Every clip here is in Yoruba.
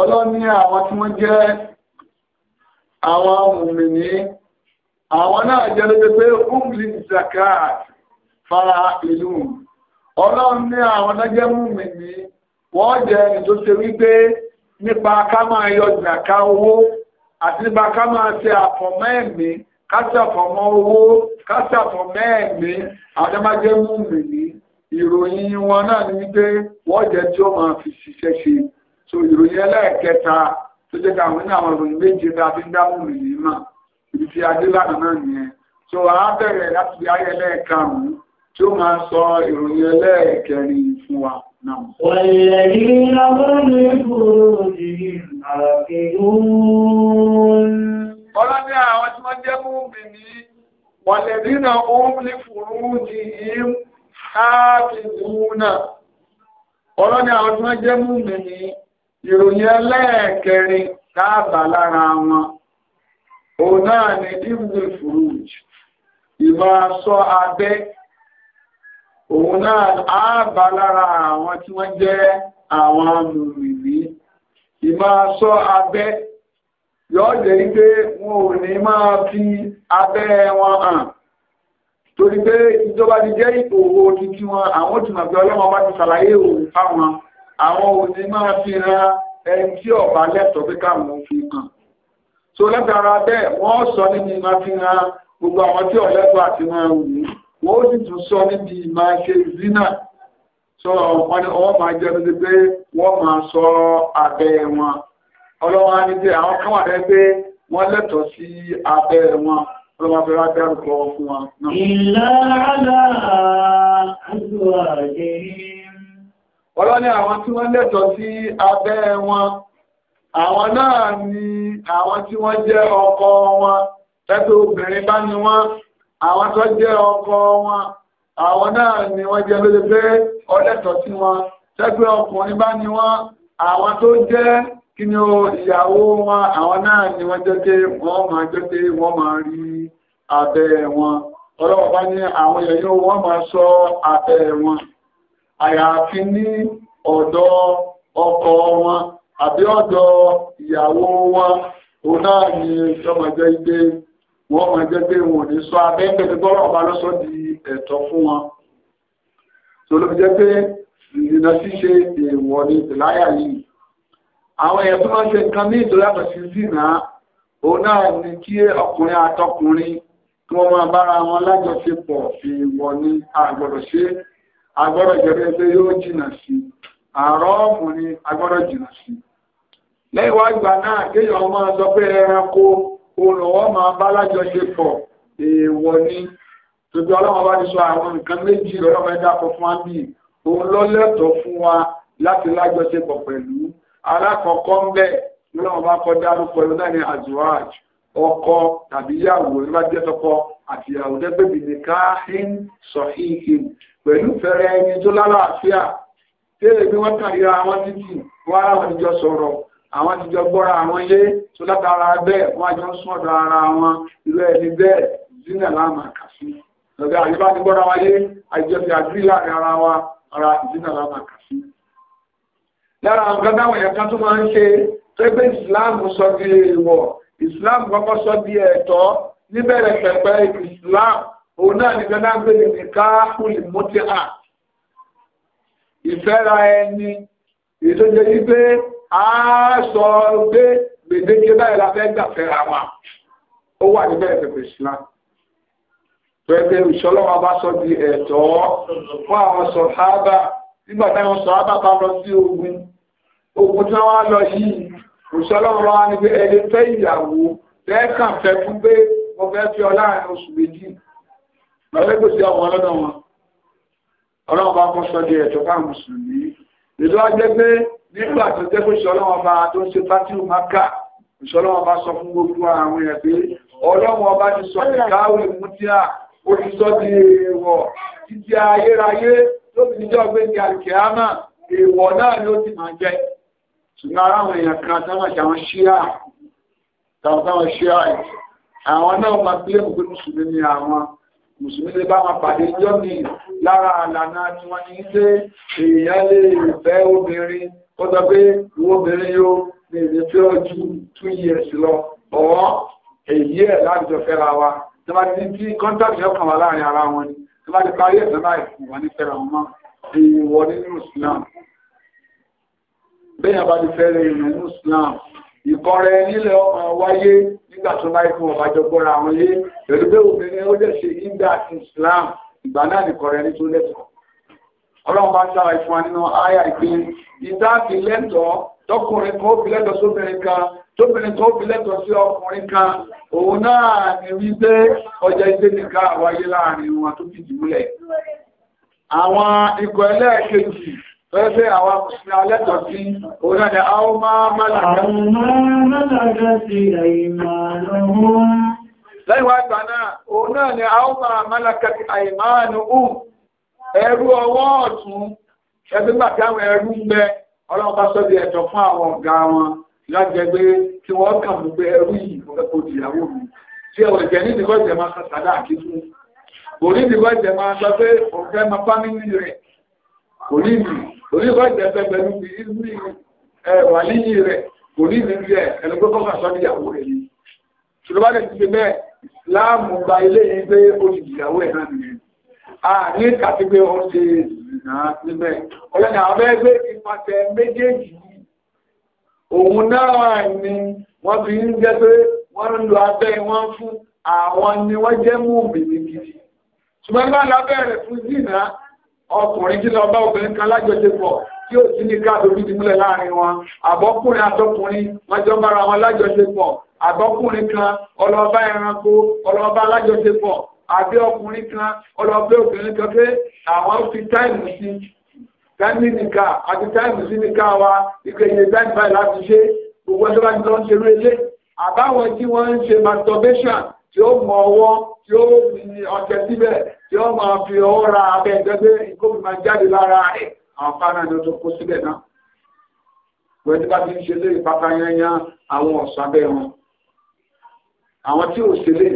Ọlọ́ni àwọn tí wọ́n jẹ́ àwọn mùmìnì, àwọn náà jẹ́ lóbi pé Umli Zakat fara ìlú. Ọlọ́run ní àwọn náà jẹ́ mùmìnì, wọ́n jẹ́ ẹni tó ṣe wípé nípa ká máa yọ zàká owó àti nípa ká máa ṣe àfọ̀mọ́ ẹ̀mí, ká ṣàfọ̀mọ́ owó, ká ṣàfọ̀mọ́ ẹ̀mí, àwọn náà ìròyìn wọn náà ni wípé wọ́n jẹ́ tí ó máa fi ṣiṣẹ́ ṣe so ìròyìn ẹlẹ́ẹ̀kẹta tó jẹ́ káwọn ní àwọn ìròyìn méje tá a fi ń dáhùn nìyí mà ibi tí adé lánàá náà nìyẹn so a bẹ̀rẹ̀ láti fi ayé ẹlẹ́ẹ̀karùn-ún tí ó máa sọ ìròyìn ẹlẹ́ẹ̀kẹrin fún wa náà. Ọlọ́ni àwọn tí wọ́n jẹ́ mú mi ní, والذين هم لفروجهم háàkìdúnà ọlọ́ni àwọn tí wọ́n jẹ́ múmi ní ìròyìn ẹlẹ́ẹ̀kẹrin káàbà lára wọn òun náà ni ibùdó furuj ìmọ̀ aṣọ abẹ́ òun náà ààbà lára àwọn tí wọ́n jẹ́ àwọn mùmìnì ìmọ̀ aṣọ abẹ́ yóò jẹ́ pé wọn ò ní máa fi abẹ́ wọn hàn torí pé ìjọba ti jẹ́ ipò owó títí wọn àwọn òtún àgbẹ̀ ọlọ́wọ́ bá ti ṣàlàyé òun fáwọn àwọn òní máa fi ran ẹni tí ọ̀bá lẹ́tọ̀ọ́ pé káwọn fi hàn so lẹ́gbàra bẹ́ẹ̀ wọ́n sọ níbi máa fi ran gbogbo àwọn tí ọ̀lẹ́tọ̀ àti wọn òní wọ́n sì tún sọ níbi máa ṣe zina so wọ́n ní ọwọ́ máa jẹ́ lóde pé wọ́n máa sọ abẹ́ wọn ọlọ́wọ́n á ní pé àwọn kan wà pé wọ́n lẹ́tọ̀ọ́ sí abẹ́ wọn Ọlọ́bàbẹ̀rẹ̀ dárúkọ fún wa náà. Ìlà àlà àjúwà jẹ́ Ọlọ́ni àwọn tí wọ́n lẹ́tọ̀ sí abẹ́ wọn, àwọn náà ni àwọn tí wọ́n jẹ́ ọkọ wọn, tẹ́tò obìnrin bá ní wọ́n, àwọn tó jẹ́ ọkọ wọn, àwọn náà ni wọ́n jẹ́ lóde pé ọlẹ́tọ̀ sí wọn, tẹ́gbẹ́ ọkùnrin bá ní wọ́n, àwọn tó jẹ́ kí ni ó ìyàwó wọn àwọn náà ni wọ́n jẹ́ pé wọ́n máa jẹ́ pé wọ́n máa rí abẹ́ wọn ọlọ́wọ́ bá ní àwọn èèyàn wọ́n máa sọ abẹ́ wọn àyàfi ní ọ̀dọ̀ ọkọ wọn àbí ọ̀dọ̀ ìyàwó wọn òun náà ni ìjọba jẹ́ pé wọ́n máa jẹ́ pé wọn ò ní sọ abẹ́ pẹ̀lú bọ́rọ̀ lọ́sọ́ di ẹ̀tọ́ fún wọn tó ló fi ìrìnà ṣíṣe èèwọ̀ ni ìláyà yìí àwọn èèyàn tó máa ń ṣe nǹkan ní ìtòlátọ̀ sí zina òun náà ni kí ọkùnrin àtọkùnrin kí wọ́n máa bára wọn lájọṣepọ̀ fi wọ ní àgbọ̀dọ̀ ṣe agbọ́dọ̀ jẹ́rẹ́ pé yóò jìnà sí àrọ́ọ̀mù ni agbọ́dọ̀ jìnà sí lẹ́yìn wá ìgbà náà kéèyàn máa sọ pé ẹranko olùwọ́ máa bá lájọṣepọ̀ èèwọ̀ ni tóbi ọlọ́wọ́ bá ti sọ àwọn nǹkan méjì ọlọ́wọ́ ẹ̀dá kan fún wa òun lọ́lẹ́tọ̀ fún wa láti lájọṣepọ̀ pẹ̀lú alákọ̀ọ́kọ́ ń bẹ̀ nínú ọba kọ dárúkọ ẹ̀rọ náà ní azuaj ọkọ tàbí yàwó ní bá jẹ́ tọkọ àti yàwó dẹ́gbẹ̀bì ní káhín sọ̀híhìn pẹ̀lú fẹ́rẹ́ ẹni tó lálàáfíà tẹ́lẹ̀ bí wọ́n kàríra wọn títì wọ́n ara wọn jọ sọ̀rọ̀ àwọn ti jọ gbọ́ra àwọn ilé tó látara bẹ́ẹ̀ wọ́n jọ sún ọ̀dọ̀ ara wọn irú ẹni bẹ́ẹ̀ zina lama kà sí lọ́gbẹ́ àyíká ti gbọ́ra wáyé àjọ ti àdúrí láàrin ara wa ara zina lama kà lára àwọn gbọ́dáwọ̀ ẹ̀ka tó máa ń ṣe pẹ́pẹ́ ìsìláàmù sọ di èèwọ̀ ìsìláàmù kọ́kọ́ sọ di ẹ̀tọ́ níbẹ̀rẹ̀ pẹ̀pẹ́ ìsìláàmù òun náà ní gbọ́dá gbé ní káàkùlì mọ́tì à ìfẹ́ra ẹni ètò jẹ́ wípé a sọ pé gbèdéke báyìí la fẹ́ gbà fẹ́ra wa ó wà níbẹ̀rẹ̀ pẹ̀pẹ́ ìsìláàmù pẹ̀pẹ́ ìṣọ́lọ́wọ́ bá sọ di ẹ̀tọ́ fún àwọn sọ̀hábà nígbà táwọn sọ̀hábà bá lọ sí ogun ogun tí wọ́n lọ sí òṣèlọ́run wá ní pé ẹni fẹ́ ìyàwó lẹ́ẹ̀kan fẹ́ fún pé mo fẹ́ fi ọlá àárín oṣù méjì lọ́lẹ́gbèsè àwọn ọlọ́dọ̀ wọn ọlọ́run bá kún sọ di ẹ̀tọ́ bá mùsùlùmí ìlú ajẹ́ pé nígbà tó jẹ́ pé ìṣọ́lọ́wọ́n bá tó ń ṣe fátíù máka ìṣọ́lọ́wọ́n bá sọ fún gbogbo àwọn èèyàn pé ọlọ́run ọba ti sọ ní káwé mútíà ó ti sọ di èèwọ̀ títí ayérayé lóbi níjọ́ gbé ní àlùkìyámà èèwọ̀ náà ni ó ti máa jẹ́ ṣùgbọ́n ara àwọn èèyàn kan tánà ṣe àwọn ṣíà tàbátàwọn ṣíà ẹ̀ àwọn náà ma bí ẹ̀mù pé mùsùlùmí ni àwọn mùsùlùmí lè bá wọn pàdé jọ́ ní lára àlànà tí wọ́n ní pé èèyàn lè fẹ́ obìnrin kó sọ pé obìnrin yóò lè lè fẹ́ ọjọ́ two years lọ ọ̀ọ́ èyí ẹ̀ láàjọ fẹ́ra wa tí wọ́n ti ti kọ́ńtàkì ọkàn wà láàrin ara wọn ni tí wọ́n ti parí ẹ̀sán bẹ́yà bá ti fẹ́rẹ̀ ìrìn Islam ìkọrẹ nílẹ̀ ọmọ wáyé nígbà tó bá ikú ọba jọgbọ́ra àwọn yé pẹ̀lú pé obìnrin ó dẹ̀ ṣe ìgbà àti Islam ìgbà náà nìkọrẹ ní tó lẹ́tọ̀ọ́ ọlọ́run bá sára ìfún nínú àyà ìpín ìdáàbí lẹ́tọ̀ọ́ tọkùnrin kan ó fi lẹ́tọ̀ọ́ sóbìnrin kan tóbìnrin kan ó fi lẹ́tọ̀ọ́ sí ọkùnrin kan òun náà ní wípé ọjà ìdé nìkan àwáyé láàrin wọn tó fìdí múlẹ̀ àwọn ikọ̀ ẹlẹ́ẹ̀kejì Fẹ́fẹ́ àwọn ọmọ alẹ́tọ̀ sí orílẹ̀-èdè àwọn máa mẹ́lẹ̀kẹ́ sí àìmánúhùn. Lẹ́yìn wá gbà ni àwọn máa mẹ́lẹ̀kẹ́ sí àìmánúhùn, ẹrú ọwọ́ ọ̀tún, ẹgbẹ́gbà tí àwọn ẹrú ń bẹ, ọlọ́pàá sọ di ẹ̀tọ́ fún àwọn ọ̀gá wọn láti ẹgbẹ́ tí wọ́n kàn mú pé ẹrú yìí kò dìyàwó mi. Tí ẹwọ̀ kò ní ìlú kò ní ìbájẹ́ ẹgbẹ́ pẹ̀lú ìlú ẹ̀wà níyì rẹ̀ kò ní ìlú rẹ̀ ẹnu pé kọ́kà sọ níyàwó rẹ̀ yìí ṣùgbọ́n lè ti bẹ́ẹ̀ láàmú gba ilé yìí pé ó ti dìyàwó ẹ̀ náà nìyẹn a ní kàti pé ó ṣe náà níbẹ̀ ọlọ́ni àwọn ẹgbẹ́ ìpàtẹ méjèèjì òun náà ni wọ́n fi ń jẹ́ pé wọ́n ń lo abẹ́ wọn fún àwọn ni wọ́n jẹ́ mú òmìnir ọkùnrin tí lọ bá obìnrin kan lájọṣepọ̀ tí ó sí ní káàdì orí ti múlẹ̀ láàrin wọn àbọ́kùnrin àtọkùnrin wọ́n jọ bára wọn lájọṣepọ̀ àbọ́kùnrin kan ọlọ́ọ̀bá ẹranko ọlọ́ọ̀bá lájọṣepọ̀ àbí ọkùnrin kan ọlọ́ọ̀bá obìnrin kan pé àwọn fi táìmù sí táìmù nìka àti táìmù sí nìka wa ìkẹyìn táìmù báyìí láti ṣe gbogbo ẹjọ́ bá ti lọ ń ṣerú ilé àbáwọn tí wọ́n ń ṣe masturbation tí ó mọ ọwọ́ tí ó ọ̀tẹ̀ síbẹ̀ tí ó máa fi ọwọ́ ra abẹ́ ẹgbẹ́gbẹ́ ìkóbi máa jáde lára rẹ̀ àwọn ni ó tó kó síbẹ̀ náà wọ́n ti bá ti ń ṣe lé ìpapá yányá àwọn ọ̀sán abẹ́ wọn àwọn tí ò ṣe lé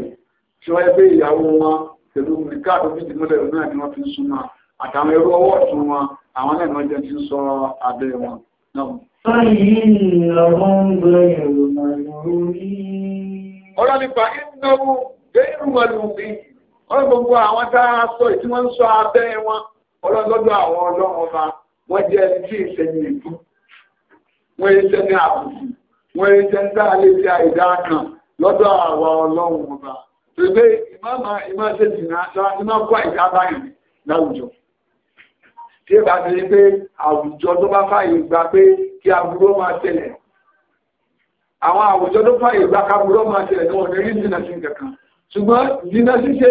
tí wọ́n ẹgbẹ́ ìyàwó wọn pẹ̀lú nìkà tó fi dìmọ́lẹ̀ náà ni wọ́n fi ń súnmọ́ àtàwọn ẹrú ọwọ́ ọ̀tún wọn àwọn náà ni wọ́n jẹ́ ti ń sọ abẹ́ wọn náà. ọlọ́nipa ìnáwó gẹ́rù màlúù wọ́n gbogbo àwọn tá a sọ tí wọ́n ń sọ abẹ́ wọn ọlọ́dọ́dọ́ àwọn ọlọ́run ọba wọ́n jẹ́ ẹni tí ìṣẹ́yìn ètò wọ́n yé sẹ́ni àbùkù wọ́n yé sẹ́ni tá a lè ṣe àìdá kan lọ́dọ̀ àwa ọlọ́run ọba pèpè ìmọ̀ọ́mà ìmọ̀ọ́sẹ̀sì náà ìmọ̀ kó àìdá báyìí láwùjọ tí ẹ bá ti rí pé àwùjọ tó bá fàyè gbà pé kí aburú máa tẹ̀lẹ̀ àwọn àwùjọ tó fàyè gbà káburú máa tẹ̀lẹ̀ ní wọn ní rí jìnnà sí nǹkan ṣùgbọ́n jìnnà ṣíṣe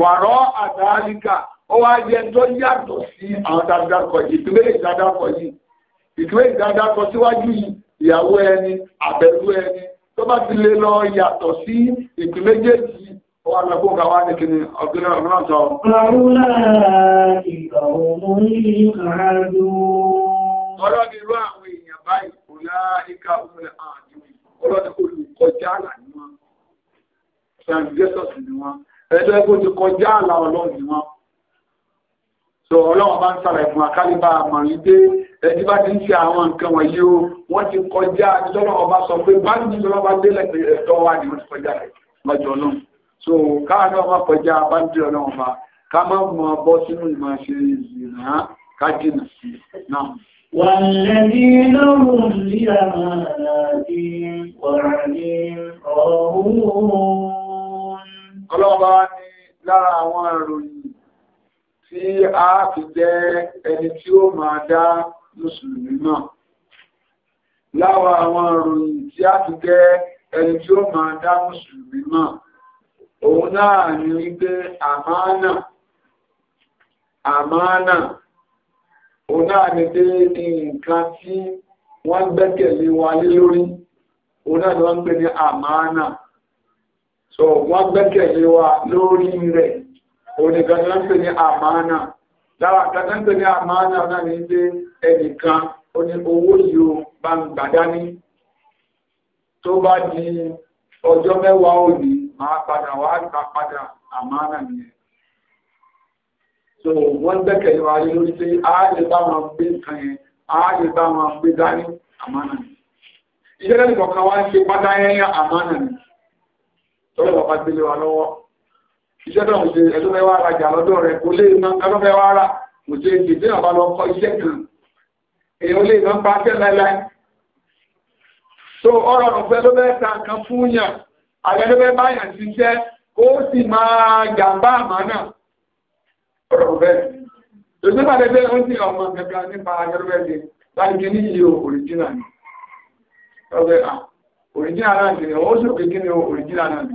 wàrọ́ àdáríkà ó wá jẹ tó yàtọ̀ sí àwọn dáadáakọ̀ yìí ìpínlẹ̀ ìdádáakọ̀ yìí ìpínlẹ̀ ìdádáakọ̀ síwájú yìí ìyàwó ẹni àbẹ̀lú ẹni tó bá ti lè lọ yàtọ̀ sí ìpínlẹ̀ méjèèjì ó wà lọ fún kàwá ní kìnnì ọ̀gbìn ọ̀gbìn sọ. ọ̀rọ̀ ni irú àwọn èèyàn báyìí kò láìka òun àdúgbò ọlọ́ni olùkọjá àlà ni wọ́n ẹjọ́ ẹgbẹ́ ti kọjá àlà ọlọ́run ni wọ́n so ọlọ́run bá ń sàlẹ̀ fún akálíbà àmọ̀rin pé ẹni bá ti ń ṣe àwọn nǹkan wọ̀nyí o wọ́n ti kọjá ìjọba ọba sọ pé báyìí ní ìjọba bá délẹ̀ pé ẹ̀tọ́ wa ni wọ́n ti kọjá rẹ̀ lọ́jọ́ ọlọ́run so káàdé ọba kọjá bá ń dé ọlọ́run ọba ká má mọ bọ́ sínú ìmọ̀ ṣe ìrìnà ká jìnà sí náà. والذين هم لأماناتهم وعليهم راهون ọlọ́ọ̀bá ní lára àwọn ìròyìn tí a fi jẹ́ ẹni tí ó máa dá mùsùlùmí mọ̀ lára àwọn ìròyìn tí a fi jẹ́ ẹni tí ó máa dá mùsùlùmí mọ̀ òun náà ni wípé àmánà àmánà òun náà ni pé nǹkan tí wọ́n gbẹ́kẹ̀lé wa lé lórí òun náà ni wọ́n ń ní àmánà so wọ́n gbẹ́kẹ̀lé wa lórí rẹ̀ oníkan tó ń pè ní àmánà lára kan tó ń pè ní àmánà náà ní pé ẹnìkan ó ní owó yìí ó bá ń gbà dání tó bá di ọjọ́ mẹ́wàá òní máa padà wá gbà padà àmánà nìyẹn so wọ́n gbẹ́kẹ̀lé wa lórí pé a lè bá wọn gbé nǹkan yẹn a lè bá wọn gbé dání àmánà nìyẹn ìṣẹ́lẹ̀ nìkan kan wá ń ṣe pátá yẹn àmánà nìyẹn tọ́lọ̀ wọ́n bá gbélé wa lọ́wọ́ iṣẹ́ náà ṣe ẹjọ́ fẹ́ wá rajà lọ́dọ̀ rẹ̀ kò lè ná ẹjọ́ wá rà kò ṣe èdè tí wọ́n lọ kọ́ iṣẹ́ kan èèyàn lè ná pa tẹ́ láíláí so ọ̀rọ̀ ọ̀fẹ́ ló fẹ́ ta nǹkan fún yàn àgbẹ̀ ló fẹ́ báyàn ṣiṣẹ́ kó sì máa jàǹbá àmánà ọ̀rọ̀ ọ̀fẹ́ lóṣù bá lẹ́gbẹ́ ó sì ọmọ kankan nípa ayọ́rọ́fẹ́ láti ní iye òrìjínà ni ọ̀fẹ́ òrìjínà náà ti ó sì òkè kí ni òrìjínà náà ni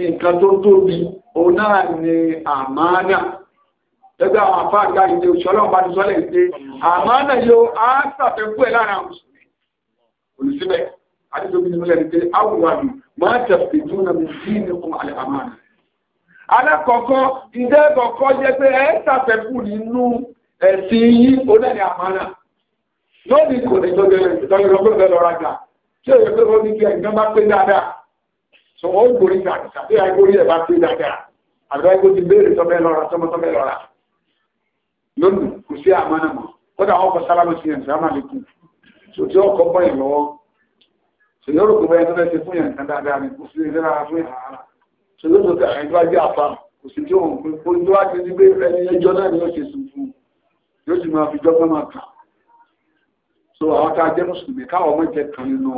nǹkan tó tóbi òun náà ni àmánà ẹgbẹ́ àwọn àfáàgbà ìdè òṣèlọ́wọ́ bá ti sọ́lẹ̀ ìdè àmánà yóò á sàfẹ́kú ẹ̀ lára olùsíbẹ̀ àdìsóbi ní mọ́lẹ̀ ìdè awùwàmù máa tẹ̀sí tó nà mí sí ní ọmọ àlẹ́ àmánà. alákọ̀ọ́kọ́ ìdẹ́ kọ̀ọ̀kọ́ jẹ́ pé ẹ sàfẹ́kù nínú ẹ̀sìn yín òun náà ni àmánà lónìí kò ní tọ́jú ẹgbẹ́ lọ́ra gà tí ò sọ wọ́n gbórí gbàgbà bí agbórí ẹ̀ bá ti dáadáa àbúrò ẹgbẹ́ ti béèrè tọ́mẹ́ lọ́ra tọ́mọ́tọ́mẹ́ lọ́ra lónìí kò sí àmọ́nà mọ́ kódà ọkọ̀ sálámù sí ẹ̀ sálámù àlékún tó tí ọkọ̀ bọ́ yìí lọ́wọ́ tó yóò rò pé ẹgbẹ́ ti fún yẹn nǹkan dáadáa so àwọn tá a jẹ́ mùsùlùmí káwọn mọ̀ jẹ́ kan nínú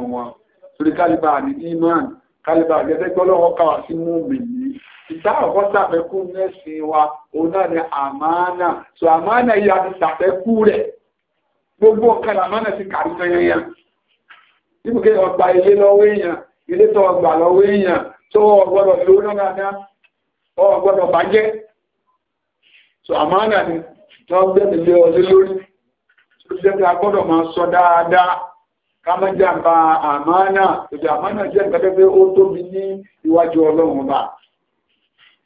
wọn kálíbà gẹ́gẹ́ gbọ́ lọ́wọ́ káwà sí mú mi yìí ìta ọ̀kọ́ sàfẹ́kù mẹ́sìn wa òun náà ni àmánà so àmánà yìí a ti sàfẹ́kù rẹ̀ gbogbo ọ̀kan àmánà ti kàrí yanyan ibùgbé ọgbà ilé lọ́wọ́ èèyàn ilé tó ọgbà lọ́wọ́ èèyàn tó ọgbọ́dọ̀ lówó dáadáa ọgbọ́dọ̀ bàjẹ́ so àmánà ni tó gbẹ́mìlẹ́ ọdún lórí tó jẹ́ pé a máa sọ dáadáa kámẹ́jàmbá àmánà ìjà àmánà jẹ́ nǹkan tó pé ó tóbi ní iwájú ọlọ́run bá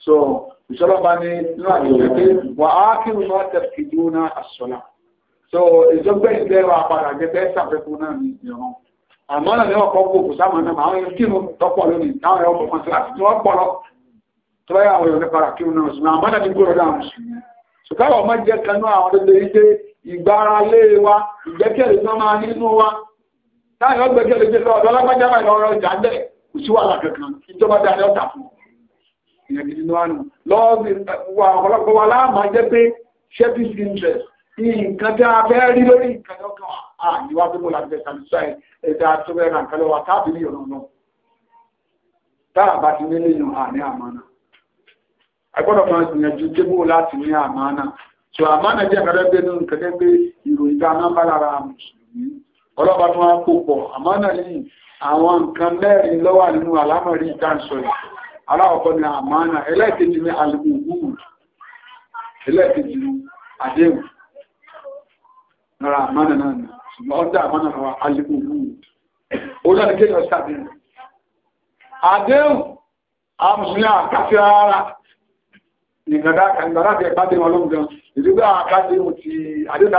so ìṣọ́lọ́ba ní inú àdìsẹ́ pé wà á kí so ìjọgbẹ́ ìgbẹ́ wa padà jẹ́ bẹ́ẹ̀ sàfẹ́kù náà ní ìran àmánà ní ọkọ̀ kò kò sáwọn náà àwọn yóò kírun tọ́pọ̀ lónìí táwọn yóò kọ́kọ́ sí láti wọ́n pọ̀ lọ tó bá yà àwọn yóò nípa kírun náà sùn àmánà ní gbọ́dọ̀ dáhùn sùn ṣùgbọ́n àwọn ìgbára lé wa ìgbẹ́kẹ̀lé tó máa nínú wa táyọ̀ gbẹ̀gẹ́ lè gbé lọ ọ̀dọ́ lágbájá báyìí lọ́rọ̀ ìjà bẹ́ẹ̀ kò sí wàhálà kankan ìjọba dáadáa wà ọ̀pọ̀lọpọ̀ wa láàmà jẹ́ pé selfish interest nǹkan tí a fẹ́ rí lórí nǹkan tó kàn á níwá pé mo là bẹ̀ sàmìsà ẹ̀dá tó bẹ̀rẹ̀ nǹkan lọ́wọ́ táàbì ní ìrọ̀nà táà bá ti nílé yàn á ní àmánà agbọ́dọ̀ máa gbìyànjú débò láti ní àmánà so àmánà jẹ́ nǹkan tó gbé ìròyìn tá a máa ń bá lára mùsùlùmí ọlọ́pàá tó wá kó pọ̀ àmọ́ náà ní àwọn nǹkan mẹ́rin lọ́wà nínú àlámọ̀rí ìdáǹsọ̀ yìí aláwọ̀kọ́ ni àmánà ẹlẹ́ẹ̀kejì ní alùgbùgbù ẹlẹ́ẹ̀kejì àdéhùn nara àmánà náà nà ṣùgbọ́n ọdá àmánà náà alùgbùgbù ó lọ́nà kéjọ sàdéhùn àdéhùn àmùsùn yà kàfí rárá nìgbàdá kàndàrà bẹ̀ẹ̀ bá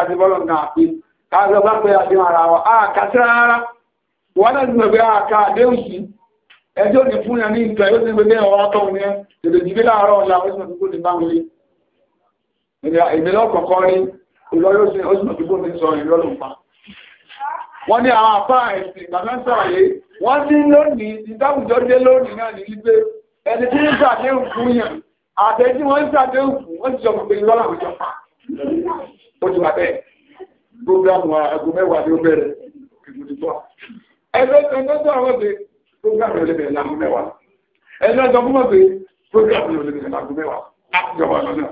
dé wọn káàbí ọba pé àdéhùn ara wa a kà sí rárá wọn náà ti mọ̀ pé a kà àdéhùn sí ẹjọ́ ti fún yẹn ní nǹkan yóò ti gbé ọ̀rọ̀ tó ní ẹ tètè jìbí láàárọ̀ ọ̀la ó sì mọ̀ pípò ní báwọn ilé o lọ́kọ̀ọ̀kọ́ ní ìlọ́yọ̀ sí ó sì mọ̀ pípò ní sọ ìlọ́lùm pa wọ́n ní àwọn àpá ẹ̀sìn ìgbàmẹ́ sọ̀rọ̀ yìí wọ́n ní lónìí ìdáwùjọ dé lónìí náà ní wípé ẹni tí ń ṣàdéhùn fún yàn àtẹ̀jí wọ́n ń ṣàdéhùn fún wọ́n ti sọ pé ìlọ́làwùjọ pa ó ti wà bẹ́ẹ̀ prógrámù aago mẹ́wàá ni ó bẹ̀rẹ̀ ìgbòdìtọ́. ẹgbẹ́ tọ́jọ́ àwọn pé prógrámù yóò lè bẹ̀rẹ̀ láago mẹ́wàá. ẹgbẹ́ tọ́jọ́ fún wọn pé prógrámù yóò lè bẹ̀rẹ̀ láago mẹ́wàá. àtijọba lọ́nà.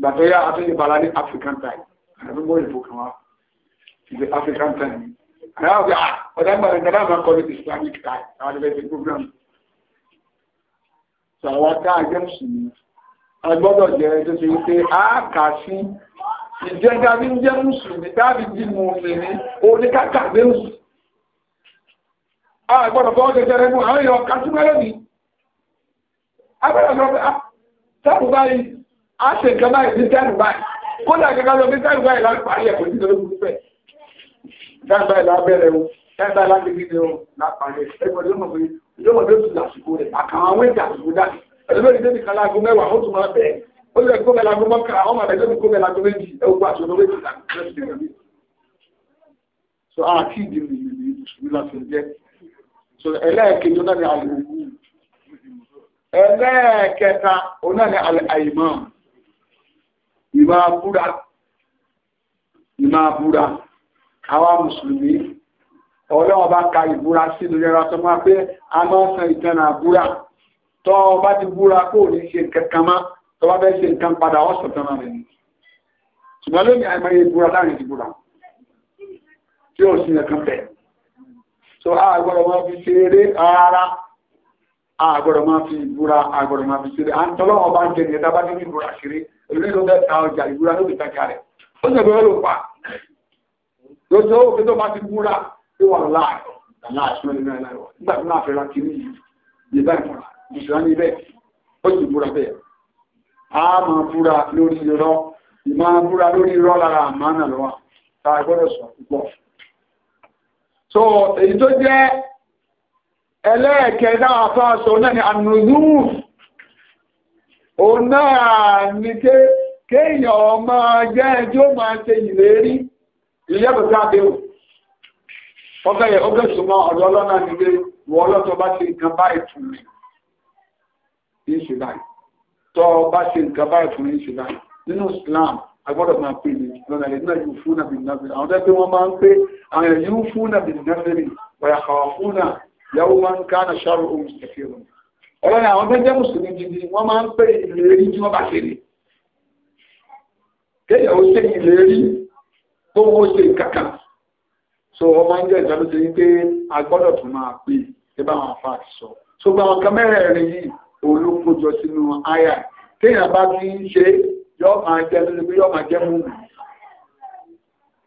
gbàtọ́ yá atúnyẹ bala ní African time àdúgbò ìbò kan wá ìgbé African time. àyà ọ̀gá ah, ọ̀dà gbàgbé nígbà máa kọ́ ní Islamic time àwọn ẹgbẹ́ ti prógrámù. sọ àwọn tá a jẹ́ mùsùlùmí ìjẹta bí ń jẹ́ mùsùlùmí dábì di mùsùlùmí oníkàkà gbé mùsùlùmí. a gbọ́dọ̀ fọwọ́ kẹsẹ̀rẹ́ mú àwọn èèyàn kásímẹ́rẹ́ mi. abẹ́rẹ́ sọ pé sẹ́nu ah, báyìí a ṣe nǹkan báyìí ní sẹ́nu báyìí kódà kankan lọ bí sẹ́nu báyìí láti parí ẹ̀kọ́ ní ìdọ́rọ̀ gbogbo ẹ̀. sẹ́nu báyìí lábẹ́rẹ́ o sẹ́nu báyìí láti gbé o lápàdé ẹgbẹ́ ló mọ̀ pé ìjọba tó ti lásìkò rẹ̀ àkàwọn awé ó lè kó mẹ́la gbọ́ mọ́kà àwọn ọmọ ẹ̀dẹ́gbẹ́ kó mẹ́la gbọ́ méjì ẹgbẹ́ àti ọmọ méjì so a kì í di ìlú ìlú láti jẹ́ so ẹlẹ́ẹ̀kejì náà ni àlè òwú ẹlẹ́ẹ̀kẹta náà ni àlè àìmọ́ ìmọ̀ abúra ìmọ̀ abúra àwa mùsùlùmí ọlọ́wọ́ bá ka ìbúra sí ìlú yẹra tó máa pé a máa ń san ìtẹ́nà àbúra tọ́ ọ bá ti búra kó o ní ṣe kankan tó bá bẹ́ẹ̀ ṣe nǹkan padà ọ̀sọ̀ tán náà rẹ̀ ṣùgbọ́n lónìí àìmọye ìbúra láàrin ìbúra tí ó sì nǹkan bẹ̀ so àgbọ̀rọ̀ máa fi ṣe eré ara àgbọ̀rọ̀ máa fi ìbúra àgbọ̀rọ̀ máa fi ṣeré à ń tọ́lọ́wọ́ bá ń jẹ ní ẹ̀dá bá ní ìbúra ṣeré èlú ló bẹ́ẹ̀ ta ọjà ìbúra ló fi tajà rẹ̀ ó sì bẹ́ẹ̀ ló pa lóṣù ó fi tó bá ti búra ó wà láàárọ̀ láàṣọ́ nígbà tí wọ́n á fẹ́ ra kiri yìí báyìí mọ̀ra ní bẹ́ẹ̀ ó sì búra bẹ́ẹ̀ ma búra lórí rọ, ìmá búra lórí rọ lára àmánà lọ́wà tá gbọ́dọ̀ sọ so èyí tó jẹ́ ẹlẹ́ẹ̀kẹ́ dáwà fáṣọ náà ni ànùzú òun náà ní kéèyàn ọmọ jẹ́ ẹjọ́ ma ṣe ìlérí ìyẹ́bù sáàbẹ̀ ọ̀dọ́ ọlọ́nà nílé bá rí tọ́ bá ṣe nǹkan báyìí fún yín ṣe báyìí nínú Islam agbọ́dọ̀ máa pè ní lọ́nà ilẹ̀ náà yóò fún nàbì nàbì àwọn tẹ́ pé wọ́n máa ń pé àwọn èèyàn yóò fún nàbì nàbì wọ̀yà kàwà fún nà yàwó máa ń ká ṣàrò ohun ìṣẹ̀fẹ̀ rẹ̀ ọlọ́ni àwọn tó jẹ́ mùsùlùmí gidi wọ́n máa ń pè ìlérí tí wọ́n bá ṣe ni kéèyàn ó ṣe ìlérí tó wọ́n ṣe kankan so wọ́n máa ń jẹ́ ìdánilójú pé agbọ́dọ̀ tó máa pè é bá wọn fa àti sọ so gbàwọn kan mẹ́rẹ̀ẹ̀rin yìí olókójọ sínú àyà téèyàn bá ti ń ṣe yóò máa jẹ́ lórí pé yóò máa jẹ́ mú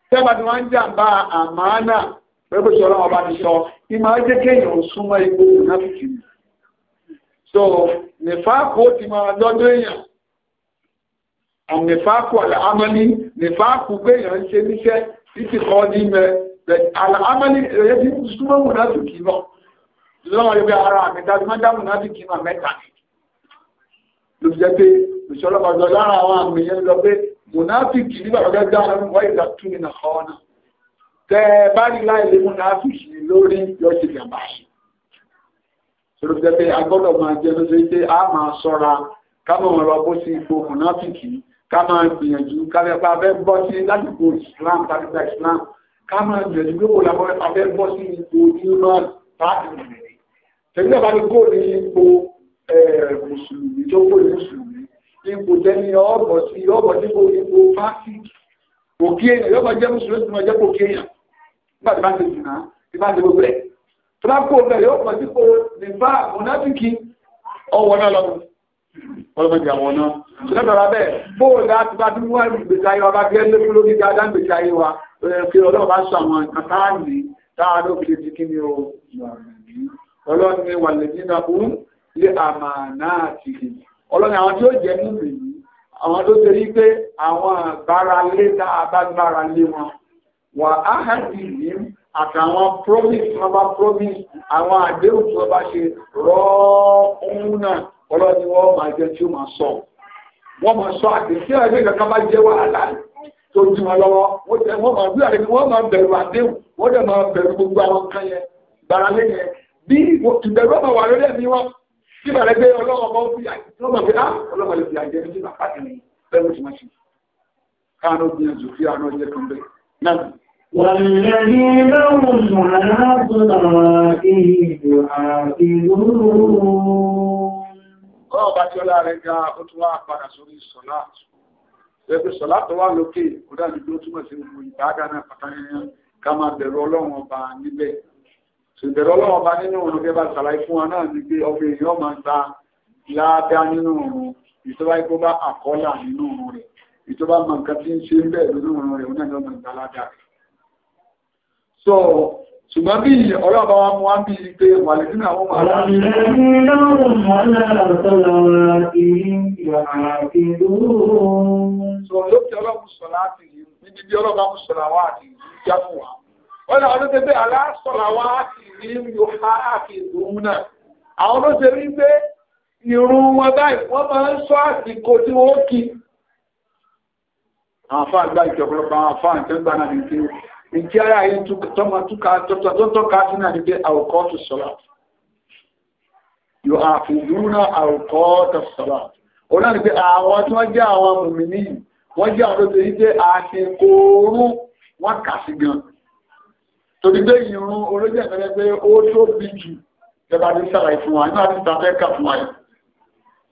tẹ́bàtí wọ́n ń jàǹbá àmàánà pẹ́bù sí ọlọ́wọ́ bá ti sọ ìmọ̀ jẹ́ kéèyàn súnmọ́ ipò náfìkì so nìfàákò ti máa lọ́dọ̀ èèyàn àmìfàákò àmàlí nìfàákò péèyàn ń ṣe níṣẹ́ títí kọ́ ní mẹ́ àmàlí èyẹ́ ti súnmọ́ mú náfìkì lọ́wọ́ yóò gbé ara àmì dájú mọ́dámù náà bí kìí máa mẹ́ta ni ló fi jẹ́ pé ìṣọ́lọ́pàá lára àwọn àmì yẹn lọ pé mùnáfíkì nígbà tó gẹ́gẹ́ dára wọ́n ìgbà tún ní nàkọ́ ọ̀nà tẹ́ ẹ bá rí láìlé mùnáfíkì lórí lọ́sẹ̀ ìjàmbá ṣe tó ló fi jẹ́ pé a gbọ́dọ̀ máa jẹ́ tó ṣe pé a máa sọ́ra ká mọ̀ lọ bó sí ipò mùnáfíkì ká máa gbìyànjú ká fẹ́ Islam tẹ̀lé náà bá ní kó ní ipò mùsùlùmí tó kó ní mùsùlùmí ipò tẹ́ni ọgbọ̀n sí ọgbọ̀n nípo ipò fásì òkè èèyàn yọ́gbà jẹ́ mùsùlùmí tó máa jẹ́ òkè èèyàn nígbà tí bá ti dùn náà tí bá ti gbogbo rẹ̀ tó bá kó bẹ̀rẹ̀ yọ́gbà sípò nípa mùnáfíkì ọwọ́ náà lọ́nà ọlọ́mọdé àwọn náà tó lẹ́bẹ̀rẹ̀ abẹ́ bóòlù láti bá dúró wà gbèsè ayé wa bá gbé lórí lórí dáadáa gbèsè ayé wa kí ọlọ́run bá sọ àwọn nǹkan táà ní táà ló fi ti kí ni ọlọ́run ni wà lè nínú ọ̀hún lé àmà náà ti rí ọlọ́run àwọn tí ó jẹ́ mú mi yìí àwọn tó ṣe rí pé àwọn àgbára lé tá a bá gbára lé wọn wà á hàn sí yìí àtàwọn promise wọn bá promise àwọn àdéhùn tí wọn bá ṣe rọ ohun náà ọlọ́run ni wọ́n máa jẹ́ tí ó máa sọ wọ́n máa sọ àdéhùn tí ẹgbẹ́ kankan bá jẹ́ wàhálà tó dí wọn lọ́wọ́ wọ́n máa bẹ̀rù àdéhùn wọ́n dẹ̀ máa bẹ̀rù gbogbo àwọn kan yẹn gbára lé yẹn bí ìbẹ̀rù ọmọ wà lórí ẹ̀mí wọn kí bàrẹ̀ gbé ọlọ́wọ́ bọ́ bí ọmọ pé á ọlọ́mọ lè fi àjẹ ní bàbá mi bẹ́ẹ̀ tí wọ́n ṣe káàánú gbìyànjú ọba tí ọlá rẹ̀ ga ó wá padà sórí sọ̀láàtù ẹgbẹ́ sọ̀láàtù wà lókè ó dájú tó túmọ̀ sí gbogbo ìbáadá pàtàkì ká máa bẹ̀rù ọlọ́run ọba níbẹ̀ ṣùgbẹ̀rẹ̀ ọlọ́wọ́ bá nínú olùgbẹ́ bá ṣàlàyé fún wa náà ní pé ọbẹ̀ èèyàn máa ń ta láàdá nínú òun ìtọ́ba ikú bá àkọ́là nínú òun rẹ̀ ìtọ́ba mọ nǹkan tí ń ṣe ń bẹ̀rẹ̀ nínú òun rẹ̀ òun náà máa ń rẹ̀. so ṣùgbọ́n bí ọlọ́wọ́ bá wa mú wá bí i pé wàlẹ̀ nínú àwọn ọmọ aláàbí. so lókè ọlọ́wọ́ sọ̀rọ̀ àti níbi bí ọlọ́wọ́ sọ̀rọ̀ àwọn àti ìjá fún wọ́n ní àwọn tó ṣe pé aláṣọ̀rọ̀ àwọn àfìrí yóò há àfìrún náà àwọn tó ṣe rí pé ìrun wọn báyìí wọ́n máa ń sọ àsìkò tí wọ́n kí àwọn afáà gbá ìjọpọ̀lọpọ̀ àwọn afáà tó gbá náà nìké nìké ara yìí tọ́mọ túká tọ́tọ́ká sí náà nìké àwòkọ́ tó sọ́lá yóò àfìrún náà àwòkọ́ tó sọ́lá ó náà nìké àwọn tí wọ́n jẹ́ àwọn mùmìnì wọ́n jẹ́ àwọn tó ṣe rí pé àsìkò wọ́n kà sí gan-an torí pé ìrún orójẹ́ ìfẹ́lẹ́ pé ó tó bí jù jẹba ní sàlàyé fún wa nínú àti ìtafẹ́ kà fún wa yìí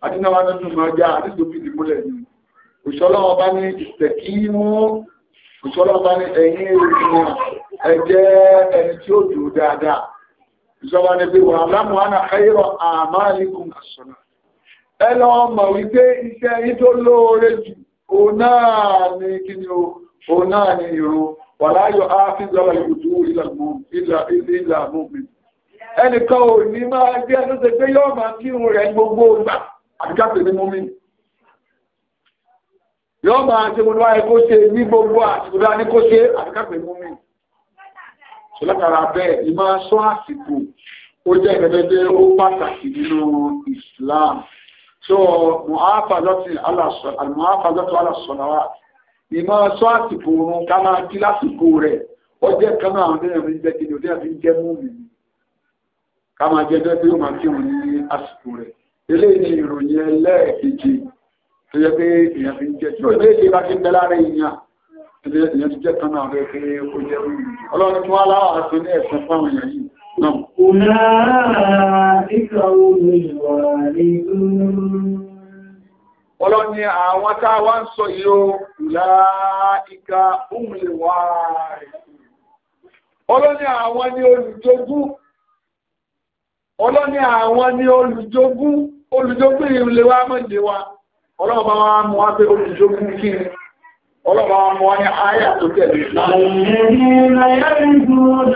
adínáwá nínú ọjà àdídò bí ìdìbòlẹ̀ ni òṣọ́lọ́wọ́ bá ní ìtẹ̀kí mú òṣọ́lọ́wọ́ bá ní ẹ̀yìn ìrìnà ẹjẹ́ ẹni tí ó dùn dáadáa ìṣọ́wọ́ ní pé wà lámù ánà káyọ̀ àmáàlìkùn àṣọ́nà ẹ lọ mọ̀ wípé iṣẹ́ yìí tó lóore jù òun náà wàlá yọ áfíìsì ọ̀la ìbùdó ìlà mọ́mí. ẹnìkan ò ní máa jẹ́ tó ṣe pé yóò máa kírun rẹ̀ gbogbo ìgbà àbíkápẹ̀ ní mọ́mí. yóò máa ṣe gbogbo ayé kó ṣe ní gbogbo àtìgbòdá ní kó ṣe àbíkápẹ̀ ní mọ́mí. ṣọlọ́kàrà bẹ́ẹ̀ ni máa sọ àsìkò ó jẹ́ ìrẹ́lẹ́dẹ́ ó pàtàkì nínú Islam. so muhafa lọ́tì alásọ̀làwà ìmọ̀ sọ àsìkò oorun ká máa kí lásìkò rẹ̀ ó jẹ́ kan náà àwọn tẹ́lẹ̀ fi ń jẹ́ kí ni òtẹ́lẹ̀ fi ń jẹ́ múmi ká máa jẹ́ bẹ́ẹ̀ pé ó máa kí òun ní àsìkò rẹ̀ eléyìí ni ìròyìn ẹlẹ́ẹ̀kejì tó yẹ pé èèyàn fi ń jẹ́ tí ó lè ṣe bá ti ń bẹ lára èèyàn ìyẹn ti jẹ́ kan náà rẹ̀ pé ó jẹ́ ọlọ́run tí wọ́n aláwọ̀ àti ní ẹ̀sùn fáwọn èèyàn yìí náà. Òmìnira ìkàwò ìwà ní ọlọ́ni àwọn tá a wá ń sọ yìí láìka umlewa ọlọ́ni àwọn ni olùjogún ọlọ́ni àwọn ni olùjogún olùjogún ìrìnlẹ̀wà mọ́lẹ̀wà ọlọ́ọ̀bá wa mú wá pé olùjogún kí ni Ọlọ́pàá mọ́ ní tó tẹ̀lé náà. Àyẹ̀dí ayẹ́rí dúró àwọn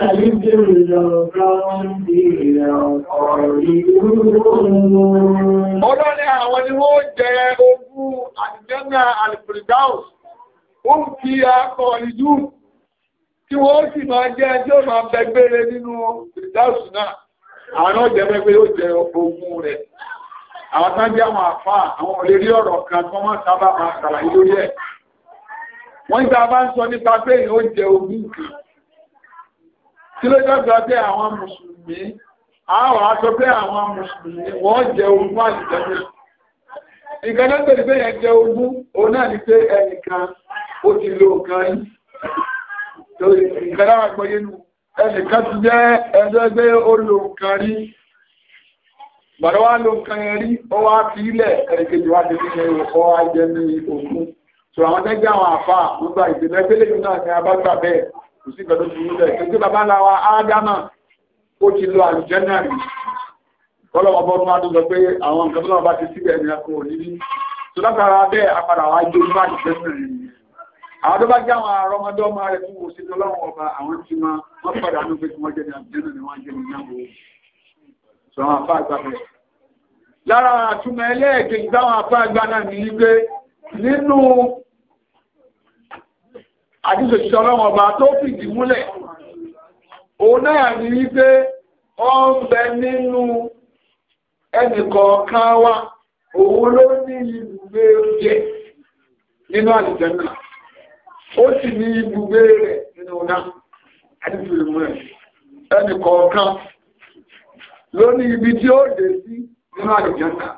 ni wọ́n jẹ ogún àjẹ́gbà Alfredaus, ó ń fi akọ ìjú tí wọ́n sì máa jẹ́ ẹjọ́ máa bẹgbẹ́rẹ nínú Alfredaus náà. Àwọn mẹ́gbẹ́ jẹ ogún rẹ̀. Àwọn tán jẹ́ àwọn àfáà, àwọn olè rí ọ̀rọ̀ kan máa máa wọ́n gbà bá ń sọ nípa pé oúnjẹ ogún kan tí ló jọ́gbà pé àwọn mùsùlùmí àwọn aṣọ pé àwọn mùsùlùmí wọ́n jẹ ogún àjíjẹ́gbẹ̀ nǹkan náà tẹ̀lé pé yẹn jẹ ogún òun náà ni pé ẹnìkan ó ti lo nǹkan yìí torí nǹkan náà wà gbọ́yé nù ẹnìkan rí bàdọ́wà fi ilẹ̀ ẹnìkejì wá ti fi ṣe ajẹ́ ní ogún so àwọn tẹ́gbẹ́ àwọn àfà wọ́n gba ìpìlẹ̀ pẹ́lẹ́ yìí náà ni a bá gbà bẹ́ẹ̀ kò sí ìgbàdo burú bẹ́ẹ̀ tó gbé bàbá ńlá wa ádámà ó ti lo àlùjẹ́nà rí kọ́lọ́wọ́ bọ́ tún wá tó sọ pé àwọn nǹkan tó náà bá ti síbẹ̀ ní ẹkùn wa jó ní àlùjẹ́nà rí àwọn tó bá jẹ́ àwọn arọ́mọdé ọmọ rẹ̀ tó wò sí tọ́lọ́wọ́ ọba àwọn tí ma wọ́n padà ní lára àtúmọ̀ ẹlẹ́ẹ̀kejì táwọn afá àgbà náà ní wípé nínú àdíṣòṣì ọlọ́run ọba tó fìdí múlẹ̀ òun náà ní wípé ó ń bẹ nínú ẹnìkọ̀ọ̀kan wa òun ló ní ibùgbé jẹ nínú àlìjẹ́nà ó sì ní ibùgbé rẹ̀ nínú ọ̀nà àdíṣòṣì múlẹ̀ ẹnìkọ̀ọ̀kan ló ní ibi tí ó dé sí nínú àlìjẹ́nà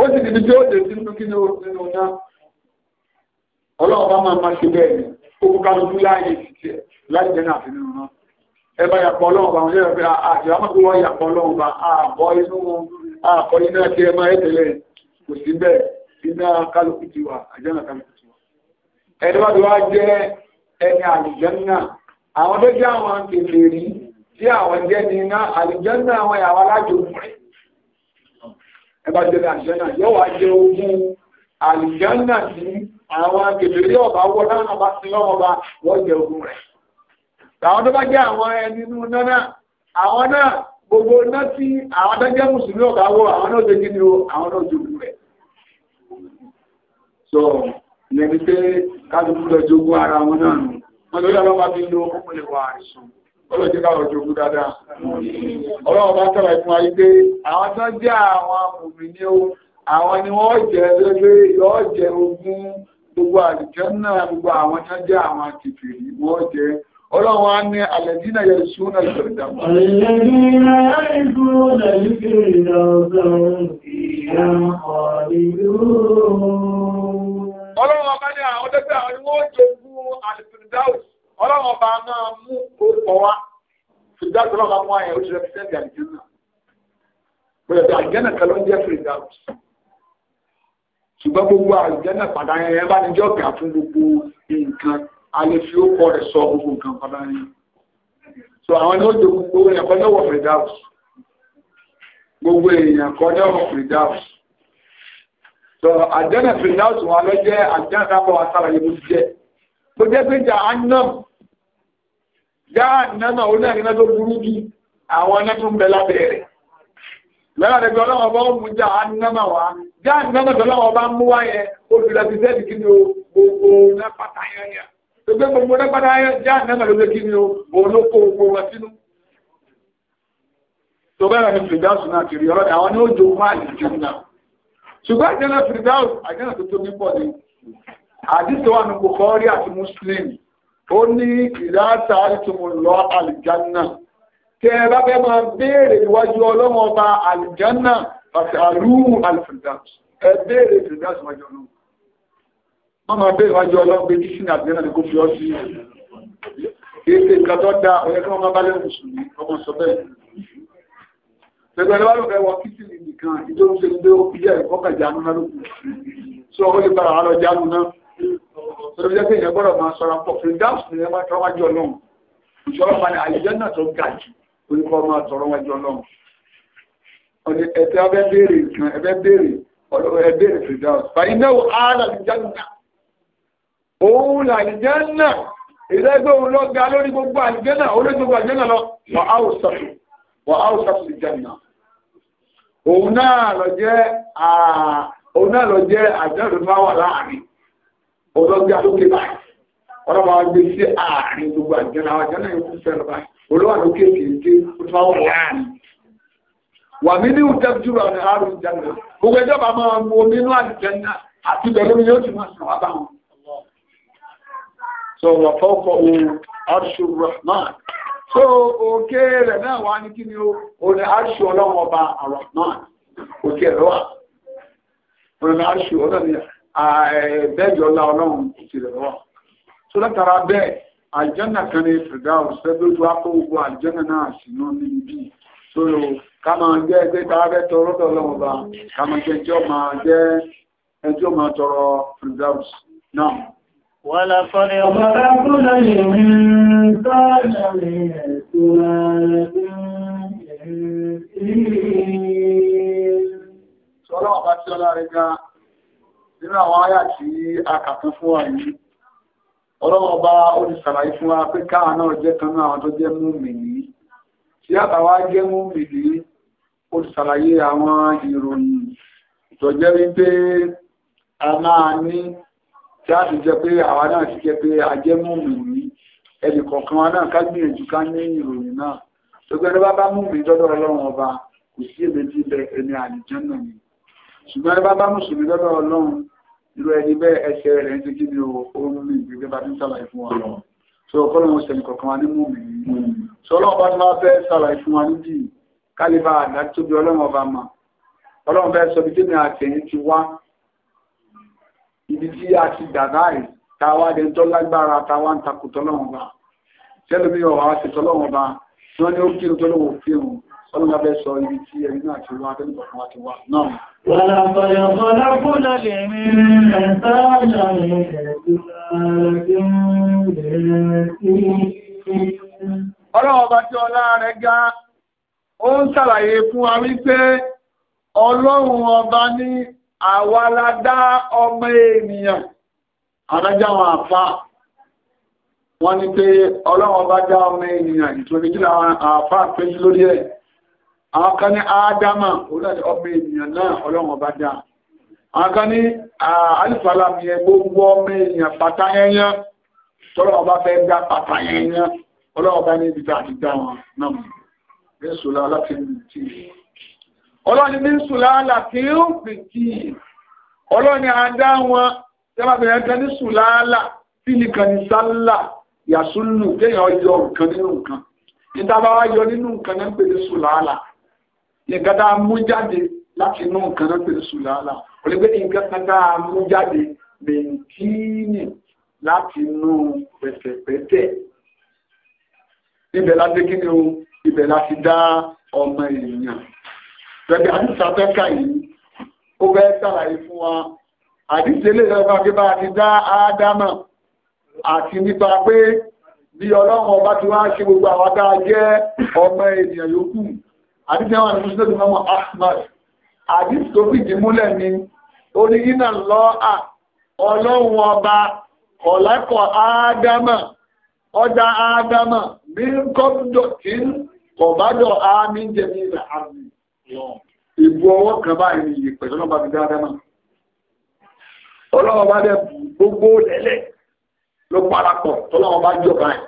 ó sì ní ibi tí ó ọlọ́run bá máa máa ṣe bẹ́ẹ̀ ni ó kú kálukú láàyè títí ẹ̀ láì jẹ́ náà fínú wọn ẹ bá yàpọ̀ ọlọ́run bá wọn lẹ́yìn pé àti àwọn tó wọ́n yàpọ̀ ọlọ́run bá àbọ̀ inú àkọ́ iná tí ẹ máa tẹ̀lé kò sí bẹ́ẹ̀ iná kálukú ti wà àjẹ́nà kálukú ti wà ẹni bá jẹ́ ẹni àwọn agbègbè ọba wọ́n náà bá sí lọ́wọ́ wọ́n jẹ ogun rẹ̀. Àwọn tó bá jẹ́ àwọn ẹni inú náà, àwọn náà gbogbo náà tí àwọn adájẹ́ mùsùlùmí ọba àwọn náà jẹ́ o, àwọn náà rẹ̀. ara wọn náà nù. Wọ́n lórí lè wà jẹ́ káwọn dáadáa. Ọlọ́run bá pé àwọn tó jẹ́ àwọn gbogbo àlìjẹ́nà gbogbo àwọn tó jẹ́ àwọn àtìfì wọ́n jẹ́ ọlọ́run á ní àlẹ́dínà yẹ ṣúnà ìfẹ̀dàmọ́ àlẹ́dínà yẹ ṣúnà ìfẹ̀dàmọ́ Pẹ̀lú àjẹ́nà kan ló ń jẹ́ Fìrìdáùsì ṣùgbọ́n gbogbo àlùjẹ́nà padà yẹn bá ní jọ́gà fún gbogbo nǹkan a lè fi ó kọ́ rẹ̀ sọ gbogbo nǹkan padà so àwọn ní ó jẹ gbogbo èèyàn kan lọ́wọ́ fredaus gbogbo èèyàn kan lọ́wọ́ fredaus so àjẹ́nà fredaus wọn lọ jẹ́ àjẹ́nà tábọ̀ asálàyé bó ti jẹ́ tó jẹ́ pé jà ánàm jà ánàm àwọn oníyàgbẹ́ná tó burú bí àwọn ẹ̀nà tó ń bẹ lábẹ́ rẹ̀ lọ́la dẹ̀gbẹ́ ọlọ́wọ́ bá mú já anáma wá já anáma tọ́lọ́wọ́ bá mú wá yẹn olùdásí sẹ́ẹ̀dì kí ni o gbogbo náà pátá yẹn yẹn gbogbo gbogbo náà pátá yẹn já anáma ló lé kí ni o òun ló kó gbogbo wọn sínú. tó bẹ́ẹ̀ ni fìdáùsù náà kiri ọlọ́dẹ àwọn ni ó jó fún náà ṣùgbọ́n àjẹ́nà tẹ́ ẹ bá fẹ́ máa béèrè ìwájú ọlọ́run ọba àlìjánà àti àlúù alifirdaus ẹ béèrè firdaus wájú ọlọ́run wọ́n máa béèrè wájú ọlọ́run pé kí sínú àbíyànà ni kò fi ọ́ sí kéèké nǹkan tó da ọ̀yẹ́ kí wọ́n máa bá lẹ́nu mùsùlùmí ọmọ sọ bẹ́ẹ̀ pẹ̀lú ọlọ́run fẹ́ wọ kí sínú nìkan ìjọba ṣe ń gbé ó fi jẹ́ ìkọ́kà jánu náà orí kọ́ máa tọrọ wájú ọlọ́run ẹ̀tẹ́ abẹ́ béèrè nǹkan ẹ̀bẹ́ béèrè ẹ̀bẹ́rẹ̀ fìdáwọ̀ fàínáwò ààlàlìjánà òun làlìjánà ìlẹ́gbẹ́ òun lọ ga lórí gbogbo àlìjánà olóògbogbo àlìjánà lọ wà áùsàtù wà áùsàtù lìjánà òun náà lọ jẹ́ àjẹ́rù máa wà láàrin olóògbà lókè báyìí ọlọ́pàá gbé sí àárín gbogbo àlìjánà àwọn àjẹ́rù olówà lókè kéèké ó ti máa ń wọ̀ láàrin wà mí ní ìtẹ́júrò àti àrùn ìjànà gbogbo ìjọba máa mú nínú àjẹjẹna àti ìbẹ̀rẹ̀ lórí yóò ti máa sàn wá báwọn so wà fọ́kọ̀ ohun arṣu rahman so òkè rẹ̀ náà wá ní kí O ó ní arṣu ọlọ́wọ́ ọba rahman òkè rẹ̀ wà ó ní arṣu ọlọ́wọ́ bẹ́ẹ̀jọ́ ọlá ọlọ́run òkè rẹ̀ wà so látara bẹ́ẹ̀ àlìjẹ́nà kan ní fìdáwò sẹ́gbẹ́gbẹ́ akó gbogbo àlìjẹ́nà náà sínú níbi sóró ká máa jẹ́ ẹgbẹ́ tààrẹ tọrọ lọ́wọ́ba ká máa jẹ́ ẹjọ́ máa jẹ́ ẹjọ́ máa tọrọ fìdáwò náà. Wàlá fọ́lẹ̀ ọmọdé kúrò yìí ń tọ́lá ẹ̀kùnrin rẹ̀ ọlọ́wọ́ bá olùsàlàyé fún wa pé káà náà jẹ́ kan náà àwọn tó jẹ́ múmìnì tí àtàwà jẹ́ múmìnì olùsàlàyé àwọn ìròyìn tó jẹ́ wípé a máa ní tí a ti jẹ́ pé àwa náà ti jẹ́ pé a jẹ́ múmìnì ẹnì kọ̀ọ̀kan wa náà ká ká ní ìròyìn náà tó gbẹ́ni bá bá múmìnì lọ́dọ̀ ọlọ́run ọba kò sí èméjì bẹ ẹni àlìjẹ́ náà ni ṣùgbọ́n bá bá mùsùlùmí lọ́dọ̀ ọlọ́run irú ẹni bẹ́ẹ̀ ẹsẹ̀ rẹ̀ ń tẹ́kí ní oòrùn ní ìgbẹ́gbẹ́ bá ti ń sàlàyé fún wa lọ so ọkọ́lọ́ wọn sẹ̀lẹ̀ kọ̀ọ̀kan wa ní mú mi so ọlọ́run bá ti máa fẹ́ sàlàyé fún wa níbi kálíbà àdátóbi ọlọ́run ọba mà ọlọ́run fẹ́ sọ bíi àtẹ̀yìn ti wá ibi tí a ti dàdá ẹ̀ ta wá dé tó lágbára ta wá ń takò tọ́lọ́run ọba sẹ́lẹ̀ mi ọ̀wá ṣètọ́lọ́run ọba tí Ọlọ́run bẹ́ sọ ibi tí ẹni náà ti wá tẹ́lẹ̀ ọ̀fún àti wá náà. Wà láàpọ̀lẹ̀ ọ̀pọ̀lá fúnlá lè rí ẹ̀ta àjàrin Ọlọ́run ọba tí ọlá rẹ̀ ga, ó ń ṣàlàyé fún wa wípé Ọlọ́run ọba ní àwàládá ọmọ ènìyàn, àdájá wọn àfá. Wọ́n ní pé Ọlọ́run ọba dá ọmọ ènìyàn ìtòrí àfá péjú lórí ẹ̀ àwọn kan ní ádámà olóòdì ọmọ ènìyàn náà ọlọ́run ọba dá àwọn kan ní alifalami ẹ gbogbo ọmọ ènìyàn pátá yẹnyẹn tọ́lọ́ ọba fẹ́ dá pátá yẹnyẹn ọlọ́run ọba ní ibi tá a ti dá wọn náà bí sùlá láti ń tì í ọlọ́run ní sùlá láti ń fi tì í ọlọ́run adá wọn tẹ́lábìnrin wa yọ nínú nǹkan náà ń pè ní sùlá nǹkan tá a mú jáde láti inú nǹkan náà pẹ̀lú sùlálà olùgbé nǹkan tá a mú jáde bẹ̀ǹtíìnì láti inú pẹ̀tẹ̀pẹ̀tẹ̀ ibẹ̀ láti ni o ibẹ̀ láti dá ọmọ èèyàn pẹ̀lú àdìsá fẹ́ka yìí ó fẹ́ sàlàyé fún wa àdìsá ilé ìjọba pé bá a dá ádámà àti nípa pé bí ọlọ́run ọba ti wá ṣe gbogbo àwọn tá a jẹ́ ọmọ ènìyàn yòókù àdíjẹ́wà ní ṣe lọ́mọ ahmad àdíjẹ́ tó fìdí múlẹ̀ ni ó ní iná lọ́à ọlọ́run ọba ọ̀lákọ̀ ádámà ọjà ádámà bí ń kọ́dọ̀ tí ń kọ̀bádọ̀ ámì jẹ́ ní ilẹ̀ àmì ìbú ọwọ́ kan báyìí yìí pẹ̀lú ọba fi dáadáma ọlọ́run ọba dẹ̀ gbogbo lẹ́lẹ̀ ló parapọ̀ tọ́lọ́run ọba jọ báyìí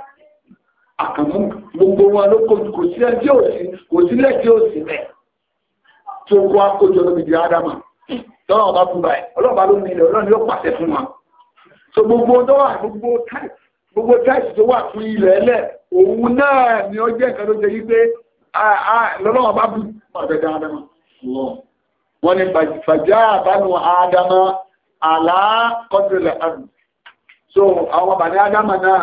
àkàmú gbogbo wọn ló kò sí ẹjẹ́ òsì kò sí lẹ́jẹ́ òsì bẹ́ẹ̀ tó kó akójọ lómi di ádámà tọ́wọ́ ọba fún báyìí ọlọ́ọ̀bá ló ní ilẹ̀ ọlọ́ọ̀ni yóò pàṣẹ fún wa so gbogbo tó wà gbogbo táì gbogbo táìsì tó wà fún ilẹ̀ ẹlẹ̀ òun náà ni ó jẹ́ nǹkan tó jẹ́ yí pé lọ́lọ́wọ́ bá bú ọ̀dẹ̀dẹ̀ ádámà wọ́n ní fàjá àbánu ádámà àlá kọ́dùrẹ̀lẹ̀ àrùn so àwọn bàdé ádámà náà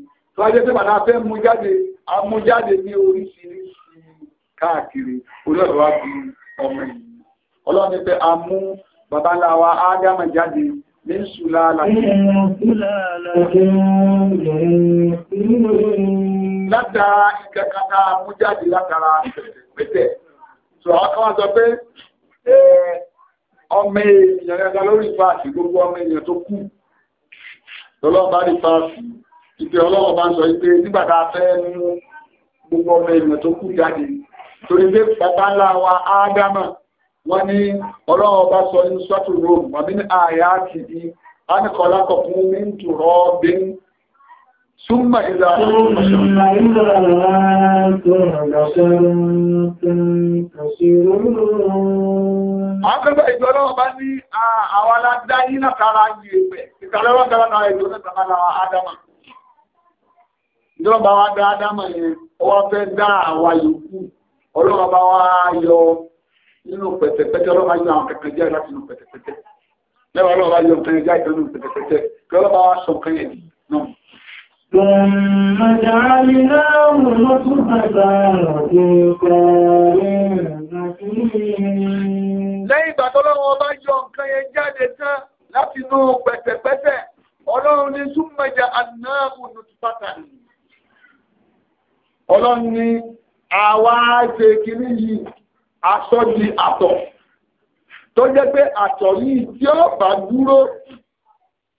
tó ajé pé bàtà fẹ́ mú jáde amú jáde ní oríṣiríṣi káàkiri olóòrò wa fi ọmọ ènìyàn ọlọ́run ní pé amú bàbá ńlá wa ádámà jáde ní ṣùlá láti látara ìkẹkàtà amú jáde látara pẹ̀tẹ̀ tó àwọn sọ pé ọmọ ènìyàn lórí fàáṣì gbogbo ọmọ ènìyàn tó kù lọ́lọ́ rí fàáṣì ìpè ọlọ́wọ́ bá ń sọ wípé nígbà a fẹ́ mú gbogbo ọmọ ènìyàn tó kú jáde torí wa wọ́n ní ọlọ́wọ́ bá sọ ní sọ́tù rome wọ́n ní àyà ti di ánìkọ̀ọ́lákọ̀ fún mi ń bí ìlà ìjọ ọlọ́wọ́ bá ní ah, àwọn kára gbára náà ìjọ náà ìjọba wa dá ádámà yẹn ọwọ́ fẹ́ dá àwa yòókù ọlọ́run bá wá yọ nínú pẹ̀tẹ̀pẹ̀tẹ̀ ọlọ́run bá yọ àwọn kẹ̀kẹ́ jẹ́ láti inú pẹ̀tẹ̀pẹ̀tẹ̀ lẹ́wọ̀n ọlọ́run bá yọ nǹkan yẹn ọlọ́run bá wá sọ nǹkan yẹn náà. ثم ọlọ́run ni àwa ṣe kiri yìí aṣọ di àtọ̀ tó jẹ́ pé àtọ̀ yìí tí ó bá dúró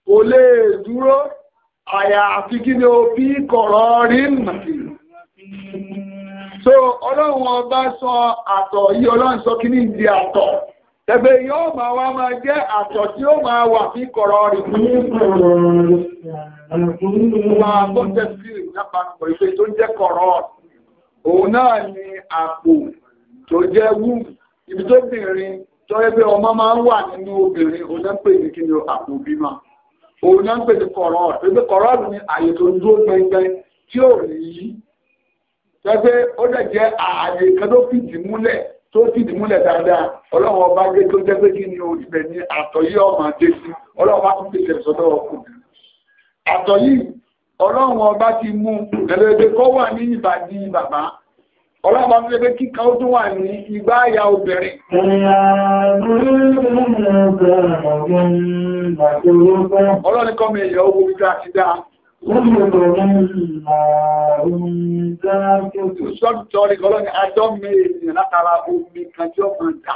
kò lè dúró àyàfi kí ni o fi kọ̀rọ̀ rí so ọlọ́run ọba sọ àtọ̀ yìí ọlọ́run sọ kí ní ìdí àtọ̀ tẹ̀bẹ̀ yóò máa wá máa jẹ́ àtọ̀ tí ó máa wà fi kọ̀rọ̀ rí Wà tó jẹ́ sí nípa ìpè tó jẹ́ kọ̀rọ̀. Òun náà ni àpò tó jẹ́ wú. Ibi tó bìnrin tó yẹ pé ọmọ máa ń wà nínú obìnrin, òun náà ń pè ní kí ni àpò bímọ. Òun náà ń pè ní kọ̀rọ̀. Ibi kọ̀rọ̀ ni àyè tó ń dúró gbẹngbẹn tí ò rí yí. Tẹ́gbẹ́ ó dẹ̀ jẹ́ ààyè kan tó fìdí múlẹ̀ tó fìdí múlẹ̀ dáadáa ọlọ́run ọba gbé tó jẹ́ pé kí o ibẹ̀ ni àtọ̀ yìí ọlọ́run ọba ti mú ẹ̀lẹ́gbẹ́ kọ́ wà ní ìbàdí bàbá ọlọ́pàá ń lẹ́gbẹ́ kíkà ó tún wà ní ìgbà àyà obìnrin ọlọ́nìkan mi èyàn owó ìgbà ti dá Sọ́dún tọ́rí ọlọ́ni ajọ́ mi ènìyàn látara omi kan tí ó máa dà.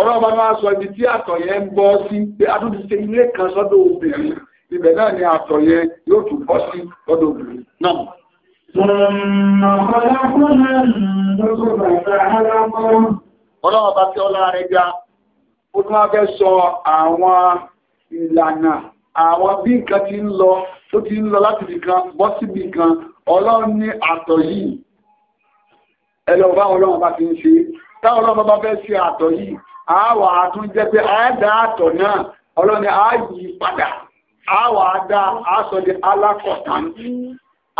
ọ̀rọ̀ bá máa sọ ibi tí àtọ̀ yẹn ń bọ́ sí pé a tún ti ṣe ilé kan sọ́dọ̀ obìnrin ibẹ̀ náà ni àtọ̀ yẹn yóò tún bọ́ sí lọ́dọ̀ obìnrin náà. Ọlọ́run bá tí ọlá rẹ̀ ga, ó tún máa fẹ́ sọ àwọn ìlànà, àwọn bí nǹkan ti ń lọ, tó ti ń lọ láti bì kan, bọ́ síbì kan, ọlọ́run ní àtọ̀ yìí. Ẹlọ́run bá ọlọ́run bá ti ń ṣe, táwọn ọlọ́run bá fẹ́ ṣe àtọ̀ yìí, a tún jẹ́ pé àádá àtọ̀ náà ọlọ́ni a yí padà àwà àdá aṣọ di alákọ̀tán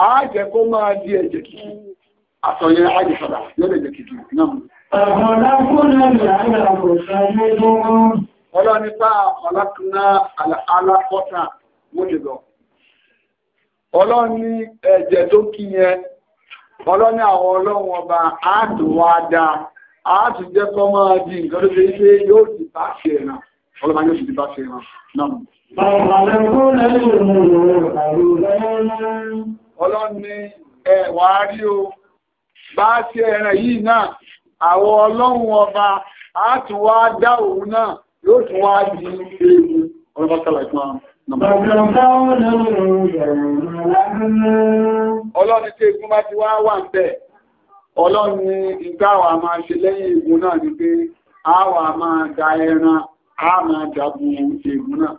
a jẹ́ kó máa di ẹ̀jẹ̀ kí aṣọ yẹn a yí padà yóò lè jẹ́ ọlọ́ni ẹ̀jẹ̀ tó kí yẹn ọlọ́ni àwọn ọlọ́run ọba dáa a ti jẹ́ kọ́ máa di nǹkan ṣe ṣe yóò ti bá ṣe ẹ̀nà ọlọ́mà yóò ti bá ṣe ẹ̀nà náà. ọlọ́ni o ọba ọlọ́run ní ìgbàwà máa ṣe lẹ́yìn ègún náà ni pé àwà máa da ẹran a máa dàbù ègún náà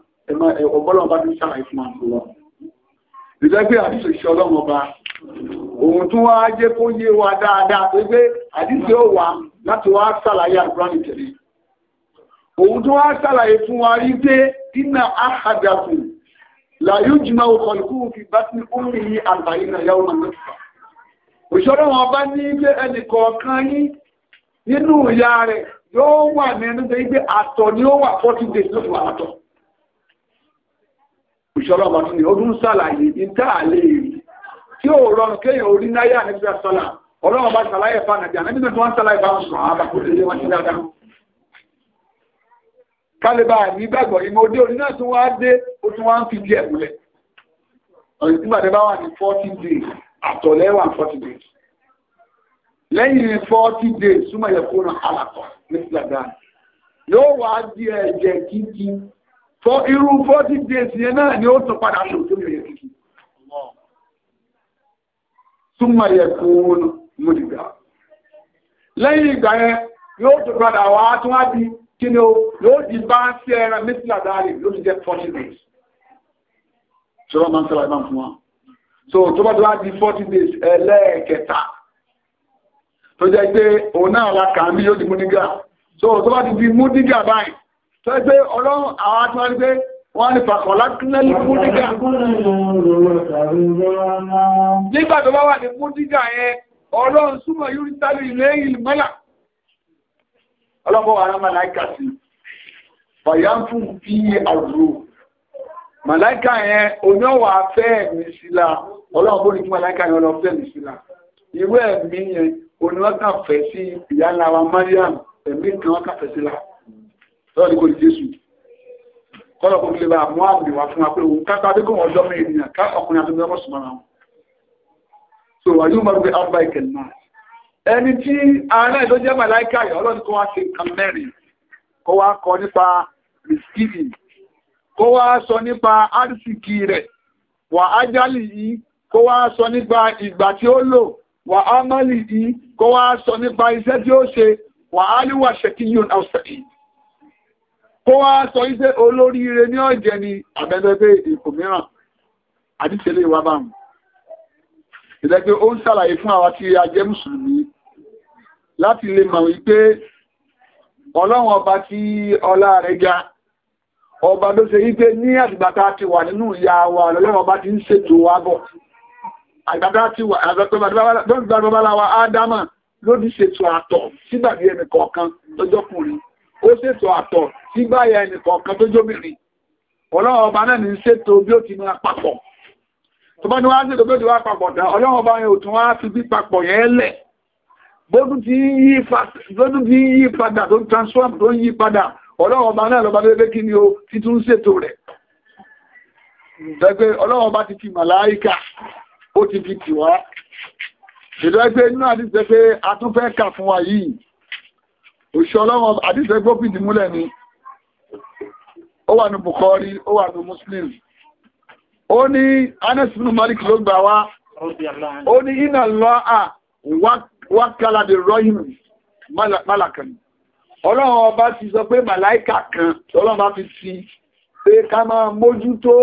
ọgbọ́lọ́n bá ti ṣàlàyé fún àṣọ lọ ìdẹ́gbẹ́ àdìsọ ìṣẹ́ ọlọ́run ọba òun tún wá jẹ́ kó yé wa dáadáa pé pé àdìsọ ó wà láti wá ṣàlàyé àdúrà nìtẹ̀lé òun tún wá ṣàlàyé fún wa rí pé iná àhàdàkùn làyójúmọ́ ọkọ̀ ìkú fi bá ti ń rí àgbáyé náà yàwó náà lọ́tùkọ̀ òṣèré wọn bá ní pé ẹnì kọ̀ọ̀kan yín nínú ìyá rẹ̀ yóò wà ní ẹni tó yí pé àtọ̀ ni ó wà forty days ló fi wà látọ̀ òṣèré ọba tún ní ọdún sàlàyé níta àlè tí ó rọrùn kéèyàn orí náírà nígbà sọlá ọlọ́run bá sàlàyé fànàjà níbi tó wọ́n sàlàyé bá wọn sọ àwọn àbàkùn lè wọ́n sí dáadáa kálíbà nígbàgbọ́ ìmọ̀ òde òní náà tún wá dé ó tún wá ń fi díẹ̀ múlẹ̀ ọ̀rẹ́ tí bàdé bá wà ní forty days àtọ̀lẹ́wà forty days lẹ́yìn forty days súnmọ̀ ẹ̀kọ́ náà alàkọ̀ ní sladan yóò wá di ẹ̀jẹ̀ kíkí fọ́ irú forty days yẹn náà ni ó tún padà ṣòro tó ní ẹ̀jẹ̀ kíkí súnmọ̀ ẹ̀kọ́ múdìgbà lẹ́yìn ìgbà yẹn yóò tún padà wá tún wá di kí ni ó yóò di bá ń sí ẹran ní sladan yóò ti jẹ́ days ṣọlá máa ń sọ̀rọ̀ ìbá fún wa so tó bá tó bá di forty days ẹlẹ́ẹ̀kẹta tó jẹ́ pé òun náà la kà ń bí yóò di múdígà so tó bá ti di múdígà báyìí tó jẹ́ pé ọlọ́run àwọn àti wọn ni pé wọ́n ní fàkọ̀lá kílẹ̀lì múdígà nígbà tó bá wà ní múdígà yẹn ọlọ́run súnmọ̀ yóò sáré ilé ìlú mọ́là ọlọ́pọ̀ wà náà máa láìka sí fàyà ń fún bí àrùn màláìkà yẹn oní ọ̀wà fẹ́ ẹ̀mí sílá ọlọ́run bó ní kí màláìkà yẹn lọ fẹ́ ẹ̀mí sílá irú ẹ̀mí yẹn oní ọ̀kà fẹ́ sí ìyá ńlá wa Mariam ẹ̀mí kan ọ̀kà fẹ́ sílá lọ́wọ́ ní kò ní Jésù kọ́lọ̀ kò lè bá mú àmì wá fún wa pé òun kápá bí kò wọ́n jọ ènìyàn ká ọkùnrin àti ọmọ sùn mọ́ra wọn so wà yóò máa gbé ámbá ìkẹ̀lẹ̀ náà ẹni tí ara ẹ̀ jẹ́ màláìkà yẹn ọlọ́run kọ́ wá ṣe nǹkan mẹ́rin kọ́ wá kọ́ nípa rìsíìnì kó wá sọ nípa arsìkì rẹ̀ wà ájálì yìí kó wá sọ nípa ìgbà tí ó lò wà ámálì yìí kó wá sọ nípa iṣẹ́ tí ó ṣe wà áníwà ṣẹ̀kíyàn ọ̀sẹ̀ kó wá sọ iṣẹ́ olóríire ní ọ̀jẹ́ ni àbẹ́bẹ́bẹ́ ìkò mìíràn àdíṣẹ́lẹ̀ ìwà báhùn ọlọ́run ọba tí ọlá rẹ̀ ga ọba ló ṣe wípé ní àgbàtà ti wà nínú ìyá wa lọ́lọ́wọ́ bá ti ń ṣètò wa bọ̀ àgbàtà ti wà àgbàtàbàbàláwa ádámà ló ti ṣètò àtọ̀ sígbàdí ẹnì kọ̀ọ̀kan lọ́jọ́kùnrin ó ṣètò àtọ̀ sígbàyà ẹnì kọ̀ọ̀kan tó jóbìnrin ọlọ́wọ́ ọba náà ní ṣètò bí ó ti máa papọ̀ tó bá ní wá ṣètò bí ó ti wá papọ̀ tán ọlọ́wọ́ ọba yẹn ò tún wá fi bí papọ̀ yẹn lẹ̀ gbódún ti ń yí padà tó ń transform tó ń yí padà ọlọ́run ọba náà lọ́ba bẹ́ẹ̀ kí ni o ti tún ṣètò rẹ̀ tẹ́gbẹ́ ọlọ́run ọba ti fi màláíkà ó ti fi tì wá ṣètò ẹgbẹ́ inú àdìsẹ́ pé a tún fẹ́ kà fún wa yìí òṣìṣẹ́ ọlọ́run àdìsẹ́ pé múlẹ̀ ni ó wà ní Bukhari ó wà ní Muslim ó ní Anas bin Malik ló gbà wá ó ní iná lọ́à wákàlà bí rọ́yìn málàkàní ọlọ́run ọba ti sọ pé màláìkà kan ọlọ́run bá fi sí pé ká máa mójútó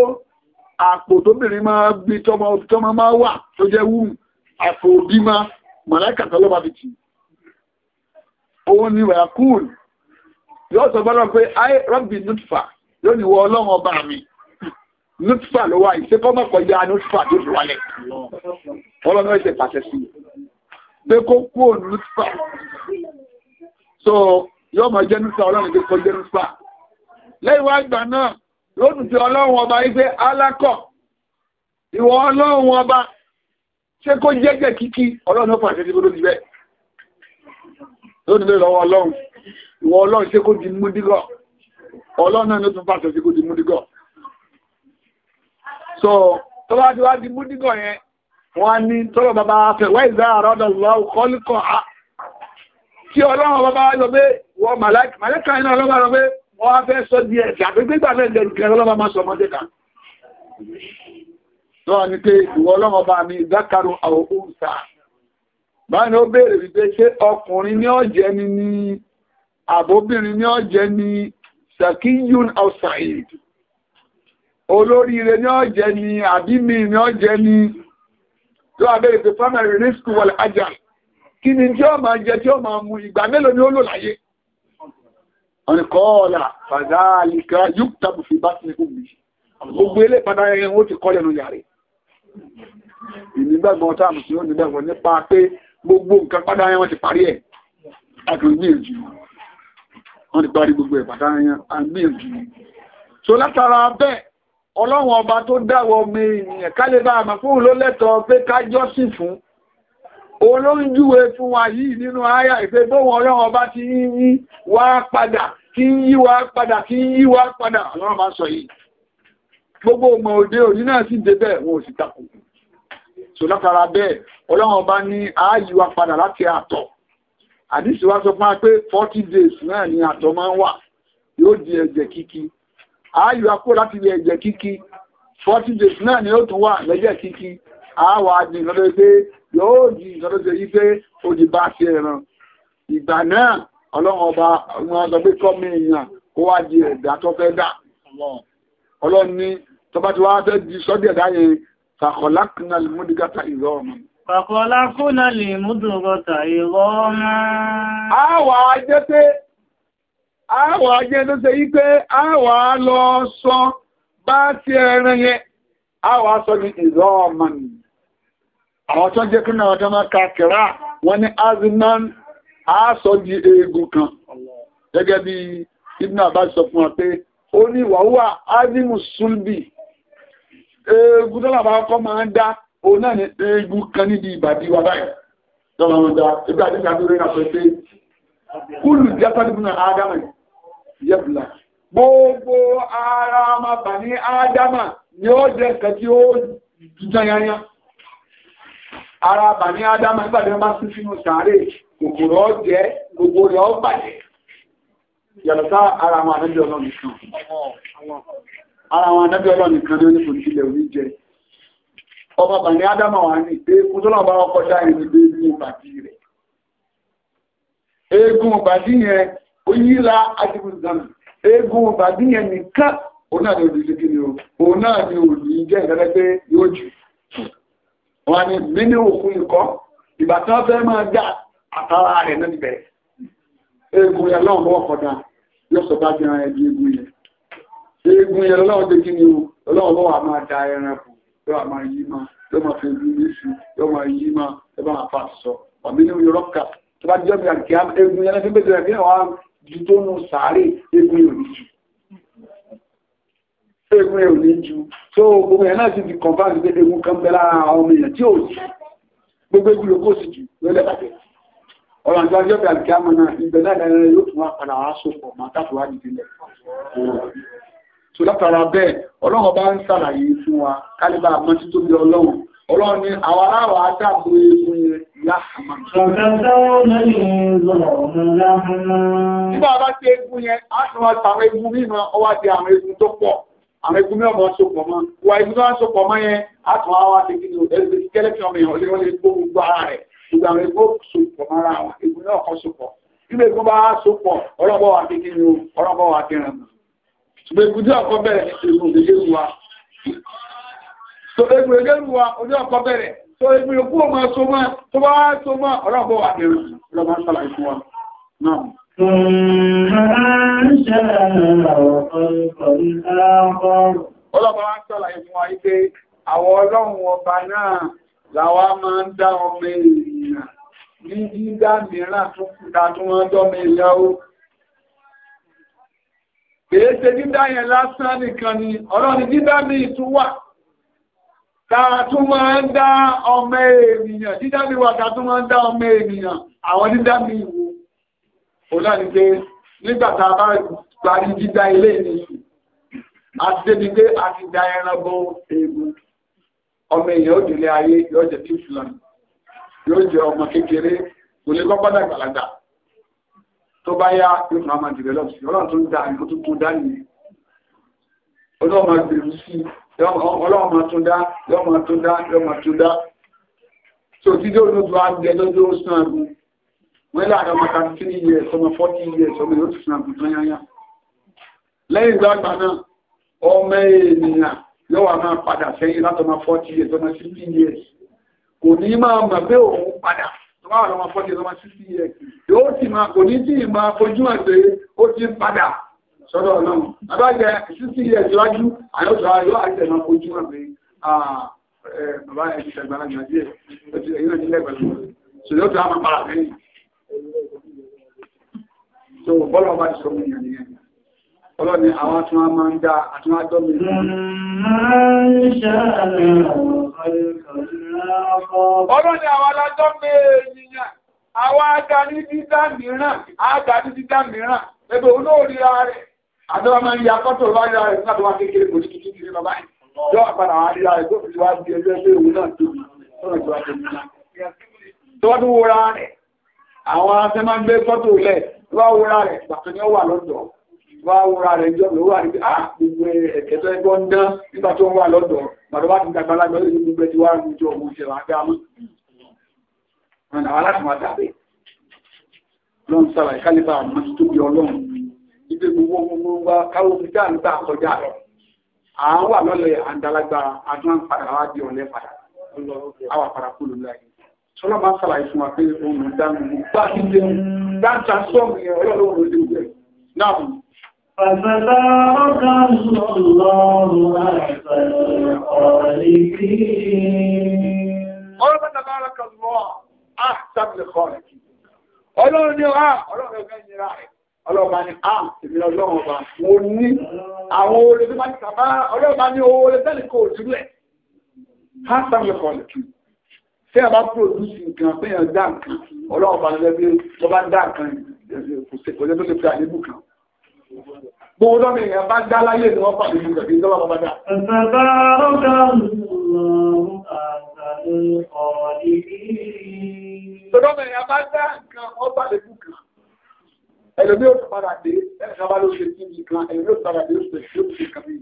àpò tóbìnrin máa gbé tọ́mọ máa wà tó jẹ́ wù àpò òbí má màláìkà tó lọ́ba fi tì òun ni wàkúùn yóò sọ bọ́lọ́ pé ai rọ́bì nùtùfà yóò ní wọ ọlọ́run ọba mi nùtùfà ló wà ìṣẹ́kọ́mọ̀ kọjá nùtùfà tó fi wálẹ̀ ọlọ́run ẹ̀ṣẹ̀ pàṣẹ sí pé kó kúrò nùtùfà so yóò mọ̀ jẹ́ nípa ọlọ́run tó kọ́ jẹ́ nípa lẹ́yìn wá ìgbà náà yóò tún ti ọlọ́run ọba wípé alákọ̀ ìwọ ọlọ́run ọba ṣé kó jẹ́jẹ́ kíkí ọlọ́run ọ̀pọ̀ àti ìbúdó níbẹ̀ lónìí lọ́wọ́ ọlọ́run ìwọ ọlọ́run ṣé kó di mú ọlọ́run náà so tó bá ti wá di mú dígọ̀ yẹn wọ́n ní tí ọlọ́run bàbá lọ pé wọ́n màláìkà iná ọlọ́bà rọ pé wọ́n wá fẹ́ sọ di ẹ̀sì àgbégbégbà náà lẹ́nu kẹrẹ ọlọ́bà máa sọ ọmọdé kan ni pé ìwọ ọlọ́mọba mi dákàrò àwọn òǹsà ni ó béèrè ni ni àbóbìnrin ni sakiyun al-sa'id olóríire ni àbími ní ni tó abẹ́rẹ̀ pé primary risk wal ajal kí ni tí ó máa jẹ tí ó mu ìgbà mélòó ni ó lò láyé wọ́n ni kọ́ọ̀lá fàdáàlìkà yúktàbù fi bá sí ní kúgbì gbogbo ilé padà ẹ̀rẹ́ wọ́n ti kọ́lẹ̀ lórí ààrẹ ìnigbàgbọ́ táàmù sí ó nígbàgbọ́ nípa pé gbogbo nǹkan padà ẹ̀rẹ́ wọ́n ti parí ẹ̀ agbègbèjì wọ́n ti parí gbogbo ẹ̀ padà ẹ̀rẹ́ agbègbèjì so látara bẹ́ẹ̀ ọlọ́run olóńjúwe fún wa yìí nínú àyà ìfẹ́ bóhun ọlọ́run ọba ti ń yí wá padà kí ń yí wá padà kí ń yí wá padà ọlọ́run bá sọ yìí gbogbo ọmọ òde òní náà sì débẹ̀ wọn ò sì takò so látara bẹ́ẹ̀ ọlọ́run ọba ní ààyè forty days náà ni àtọ̀ máa ń wà yóò di ẹ̀jẹ̀ kíkí ààyè wá kó láti forty days náà ni ó tún wà lẹ́jẹ̀ kíkí àá wà á pé yóò di ìsọ́lọ́jẹ́ yí pé ó di bá ṣe ẹran ìgbà náà ọlọ́run ọba wọn sọ pé kọ́mí èèyàn kó wá di ẹ̀dá tó fẹ́ dá ọlọ́run ní tọba tí wọ́n fẹ́ di sọ́dí ẹ̀dá yẹn fàkọ̀lákùnà lèmúdìgátà ìrọ̀ ọmọ fàkọ̀lákùnà lèmúdìgátà ìrọ̀ ọmọ àwọ̀ ajẹ́ pé àwọ̀ ajẹ́ tó ṣe yí pé àwọ̀ lọ sọ bá ti ẹran yẹn àwọ̀ ìrọ̀ ọmọ nìyí àwọn tó jẹ́ kí náà tó máa kàkìrá wọ́n ní azimán aṣọ di eegun kan gẹ́gẹ́ bí Ibn Abbas sọ fún wa pé ó ní wàhúwà azimu sulbi eegun tó làbá kọ́ máa ń dá òun náà ní eegun kan níbi ìbàdí wa báyìí tó máa ń dá ẹgbẹ́ àti ìgbàdúrẹ́ náà pẹ́ pé kúlù jásádìbùnà ádámà yẹ́bùlà gbogbo ara ọmọ bà ní ádámà ni ó jẹ́ kẹ́ tí ó jẹyanya ara bà ní ádámà nígbàdé máa sún sínú sàárè kòkòrò ọ̀jẹ́ gbogbo rẹ̀ ọ̀bàjẹ́ yàtọ̀ sá ara àwọn ànábì ọlọ́run nìkan ara àwọn ànábì ọlọ́run nìkan ní oníkò ìṣẹ̀lẹ̀ orí jẹ ọba bà ní ádámà wà ní pé kú tó náà bá wọn kọjá ẹni pé eégún bàdí rẹ̀ eégún bàdí yẹn ó yíra adigun eégún bàdí yẹn nìkan òun náà ni òdì wọ́n ní nínú òkú ikọ́ ìgbà tí wọ́n fẹ́ máa dá àtàrà rẹ̀ náà bẹ̀rẹ̀ eegun yẹn lọ́wọ́ bọ́ kọ̀dá bá fi hàn ẹbí eegun yẹn eegun lọ́wọ́ dé kí ni o lọ́wọ́ bọ́ wà máa da ẹran kù yóò wà máa yí máa yóò máa fi egun yìí sí yóò máa yí máa yóò máa fa sọ wàmí ní yorùbá kà tó bá jẹ́ mi egun ẹ̀ ò ní ju so gbogbo ẹ̀ náà ti di confam pé egun kan bẹ lára àwọn ọmọ èèyàn tí ò sí gbogbo egun ló kó sì jù lọ́lẹ̀ bàjẹ́ ọ̀rọ̀ àjọ ajọ́ bí àlùkí àmọ́ náà ibẹ̀ náà lẹ́rẹ́ yóò tún wá padà wá sopọ̀ máa káfí wá dìde lẹ̀ so látara bẹ́ẹ̀ ọlọ́run bá ń ṣàlàyé fún wa kálíbà àmọ́ títóbi ọlọ́run ọlọ́run ni àwọn aláwọ̀ àtàbò egun láhàmà. Nígbà bá ti egun yẹn, a ti wọ́n tàwọn egun mímọ́, ọwá di àwọn egun tó pọ̀ àwọn igun mẹ́wàá máa sopọ̀ mọ́ wà igun tó wá sopọ̀ mọ́ yẹn àtún àwọn àtẹ̀kínú ẹgbẹ́ ti kẹ́lẹ́ fi ọmọ èèyàn olè wọlé gbó gbogbo ara rẹ̀ gbogbo àwọn igun sopọ̀ mọ́ ara wọn igun náà kọ́ sopọ̀ nígbà igun bá sopọ̀ ọlọ́bọ̀ wà àtẹ̀kínú ọlọ́bọ̀ wà àtẹ̀ràn ṣùgbọ́n igun tí ọkọ̀ bẹ̀rẹ̀ ní igun ìdílé wa so egbò ìgbèrú wa ojú ọkọ̀ bẹ̀rẹ̀ so egbò ìgbèrú wa tó bá wá so mọ́ ọlọ́bọ̀ wà àtẹ̀ràn lọ́ Ọlọ́pàá wá ṣàlàyé fún wa wípé àwọn ọlọ́run ọba náà làwa máa ń dá ọmọ ènìyàn ní dídá mìíràn tó kúta tó wọ́n dọ́mọ ìyàwó. Kèé ṣe dídá yẹn lásán nìkan ni, ọ̀rọ̀ ni dídá mi tún wà. Tàà máa ń dá ọmọ ènìyàn, dídá mi wà tàà máa ń dá ọmọ ènìyàn, àwọn dídá mi wò náà ni pé nígbà tá a bá parí dídá ilé ní àti débi pé a ti da ẹran bọ eegun ọmọ èèyàn òdìlé ayé yóò jẹ tí islam yóò jẹ ọmọ kékeré kò lè kọ́kọ́ dàgbàlagbà tó bá yá yóò máa máa develop sí ọlọ́run tó ń da nǹkan tó tún dá nìyẹn ọlọ́run máa gbèrú sí ọlọ́run máa tún dá yóò máa tún dá yóò máa tún dá tó ti dé olóòtú á gbẹ lọ́jọ́ ó sàn án wẹ́lá àdọ́mọ 33 years ọmọ 40 years ọmọ yóò tún àbùn tán yányá lẹ́yìn ìgbàgbà náà ọmọ ènìyàn yóò wà máa padà sẹ́yìn látọmọ 40 years ọmọ 60 years kò ní máa mọ̀ pé òun padà tọ́wọ́ àwọn ọmọ 40 years ọmọ 60 years yóò sì máa kò ní tí máa fojú hàn pé ó ti ń padà sọ́dọ̀ ọlọ́run àbájẹ 60 years lájú àyọ̀tọ̀ ayọ́ ah, àjẹ̀ máa fojú hàn pé ah, eh, bàbá ẹ̀ ti ṣàgbàlagbà díẹ̀ ẹ̀yìn náà ti lẹ́gbàlagbà sọ̀rọ̀ tó a máa padà sẹ́yìn so bọ́lọ̀ bá ti sọ mí ìyàn nìyẹn ọlọ́ni àwọn tí wọ́n máa ń dá àti wọ́n tọ́ mi ọlọ́ni àwọn alájọ́ méèyàn àwọn agarí dídá mìíràn agarí dídá mìíràn ẹgbẹ́ olóòrí rẹ̀ àdọ́wà máa ń ya kọ́tò lọ́rí rẹ̀ nígbàtọ́ wá kékeré kò ní kí kí bàbá yọ́ àpàdà wá rí rẹ̀ tó fi wá bí ẹgbẹ́ ẹgbẹ́ òun àwọn afẹ́ máa ń gbé fọ́tò lẹ̀ wá wúra rẹ̀ pàtó ni ó wà lọ́dọ̀ wá wúra rẹ̀ jọ ló wà níbi ah, gbogbo ẹ̀kẹ́ tó ẹgbọ́n ń dán nígbà tó ń wà lọ́dọ̀ màdó bá ti ń dàgbà lágbà lórí gbogbo ti wá ń jọ òun ṣe wà gbá mú. ọ̀nà àwọn aláṣẹ máa dàbí lọ́n sára ìkálífà àmọ́ tó bí ọlọ́run ibi gbogbo gbogbo wa káwọn omi dáa ń gbà kọjá rẹ̀ à ń wà lọ́lẹ̀ àǹdàlágbà àtúnwá padà wá di ọ̀lẹ́ padà àwọn àpàràkùn lòlá yìí sọ́lá máa sàlàyé fún wa pé oòrùn dánù mú bá ọlọ́run ni ọ̀há, ọlọ́run ọ̀gá ìnira rẹ̀ ọlọ́ọ̀bá ni a ìbí ọlọ́run ọba mo ní àwọn olè tó bá ti sàbá ọlọ́ọ̀bá ni olè tẹ́lẹ̀ kò ha sàmì ọkọ̀ ọ̀lẹ̀kì tí a bá pòdúsì nǹkan pé èèyàn dá nǹkan ọlọ́run bá lọ́jọ́ pé tó bá dá nǹkan kò jẹ́ tó lè fi àlébù kan gbogbo lọ́mọ èèyàn bá dá láyé ni wọ́n pàdé ìgbà tí ìjọba bá dá. Tọ́lọ́mọ èèyàn bá dá nǹkan wọ́n pàdé ìgbà kan. Ẹlòmí ò padà dé, ẹ̀ka bá ló ṣe kí nǹkan, ẹlòmí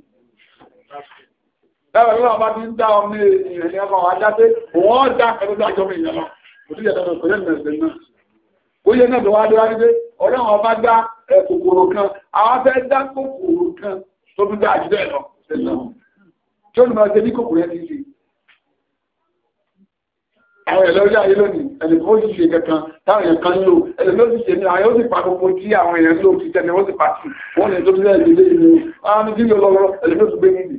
Lára yóò bá ti ń dá ọmọ ènìyàn ní ọmọ ajá pé wọ́n dá ẹgbẹ́ àjọmọ̀ èèyàn lọ. Kò sí ìyàtọ̀ kò lẹ́nu ẹ̀sẹ̀ náà. Ó yẹ náà tó wá dúró wípé ọlọ́run ọba dá kòkòrò kan, àwọn fẹ́ dá kòkòrò kan tó tún dá àjùdẹ̀ lọ. Tí ó lè máa ṣe ní kòkòrò ẹni sí. Àwọn ẹ̀lọ́ ilé ayé lónìí, ẹni tó sì ṣe kankan táwọn èèyàn kan lò, ẹni tó sì ṣe ní ayé ó sì pa gbogbo tí àwọn èèyàn lò ti tẹ́lẹ̀ wọ́n sì pa sí. Wọ́n ní tó tún lẹ́yìn ilé ìlú, àwọn ní kí ah, ló lọ́wọ́ ẹni tó tún gbé nìyí.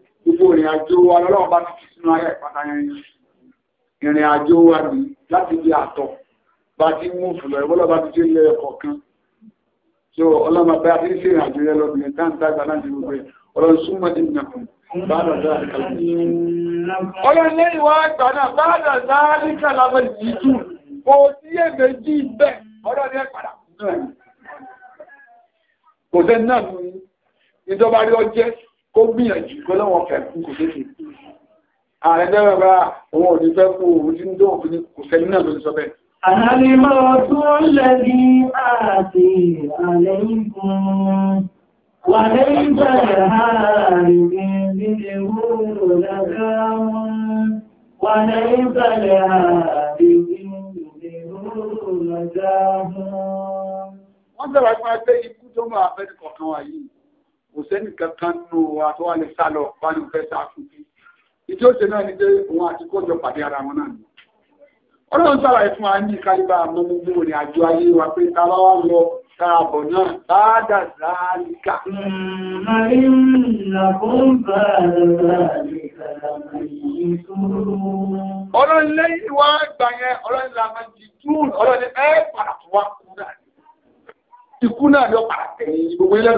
gbogbo ìrìn àjò wa lọ́lọ́wọ́ bá ti fi sínú ayé ìpátá yẹn ìrìn àjò wa ní láti di àtọ̀ bá ti mú fùlọ̀ ìwọ́lọ́ bá ti jẹ́ ilé ẹ̀kọ́ kan so ọlọ́mọ bá ti ń ṣe ìrìn àjò yẹn lọ́bìnrin táǹtà gbà láti gbogbo ẹ̀ ọlọ́run súnmọ́ ìnàkùn bá dọ̀dọ̀ àríkàlà ọlọ́run lẹ́yìn wá gbà náà bá dọ̀dọ̀ àríkàlà mọ̀ ìjìjú kò sí èméjì bẹ́ẹ̀ ọlọ́run ẹ̀ padà kò sẹ́ náà ní ìjọba rí ọjẹ́ kó gbìyànjú kó lọ́wọ́n fẹ́ kú kò tètè ààrẹ dẹ́rẹ̀ bá òun ò ní fẹ́ kú òun tí ń dóhùn fún ní kò sẹ́yìn náà ló ti sọ bẹ́ẹ̀. àlìmọ́ tún lẹ́bí àti wọ́n sọ̀rọ̀ pé ikú tó máa fẹ́ kọ̀ọ̀kan wà yìí kò sẹ́nì kankan nù wa tó wà lè sá lọ wà ní ó ṣe náà ni pé òun àti kójọ pàdé ara wọn náà ni ọlọ́run sára ìfún wa ní kálíbà àmọ́ gbogbo rẹ̀ àjọ ayé wa pé tàbá wá lọ tààbọ̀ náà báádà záàlìkà ọlọ́run lẹ́yìn wá gbà yẹn ọlọ́run làmọ́ jì jún ọlọ́run ẹ́ padà fún wa kú náà ikú náà lọ padà tẹ̀yìn gbogbo ilẹ̀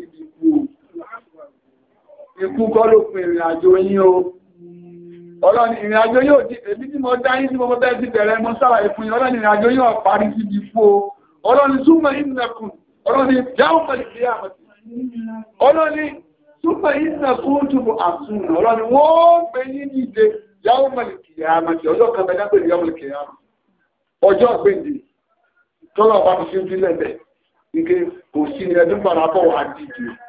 ikú kọ́ ló pin ìrìn àjò o ọlọ́ni yóò di èmi tí mo dá tí mo mọ́ ti bẹ̀rẹ̀ mo sára ìfún yín ọlọ́ni ìrìn yóò parí sí ibi fún o ọlọ́ni súnmọ́ ìnàkùn ọlọ́ni dáhùn pẹ̀lú ìgbéyà ọlọ́ni súnmọ́ ìnàkùn túbọ̀ àtún ọlọ́ni wọ́n gbé ní ìdè yàwó mẹ́lìkì àmàtì ọjọ́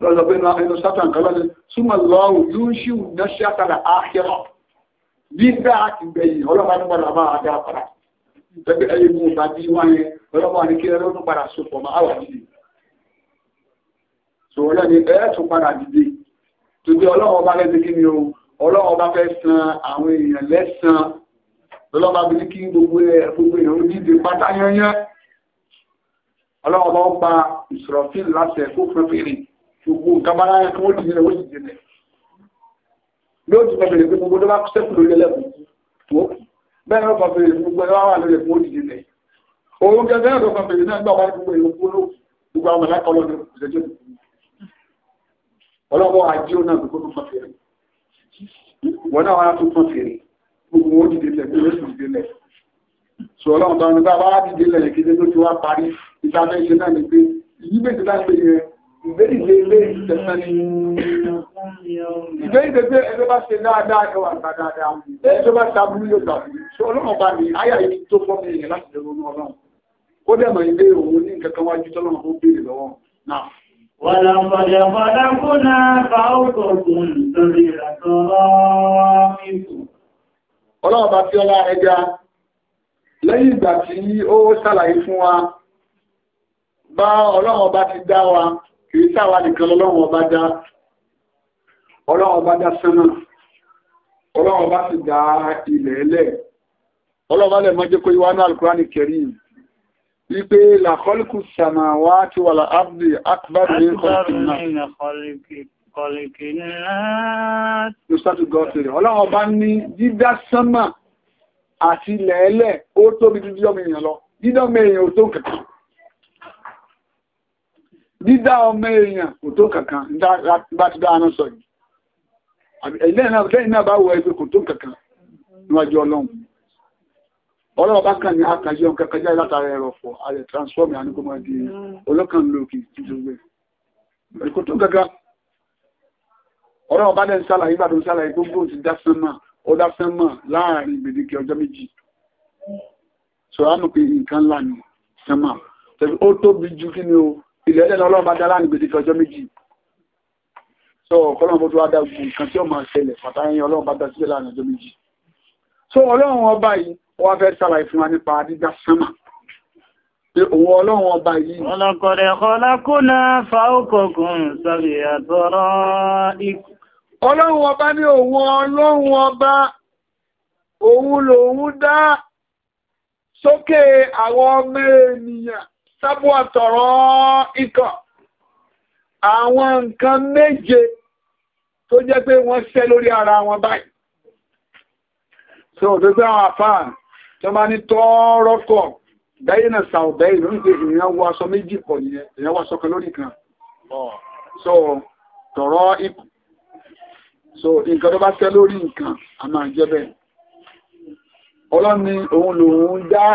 lọ́jọ́ pé inú sátán kan lọ́jọ́ súnmọ̀ lọ́rùn yóò ṣì wù náà ṣe àtàrà áhẹ́rọ̀ bí bẹ́ẹ̀ àti gbẹ̀yìn ọlọ́mọ ní padà máa dá padà tẹ́gbẹ́ ẹyẹ mú bá bí wá yẹn ọlọ́mọ ní kí ẹlọ́dún padà sopọ̀ máa wà nílé sọ̀rọ̀ náà ni ẹ̀ẹ́ tún padà dìde tó bí ọlọ́wọ́ ń pa ìsọ̀rọ̀fín láti ẹ̀kọ́ fún fèrè gbogbo nǹkan bá láyé kí wọ́n ti nílẹ̀ wọ́n ti jẹ́lẹ̀ yóò ti bá bẹ̀rẹ̀ pé gbogbo tó bá sẹ́kù lórí ẹlẹ́kùn tó bẹ́ẹ̀ náà bá bẹ̀rẹ̀ gbogbo ẹlẹ́wà wà lórí ẹ̀kún wọ́n ti jẹ́lẹ̀ òun gẹ́gẹ́ náà tó bá bẹ̀rẹ̀ náà gbà wáyé gbogbo ẹ̀rọ gbogbo gbogbo àwọn mẹ́lá kọlọ́ ní ìṣẹ́jọ́ ọlọ́wọ́ ajé ó náà gbogbo tó fọ́n fèrè wọ́n náà wáyé tó fọ́n fèrè gbogbo wọ́n ti délẹ̀ gbogbo wọ́n ti délẹ̀ sọ ọlọ́run tó ń bá wá ti délẹ̀ kí ló ti wá parí ìtàfẹ́ ìṣe náà ni pé yí ti láti ìbéèrè lè lè ìtẹ̀sán ni ìbéèrè pé ẹgbẹ́ bá ṣe dáadáa ẹwà gbà dáadáa ẹgbẹ́ bá ṣe abúlé yóò gbà ṣe ọlọ́run bá ní àyà yìí tó fọ́ mi yẹn láti dẹ̀rọ ọlọ́run ó dẹ̀ mọ̀ ilé òun ní nǹkan kan wájú tọ́lọ́run ó béèrè lọ́wọ́ náà. Wàlá ọ̀pọ̀lẹ̀ ọ̀pọ̀lẹ̀ kúnná bá ó kọ̀ọ̀kùn lórí ìràtọ̀rọ̀ ìkù. Ọlọ́run bá fi ọlá ẹja lẹ́yìn kìí sáwà nìkan lọ́wọ́ ọba dá ọlọ́wọ́ ọba dá sánà ọlọ́wọ́ ọba sì dá ilẹ̀ ẹlẹ̀ ọlọ́wọ́ ọba lè mọ́ jẹ́ kó yíwá náà Al-Qur'ani Karim wípé làkọ́lùkù sàmàwá ti wà láàbì akbar ní kọ̀ọ̀kìnà ọlọ́wọ́ ọba ní dídá sánmà àti ilẹ̀ ẹlẹ̀ ó tóbi dídọ́mọ èèyàn lọ dídọ́mọ èèyàn ò tó kẹ̀kẹ́ dídá ọmọ èèyàn kò tó kankan bá ti dáa náà sọ yìí ẹ̀lẹ́yìn náà bá wọ ẹgbẹ́ kò tó kankan níwájú ọlọ́run ọlọ́run bá kàn ní àkàjẹ́ ya kankan látara ẹ̀rọ fọ ààrẹ transform àníkómọ́ di mm. lókè ìjọgbé ilẹ̀ ọlọ́run bá dá láàrin gbèdéke ọjọ́ méjì so ọlọ́run bó tó wá dá gbogbo nǹkan tí ó máa ṣẹlẹ̀ pàtàkì ọlọ́run bá dá sílẹ̀ láàrin ọjọ́ méjì so ọlọ́run ọba yìí wọ́n fẹ́ sàlàyé fún wa nípa dídá sánmà pé òun ọlọ́run ọba yìí ọlọ́run ọba ní òun ọlọ́run ọba òun sábò àtọ̀rọ̀ ikọ̀ àwọn nǹkan méje tó jẹ́ pé wọ́n ṣẹ́ lórí ara wọn báyìí so tó gbé àwọn àfáà tó máa ní tọ́ọ̀rọ̀ kọ̀ bẹ́yìn náà sàù bẹ́yìn ló ń pè èèyàn wọ aṣọ méjì pọ̀ nìyẹn èèyàn wọ aṣọ kan lórí kan so tọ̀rọ̀ ikọ̀ so nǹkan tó bá ṣẹ́ lórí nǹkan a máa jẹ́ bẹ́ẹ̀ ọlọ́ni òun lòun dá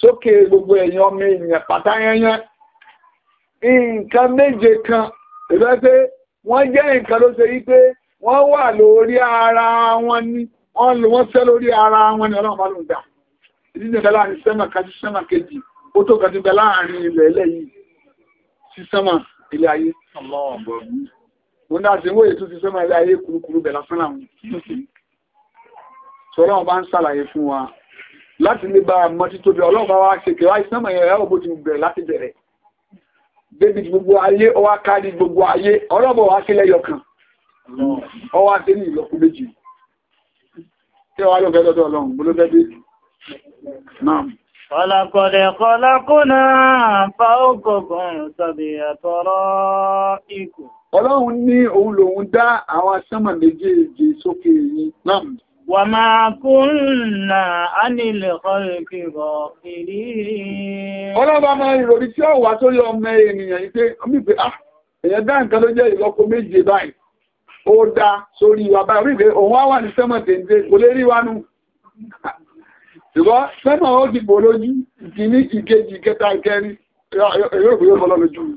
sókè gbogbo èèyàn ọmọ èèyàn pátá yẹnyẹn nǹkan méje kan ìfẹ́ pé wọ́n jẹ́ nǹkan ló ṣe yí pé wọ́n wà lórí ara wọn ni wọ́n lò wọ́n sẹ́ lórí ara wọn ni ọlọ́run bá ló ń dà ìdíje bẹ láàrin sẹ́mà kan sí sẹ́mà kejì ó tó kan ti bẹ láàrin ilẹ̀ mo náà ti wóye tó ti sẹ́mà ilé ayé kúrúkúrú bẹ̀ lásán làwọn sọ́rọ̀ bá ń ṣàlàyé fún wa láti lè bá mọ́ tí tóbi ọlọ́run wá ṣe kẹwà ìsánmà yẹn ẹ̀rọ bó ti bẹ̀rẹ̀ láti bẹ̀rẹ̀ débi gbogbo ayé ọwá kárí gbogbo ayé ọlọ́bọ̀ wá sí lẹ́yọ ọwá sí ní ìlọ́kú méjì ọlọ́run ní òun lòun dá àwọn sánmà méjèèjì sókè yìí وما كنا عن الخلق غافلين ọlọ́ba máa ìròrí tí ó wà tó lọ ọmọ ènìyàn yìí pé wípé ah èèyàn dá nǹkan ló jẹ́ ìlọ́po méje báyìí ó dá sórí wa báyìí òun á wà ní sẹ́mọ̀ kò lè rí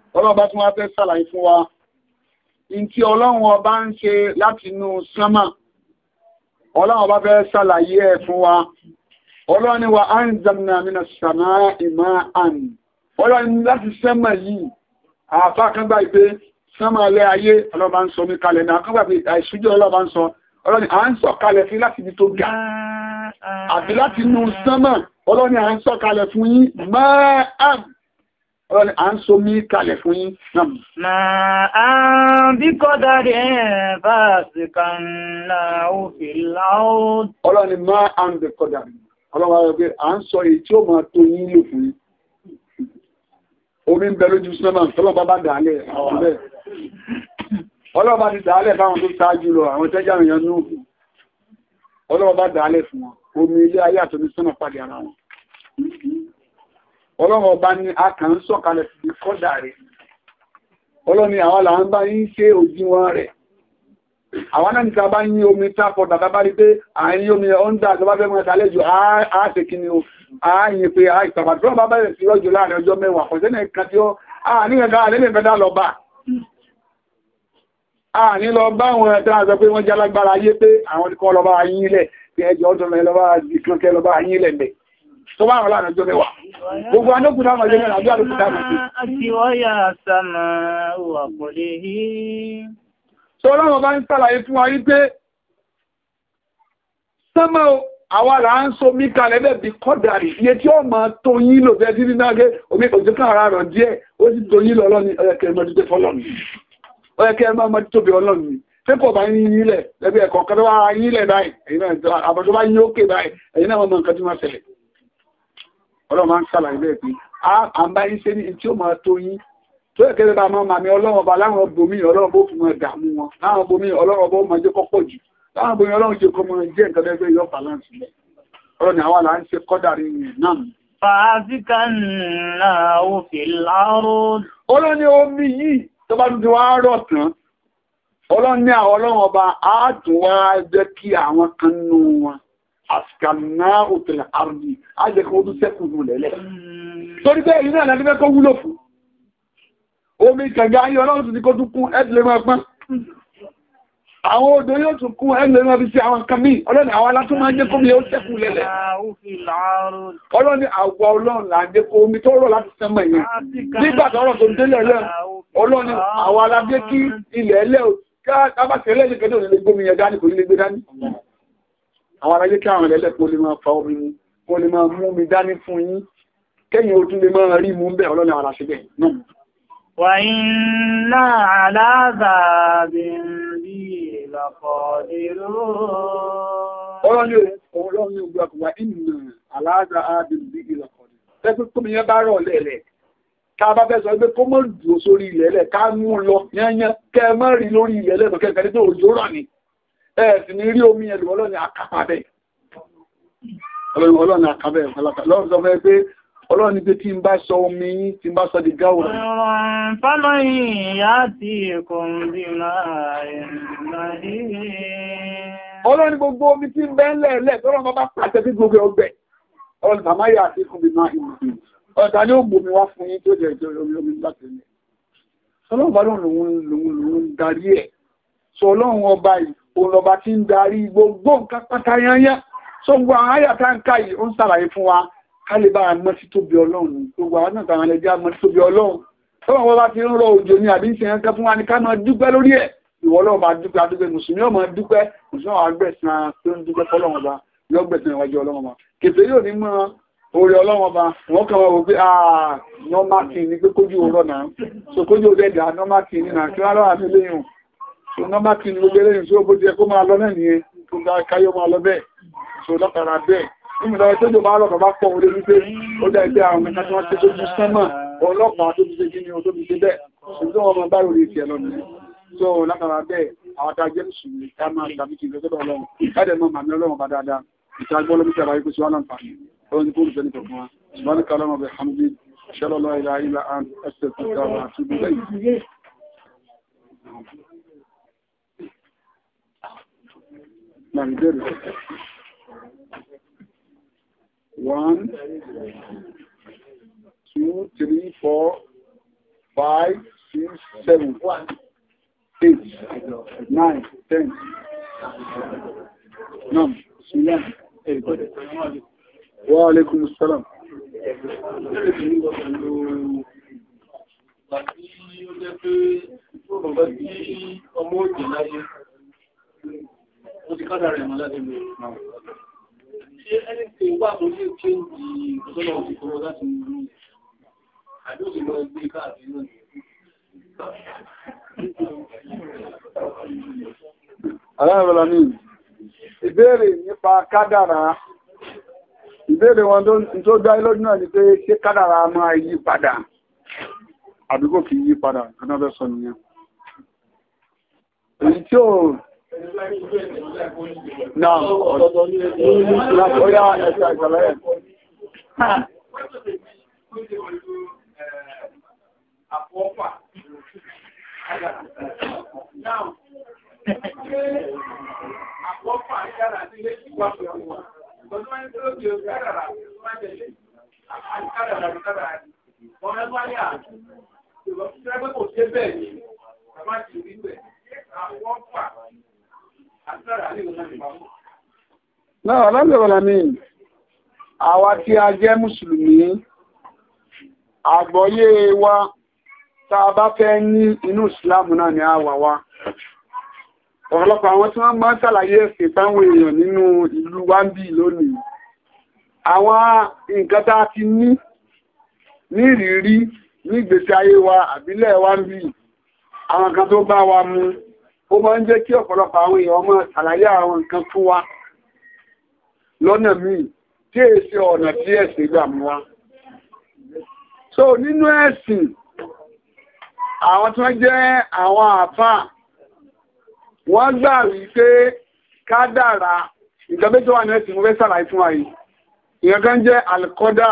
ọlọ́run bá tún wá fẹ́ sàlàyé fún wa in tí ọlọ́run ọba ń ṣe láti inú sánmà ọlọ́run ọba fẹ́ sàlàyé ẹ̀ fún wa ọlọ́run ni mina sàmà ìmá àn ọlọ́run láti sánmà yìí àfá kan gbà pé sánmà alẹ́ ayé ọlọ́run bá ń sọ mí kalẹ̀ náà kan gbà pé à ń sọ kalẹ̀ sí láti ibi tó ga ọ̀rọ̀ ni a ń so mí kalẹ̀ fún yín náà. mà á bí kọ́dá rẹ̀ bá sì kan náà ó fi láó. ọlọ́run ni má á ń bẹ kọ́dá rẹ̀ ọlọ́run àwọn ọ̀gbẹ́ à ń sọ èyí tí ó máa tó yín lò fún yín. omi ń bẹ lójú sinimá tọ́lọ́ bá bá dà á lẹ̀ àwọn bẹ́ẹ̀. ọlọ́run bá ti dà á fáwọn tó ṣáájú lọ àwọn tẹ́jà èèyàn nù. ọlọ́run bá dà fún wọn omi ilé ayé àtọ́ni sọ́nà pàdé ara wọn ọlọ́run ọba ni a kàn ń sọ̀kalẹ̀ sí kọ́dà rẹ̀ ọlọ́ni àwọn là ń bá yí ṣe òjìwọ̀n rẹ̀ àwọn náà nìta bá yí omi tápọ̀ tàbá bá rí pé à ń yí omi ọ́ndà tó bá fẹ́mọ̀ ìtàlẹ́jù àáṣe kí ni o àáyìn pé àìsàpà tó bá bẹ̀rẹ̀ sí rọ́jù láàrin ọjọ́ mẹ́wàá kò sẹ́nà kan tí ó àníyànká àlẹ́lẹ́fẹ́dá lọ bá àní lọ bá wọn ẹ̀dá àjọ pé wọ́n jálágbára ayé pé àwọn kan lọ bá yí ilẹ̀ pé ẹjọ́ ọdún lọ bá yí kan tó bá rọ̀lá àjọ mẹ́wàá. Gbogbo anókùn náà mọ̀lẹ́ mẹ́rin àjọ àlùkù dáàmù sí. Àti wọ́yà sàmà wà kò lè hí. Tó ọlọ́run bá ń sàlàyé fún wa wípé sánmà àwa là ń so mí kalẹ̀ bẹ́ẹ̀ bí kọ́dàrí iye tí ó máa tó yín lò bẹ́ẹ̀ títí náà gé omi òjò kan ara rọ̀ díẹ̀ ó sì tó yín lọ ọlọ́ni ọ̀yẹ̀kẹ́ ẹ̀ mọ́tò fọlọ́ni ọlọ́run máa ń sàlàyé bẹ́ẹ̀ pé a bá yín ṣe ní tí ó máa tó yín tó ẹ̀kẹ́lẹ́ bá máa màmí ọlọ́run bá láwọn bomi ọlọ́run bó fi máa dààmú wọn láwọn bomi ọlọ́run bó máa jẹ́ kọ́pọ̀ jù láwọn bomi ọlọ́run jẹ́ kọ́ máa jẹ́ nǹkan lẹ́gbẹ́ yọ balance lẹ̀ ọlọ́run ni àwa là ń ṣe kọ́dàrí yẹn náà. fàásìkà náà ó fi láàárọ̀. ọlọ́run ni omi yìí tó bá ti wá rọ̀ tán ọlọ́run ni àwọn ọlọ́run ọba á tún wá jẹ́ kí àwọn kan nù wọn àṣìkànná òtẹ̀lẹ̀ àrùn àjẹkùn ọdún sẹ́kù nù lẹ́lẹ̀ torí bẹ́ẹ̀ iná ìlànà fẹ́ kọ́ wúlò fún omi kànga ayé ọlọ́run ti ní kó tún kún ẹ̀dùnlẹ̀ máa pán àwọn odò yóò tún kún ẹ̀dùnlẹ̀ máa fi ṣe àwọn nǹkan míì ọlọ́run àwọn alátún máa ń jẹ́ kómi ó sẹ́kù lẹ́lẹ̀ ọlọ́run àwọ̀ ọlọ́run là ń jẹ́ kó omi tó rọ̀ láti sẹ́mọ̀ yẹn nígbà tó rọ̀ tó ń délẹ̀ lẹ́ ọlọ́run àwọn alábẹ́ kí ilẹ̀ ẹlẹ́ àwọn aráyé kí àwọn ẹlẹ́lẹ́ kó lè máa fa omi mu kó lè máa mú mi dání fún yín kẹ́yìn ó tún lè máa rí mú bẹ́ẹ̀ ọlọ́ni àwọn aláṣẹ bẹ́ẹ̀ náà. wà iná aláàbàbí rí ìlọ́pọ̀ ìró. ọ̀rọ̀ ni òun lọ́wọ́ ní ogun àkùnwà iná aláàbàbí rí ìlọ́pọ̀ ìró. tẹ́gbẹ́ tó mi yẹn bá rọ̀ lẹ́lẹ̀ ká bá fẹ́ sọ pé kó mọ̀ dùn sórí ilẹ̀ lẹ̀ ká mú lọ yányán kẹ́ mọ́ rí lórí ilẹ̀ lẹ́nu kẹ́kẹ́ ẹ̀ẹ̀sì ní rí omi ẹ̀lú ọlọ́ni àkàpàbẹ̀ ọlọ́ni àkàbẹ̀ lọ́rùn sọ fẹ́ pé ọlọ́ni pé tí ń bá sọ omi yín tí ń bá sọ di gáwọ̀ ọlọ́ni gbogbo omi tí ń bẹ́ lẹ́ẹ̀lẹ́ tọ́rọ̀ bá bá pàṣẹ sí ọlọ́run ọba yìí òlọ́ba tí ń darí gbogbo nǹkan pátá yányá so gbogbo àwọn àyàtà ń ká yìí ó ń sàlàyé fún wa ká lè bá àmọ́ sí tóbi ọlọ́run gbogbo àwọn náà tàwọn ẹlẹ́jẹ́ àmọ́ sí tóbi ọlọ́run tọ́wọ́n wọn bá ti ń rọ òjò ní àbí ń ṣe fún wa ní ká máa dúpẹ́ lórí ẹ̀ ìwọ ọlọ́run bá dúpẹ́ adúpẹ́ mùsùlùmí ọmọ dúpẹ́ mùsùlùmí àwọn agbẹ̀sán tó ń dúpẹ́ fọlọ́run ọba lọ́gbẹ̀sán ìwájú ọlọ́run ọba kèfé yóò ní mọ orí ọlọ́run ọba so nọ́mbà kí ló lérè ní tí ó bójú ẹ kó máa lọ náà nìyẹn tó ga káyọ́ máa lọ bẹ́ẹ̀ so látara bẹ́ẹ̀ nínú ìlọrin tó jọba àrọ̀ bàbá pọ̀ wọlé wípé ó dá ẹgbẹ́ àwọn mẹ́ta tí wọ́n ti tójú sánmà ṣe kí ni o tó ti ṣe bẹ́ẹ̀ ṣùgbọ́n a jẹ́ mùsùlùmí ká máa tàbí kí n lọ́sọ́dọ̀ ọlọ́run káàdẹ̀ mọ́ màmí ọlọ́run bá dáadáa ìta gbọ́ lómi tàbí kó sí wọn láǹfààní ọlọ́run ti kó tó dáwà àti ibùdó Nigeria. One, two, three, four, five, six, seven, eight, nine, ten. Nam, Sudan, everybody. Wa salam. Tàbí yóò mo ti kádà rẹ̀ mọ́ láti mi. Ṣé ẹni tí wà mo lè ké ní ìtọ́lọ̀ òfin kọ́rọ́ láti mú mi? Àbí òfin lọ gbé káàkiri náà ni. Aláàbọ̀lá ní ìbéèrè nípa kádàrá. Ìbéèrè wọn tó dá lójú náà ni pé ṣé kádàrá máa yí padà? Àbí kò yí padà, kanáfẹ́ sọ nìyẹn. Èyí tí ó Náà, ọ̀dọ́dọ́ ní ẹgbẹ̀rẹ̀ ọ̀yá ẹ̀ṣẹ̀ ìṣẹ̀lẹ̀ ẹ̀. Àpọ̀ọ́pà. Náà, àpọ̀ọ́pà yára sí ilé ìwà pẹ̀lú wa. Ọdún wáyé tó lóbi òkú kádàrà, ọdún wáyé tẹ̀lé, àkádàrà kádàrà. Wọ́n mẹ́fà ní àjò, ìrọ̀kútẹ́gbẹ́ kò ṣe bẹ́ẹ̀ ni, àmájì rí bẹ̀, àpọ̀ọ́pà. Náà lábẹ̀wọ̀lá ni, àwa tí a jẹ́ Mùsùlùmí, àgbọ́yé wa tá bá fẹ́ ní inú Ìsìláàmù náà ni a wà wá. Ọ̀pọ̀lọpọ̀ àwọn tí wọ́n máa ń ṣàlàyé ẹ̀sìn táwọn èèyàn nínú ìlú wa ń bí lónìí. Àwọn nǹkan tá a ti ní ní ìrírí ní ìgbésí ayé wa àbílẹ̀ wa àwọn kan tó bá wa mú ó máa ń jẹ́ kí ọ̀pọ̀lọpọ̀ àwọn èèyàn máa ṣàlàyé àwọn nǹkan fún wa lọ́nà míì tí è ṣe ọ̀nà tí ẹ̀sìn gbà mú wa so nínú ẹ̀sìn àwọn tí wọ́n jẹ́ àwọn àfáà wọ́n gbà wípé kádàrá ìjọba tó wà ní ẹ̀sìn mo fẹ́ ṣàlàyé fún wa yìí kan jẹ́ alkọ́dà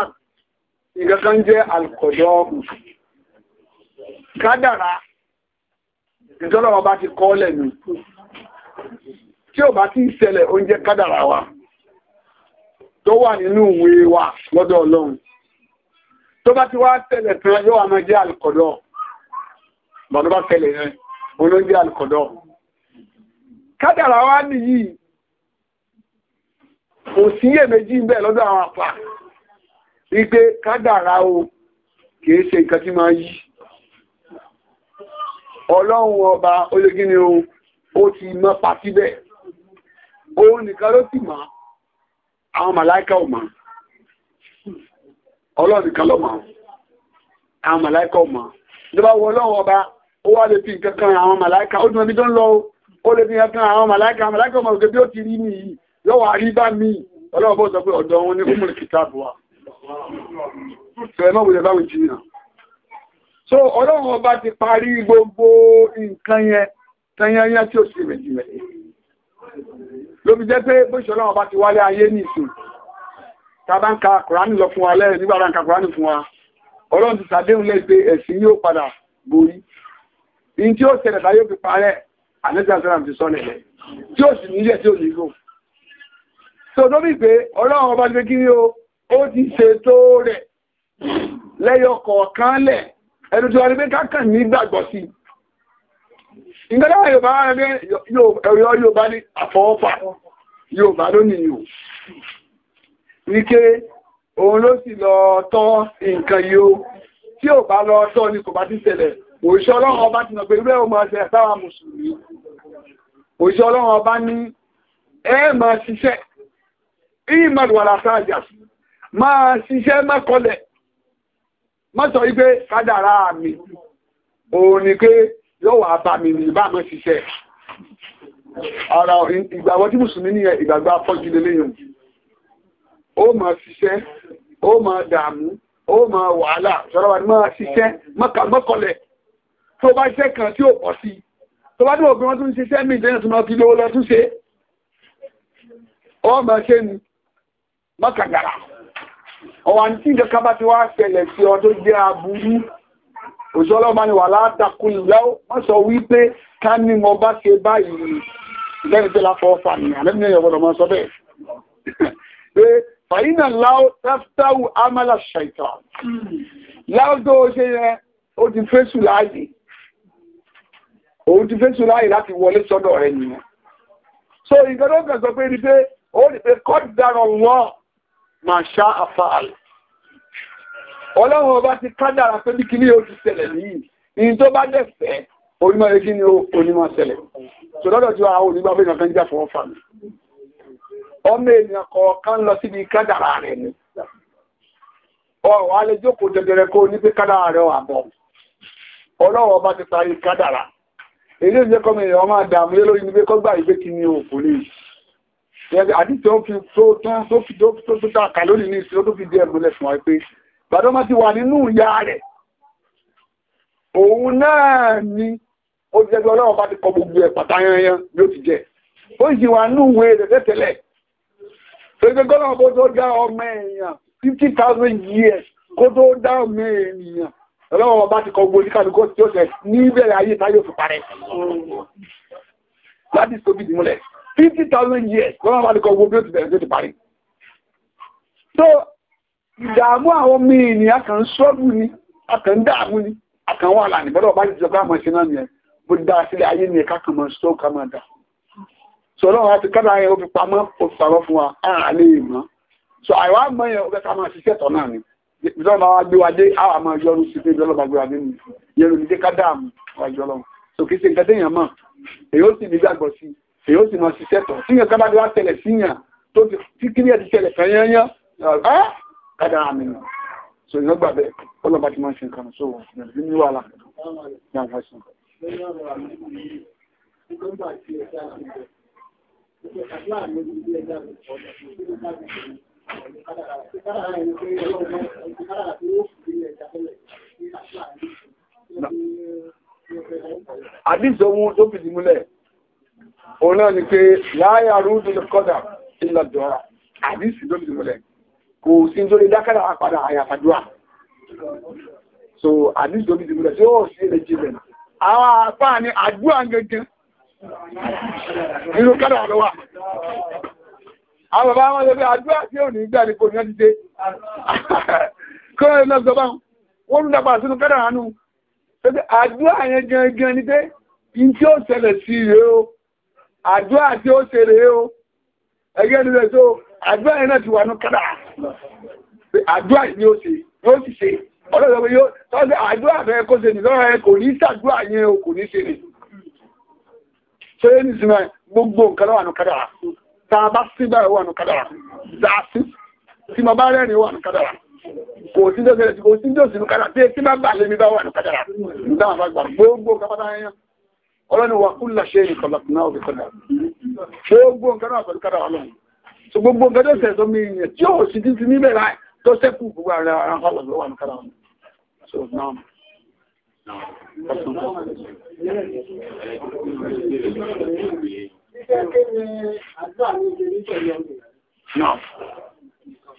ìyẹn kan jẹ́ alkọ̀dọ́ kádàrá ìjọlọ́wọ́ bá ti kọ́ lẹ́nu tí ò bá ti ṣẹlẹ̀ oúnjẹ kádàrà wa tó wà nínú ìwé wa lọ́dọ̀ ọlọ́run tó bá ti wá ṣẹlẹ̀ tán yóò wà máa jẹ́ alìkọ̀dọ̀ bọ̀ tó bá ṣẹlẹ̀ yẹn olóúnjẹ alìkọ̀dọ̀ kádàrà wa nìyí kò síyè méjì ń bẹ lọ́dọ̀ àwọn àpá wípé kádàrà o kìí ṣe nǹkan tí máa yí ọlọ́run ọba olégíní ohun ó ti mọ́ pàtí bẹ́ẹ̀ òun nìkan ló sì mọ́ àwọn màláìkà ò mọ́ ọlọ́run nìkan ló mọ́ àwọn màláìkà ò mọ́ ìjọba wo ọlọ́run ọba ó wá lè fi nǹkan àwọn màláìkà ó dùn ẹbí tó ń lọ ó lè fi nǹkan àwọn màláìkà àwọn màláìkà ò mọ̀ bí ó ti rí mi yìí yọ́wọ́ àríbá mi ọlọ́run bó sọ pé ọ̀dọ̀ wọn ní kúmùlù kìtàbù wa. Sọ̀rọ̀ mọ́ wùlẹ̀ báwọn jìnnà so ọlọ́run ọba ti parí gbogbo nǹkan yẹn tẹyẹnyẹ tí ó sì méjì rẹ̀ lóbi jẹ́ pé bó ṣe ọlọ́run ọba ti wálé ayé ní ìsìn tàbá ń ka kùránì lọ fún wa lẹ́yìn nígbàrá ń ka kùránì fún wa ọlọ́run ti sàdéhùn lẹ́yìn pé ẹ̀sìn yóò padà borí ní tí ó ṣẹlẹ̀ tá yóò fi parẹ́ àlẹ́sà sẹ́làm ti sọ́lẹ̀ lẹ̀ tí ó sì nílẹ̀ tí ó nílò so lóbi pé ọlọ́run ọba ti pé kí ni ó ti ṣètò rẹ̀ lẹ́yọ kọ̀ọ̀kan lẹ̀ ẹnu tí wọ́n rí pé kákàn ní gbàgbọ́ sí ìgbẹ́lá yorùbá wà rẹ̀ ẹ̀rọ yorùbá ní àfọwọ́fà yorùbá ló ní yóò wíké òun ló sì lọ tọ́ nǹkan yóò tí ò bá lọ tọ́ ni kò bá ti ṣẹlẹ̀ òṣìṣẹ́ ọlọ́run ọba ti nà pé irú ẹ̀ máa ṣe àtàwà mùsùlùmí òṣìṣẹ́ ọlọ́run ọba mọ́sọ̀ wípé kádàrá mi òun ni pé yóò wà bá mi ní ìbá mọ́ ṣiṣẹ́ ara ìgbàgbọ́ tí mùsùlùmí ní ìgbàgbọ́ afọ́jú lélẹ́yìn o máa ṣiṣẹ́ ó máa dààmú ó máa wàhálà sọ́rọ̀ wà ní máa ṣiṣẹ́ mọ́kànlẹ̀ tó bá ṣiṣẹ́ kan tí ó pọ̀ sí tó bá dúró pé wọ́n tún ọwà tí ìjọka bá ti wá ṣẹlẹ̀ sí ọ jẹ́ aburú òṣọ́lọ́mà ni wà látàkùnlẹ́ wọ́n sọ wípé ká ní mo bá ṣe báyìí lẹ́rìndé láfọ́ fàmì àlẹ́mìnà ìyọ̀gbọ́dọ̀ mọ́ sọ bẹ́ẹ̀ pé amala ṣàìtà láó tó ṣe yẹn ó ti fésù láàyè òun ti fésù láàyè láti so ìgbẹ́lógún sọ pé ní pé ó ní afal ọlọ́run ọba ti kádàrà pé bí kíní yóò ti ṣẹlẹ̀ nìyí ní tó bá dẹ̀ fẹ́ onímọ̀ yẹ kí ni onímọ̀ ṣẹlẹ̀ tó lọ́dọ̀ tí àwọn onígbà fẹ́ kankan jà fọwọ́ fà mí ọmọ ènìyàn kọ̀ọ̀kan lọ síbi kádàrà rẹ̀ ni ọ̀rọ̀ alẹ́ jókòó jẹjẹrẹ kó ní pé kádàrà rẹ̀ wà bọ̀ ọlọ́run ọba ti parí kádàrà èdè ìjẹ́kọ́mọ̀ èèyàn máa dààmú lé lórí ní pé kọ́gbà ìgbé kí ni òkú lè àdìsí ó fi tó tán tó fi tó tà kà lónìí ní ìṣirò tó fi di ẹ̀mú lẹ́sùn wa pé gbàdọ́mọ́ ti wà nínú ìyá rẹ̀ òun náà ni ó ti jẹ́ ọlọ́run bá ti kọ gbogbo ẹ̀ pàtà yanyan ló ti jẹ́ ó sì wà nínú ìwé rẹ̀ tẹ́tẹ́lẹ̀ pẹ̀lú gọ́lọ́run kó tó dá ọmọ èèyàn 50,000 years kó tó dá ọmọ èèyàn ọlọ́run bá ti kọ gbogbo oníkàlùkọ́ tí ó sẹ̀ ní ìbẹ̀rẹ̀ ayé years lọ́wọ́ bá ti kọ gbogbo bí ìdààmú àwọn ọmọ ènìyàn kan ṣọ́bù ni akàn dààmú ni akàn wà láàrin bọ́dọ̀ bá jùlọ bá mọ̀ sí náà nìyẹn bó dá sílẹ̀ ayé ni ẹ̀ka kan mọ̀ sọ́ọ̀ ká máa dà sọ̀rọ̀ wa ti kádà yẹn ó fi pamọ́ ó fi pamọ́ fún wa àrà lè so àìwá mọ́ yẹn ó fẹ́ ká máa ṣiṣẹ́ tọ̀ náà ni ìjọba máa wá gbé wa dé àwọn àmọ́ yọrù sí pé ìjọba gbé wa dé ni yẹn olùdíje so kì í ṣe nǹkan téèyàn mọ̀ èyí kí ni ẹ̀ ti tẹ̀lẹ̀ kada àmì nà so ìyẹn gbà bẹ́ẹ̀ ọlọ́ba ti máa ń ṣe nǹkan so ìrìn ní wàhálà náà wọ́n ṣe. Àdísọ ohun tó fìdí múlẹ̀, òun náà ni pé láyà rúdùn kọ́dà ìlàjọ́ àdísì tó fìdí múlẹ̀ kò sí nítorí dákàrà àpadà àyàfàdúrà so àdíjọ́ bí ìdìbò rẹ̀ tí ó sí ilẹ̀ jìnlẹ̀ àwọn apá ní àdúrà gẹ́gẹ́ nínú kádà lọ́wà àwọn bàbá wọn lè fẹ́ àdúrà tí ò ní gbà ní kò ní ọdí dé kọ́rọ̀ náà gọba wọ́n ń dàgbà sínú kádà ránú àdúrà yẹn gẹ́gẹ́ ní pé in tí ó ṣẹlẹ̀ sí rèé o àdúrà tí ó ṣe rèé o ẹgẹ́ nílẹ̀ tó àdúrà yẹn náà ti wà ní kádà àdúrà yìí ni ó ṣe yóò sì ṣe ọlọ́dọ̀ pé yóò tọ́jú àdúrà fẹ́ kó ṣe ní lọ́rọ̀ ẹ kò ní sàdúrà yẹn o kò ní ṣe ni ṣé ní sinmi gbogbo nǹkan lọ́wọ́ ní kádà tá a bá sí báyìí wà ní kádà tá a sí tí mo bá rẹ́rìn wà ní kádà kò sí tó ṣẹlẹ̀ kò sí tó sínú kádà tí etí bá bà lémi bá wà ní kádà nígbà wọn bá gbà gbogbo kápátá yẹn ọlọ́ni wa kúlà ṣe ìkọlọ̀ náà ò so gbogbo nǹkan tó sẹ̀ sómi èèyàn tí yóò sì ti ti níbẹ̀ láì tó sẹ́kù gbogbo ààrẹ ara hálà ló wà ní kára wọn so now Now,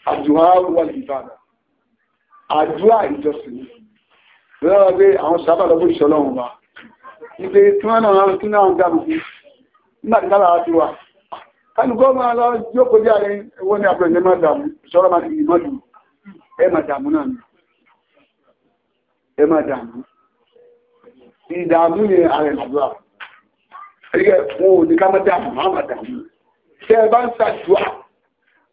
àdúrà wà ní ìbára. Àdúrà ìjọsìn. Lọ́wọ́ pé àwọn sábà lọ́gbọ́ ìṣọ́lọ́run wa. Ìgbé tí wọ́n náà rán kí náà ń dáàbò Nígbàtí lára ti wà, kánukọ́ máa lọ jókòó járe owó ní àpẹẹrẹ máa dàmú sọ́rọ̀ máa ti ìmọ́ dùn ẹ máa dàmú náà ni ẹ máa dàmú ìdàmú ni ààrẹ nàdúrà ẹgbẹ́ wọn ò ní ká máa dàmú máa máa dàmú tẹ́ ẹ bá ń ṣàdúà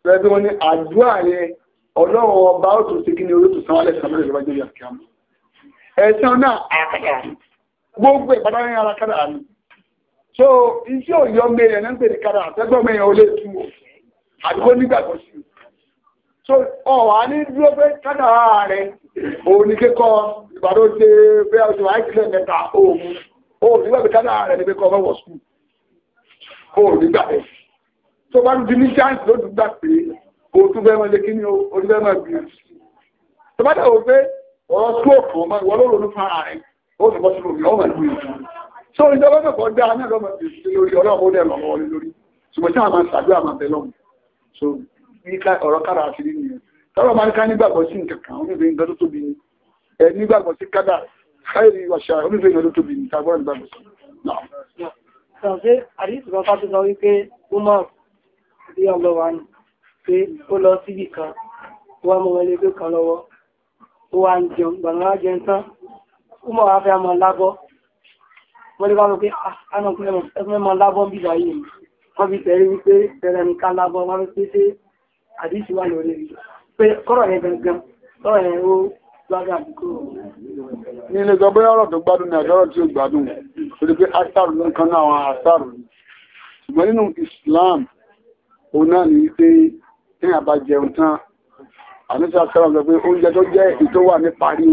lọ́wọ́ bí wọ́n ní àdúà yẹn ọlọ́run ọba ó tún ni olóòtú so iṣẹ́ òyọ́ mẹ́rin náà ń pèrè kára àtẹ́gbọ́n mẹ́rin ó lè tú o àdúgbò nígbàgbọ́ sí i so ọ̀wà ní dúró pé kádàrá rẹ̀ òun ní kíkọ́ ìbàdó ṣe pé ọjọ́ àìsílẹ̀ mẹ́ta òun òun nígbà pé kádàrá rẹ̀ ní pé kọ́ mẹ́wọ̀ sùn òun nígbà rẹ̀ tó bá ń di ní chance ló dùn gbà pé kò tún bẹ́ẹ̀ máa lé kí ni oníbẹ́ máa gbìyànjú tó bá dẹ̀ wò pé ọ̀rọ̀ stroke ọmọ ìwọ ló ronú fún ara rẹ̀ ó sì bọ́ sí lómi ọmọ ìlú ìlú so ìjọba mẹ́kọ̀ dá mẹ́lọ́mọ̀ lórí ọlọ́run dẹ̀ lọ́wọ́ lórí ṣùgbọ́n tí a máa ṣàdó àmà bẹ̀lọ́mù so níka ọ̀rọ̀ kára àti rí nìyẹn tọ́rọ máa ń ká nígbàgbọ́ sí nǹkan kan oníbìnrin nǹkan tó tóbi ni ẹ nígbàgbọ́ sí kádà káyìrì wàṣà oníbìnrin nǹkan tó tóbi ni tàbí ọ̀rọ̀ nígbàgbọ́ sí. ṣàǹfẹ́ àdìsí kan fásitì sọ wípé umar bí ọlọ́ wa ni pé ó lọ síbì kan wá mọ wọlé pé kan lọ́wọ́ ó wá ń jẹun gbàgbọ́n á jẹun tán umar wá fẹ́ máa lábọ́ wọ́n lè bá wọ́n pé ánà ẹgbẹ́ mọ́ lábọ́ bí báyìí wọ́n fi tẹ̀rí wípé tẹ̀rẹ̀ ní ká lábọ́ wọ́n pé ṣe àdíṣì wà lórí rí pé kọ́rọ̀ yẹn gangan kọ́rọ̀ yẹn ó gbádùn àdúgbò ní ilé ìjọba ọ̀rọ̀ tó gbádùn ní àjọ́rọ̀ tí ó gbádùn torí pé asaru ló Islam òun náà ní wípé ní àbá jẹun tán àníṣà sọ́rọ̀ sọ pé oúnjẹ tó jẹ́ ìtówà jù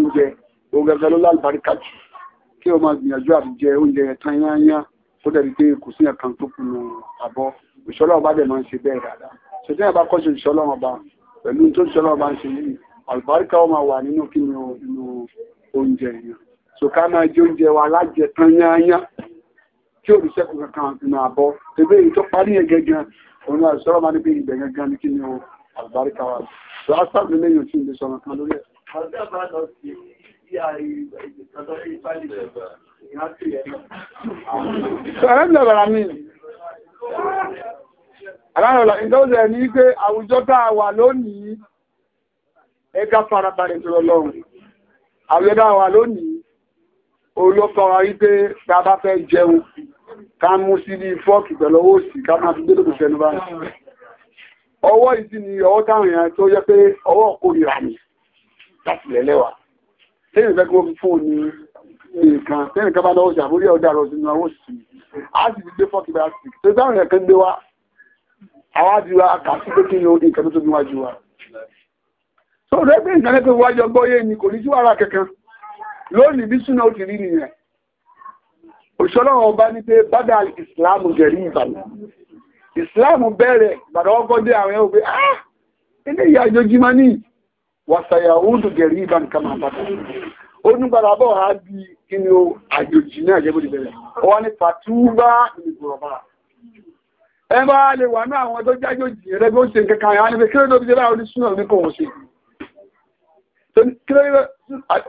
kí o máa gbìyànjú àti jẹ oúnjẹ tán yányá kó dẹ̀ wípé kò sí ẹ̀kan tó kù nù àbọ̀ ìṣọ́lọ́ ọba dẹ̀ máa ń ṣe bẹ́ẹ̀ dáadáa ṣètẹ́ ẹ̀bá kọ́ṣe ìṣọ́lọ́ ọba pẹ̀lú tó ìṣọ́lọ́ ọba ń ṣe yìí àlùbáríkà ó wà nínú kí ni inú oúnjẹ èèyàn so ká máa jẹ oúnjẹ wa lájẹ tán yányá kí o ṣẹ́kù kankan nínú àbọ̀ ebe èyí tó parí yẹn gẹ́gẹ́ òun náà ìṣọ́lọ́ máa ní gẹ́gẹ́ ní kí ni àlùbáríkà wa Ṣẹ̀rẹ́ lẹ́bàrà mi. Àlárọ̀lá, ìdọ́jẹ̀ ní pé àwùjọ táa wà lónìí, ẹka farabalẹ̀ tó lọ́rùn. Àwùjọ táa wà lónìí, olókọ̀ọ́ wípé bàbá fẹ́ jẹun, ká mú sí ní fọ́ọ̀kì pẹ̀lú owó sí ká máa fi gbé lókùn fẹ́nu bá. Ọwọ́ ìdí ni ọwọ́ táwọn èèyàn tó yẹ pé ọwọ́ kórìíra ni láti lẹ́lẹ́wàá tẹ́yìn ìfẹ́ kí wọ́n fi fún un ní tẹ́yìn ìkan bá lọ́wọ́ sí àmúrí rọ̀ sínú àwọn òsì á sì ti bá sì tó dáhùn ẹ̀kan gbé wá àwọn àti wa kà pé kí ni ó tó tóbi wájú wa. tó rẹ pé nǹkan tó wájú ọgbọ́ yé ni kò ní sí wàhálà kankan lónìí bí súnà ó ti rí nìyẹn. òṣèlọ́wọ́ ọba ní pé bádà ìsìláàmù gẹ̀rí ìbàdàn ìsìláàmù bẹ̀rẹ̀ ìbàdàn ọgọ́dé àwọn ẹ̀ wàsàyàwúdù gẹ̀rí ìbá nǹkan máa bàtà ó nígbàdà bọ́ ha bí kí ni ó àjòjì náà jẹ́ bóde bẹ̀rẹ̀ ó wá ní fàtúbá ìgbòròbá ẹ bá lè wà náà àwọn tó jájòjì rẹ bí ó ṣe nǹkan kan àwọn ẹni kí ló dóbi jẹ́ báwọn oníṣúná ní kò wọ́n ṣe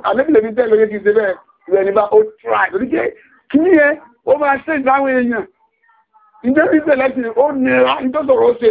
àlébìlẹ̀ mi bẹ́ẹ̀ lóye kí ṣe bẹ́ẹ̀ rẹ̀ ní bá ó tíra ìtòrí jẹ́ kí ni ẹ ó máa ṣe ìdáwọn èèyàn ìjẹ́ ìṣẹ̀lẹ̀ sí ó nira ìtọ́sọ̀rọ̀ ó ṣe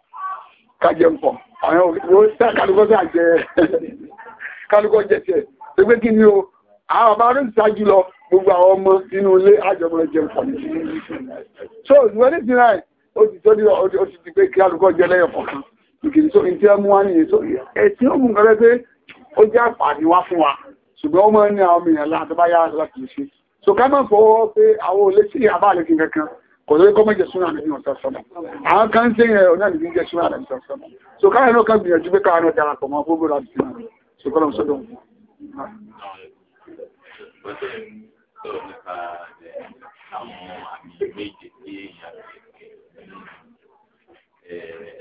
kájẹun pọ̀ àwọn òṣìṣẹ́ kálukọ́ sí àjẹ kálukọ́ jẹ tiẹ̀ tó gbé kí ni o àwọn bàbá rẹ̀ ṣáájú lọ gbogbo àwọn ọmọ inú ilé àjọmọ̀ jẹun pọ̀ ní. so ìwé ní ti náà ó ti tó ní ó ti di pé kí kálukọ́ jẹ lẹ́yọ̀ kọ̀ọ̀kan nígbìdì tó ní tí ẹ mú wá nìyẹn tó ẹ̀sìn ó mú nǹkan rẹ pé ó jẹ́ àpàdé wá fún wa ṣùgbọ́n ó máa ń ní àwọn èèyàn láti bá yára láti ṣe so ká má fọwọ́ pé àwọn olè kò lórí kọ́ mẹ́jẹ̀ súnà nínú ọ̀sọ̀sọ̀nà àwọn kan ń sẹ́yìn ọ̀nà ìlú jẹ́ súnà nínú ọ̀sọ̀sọ̀nà so káyọ̀ náà kan gbìyànjú pé káyọ̀ náà darapọ̀ mọ́ gbogbo láti sí náà so kọ́ lọ́n sọ́dọ̀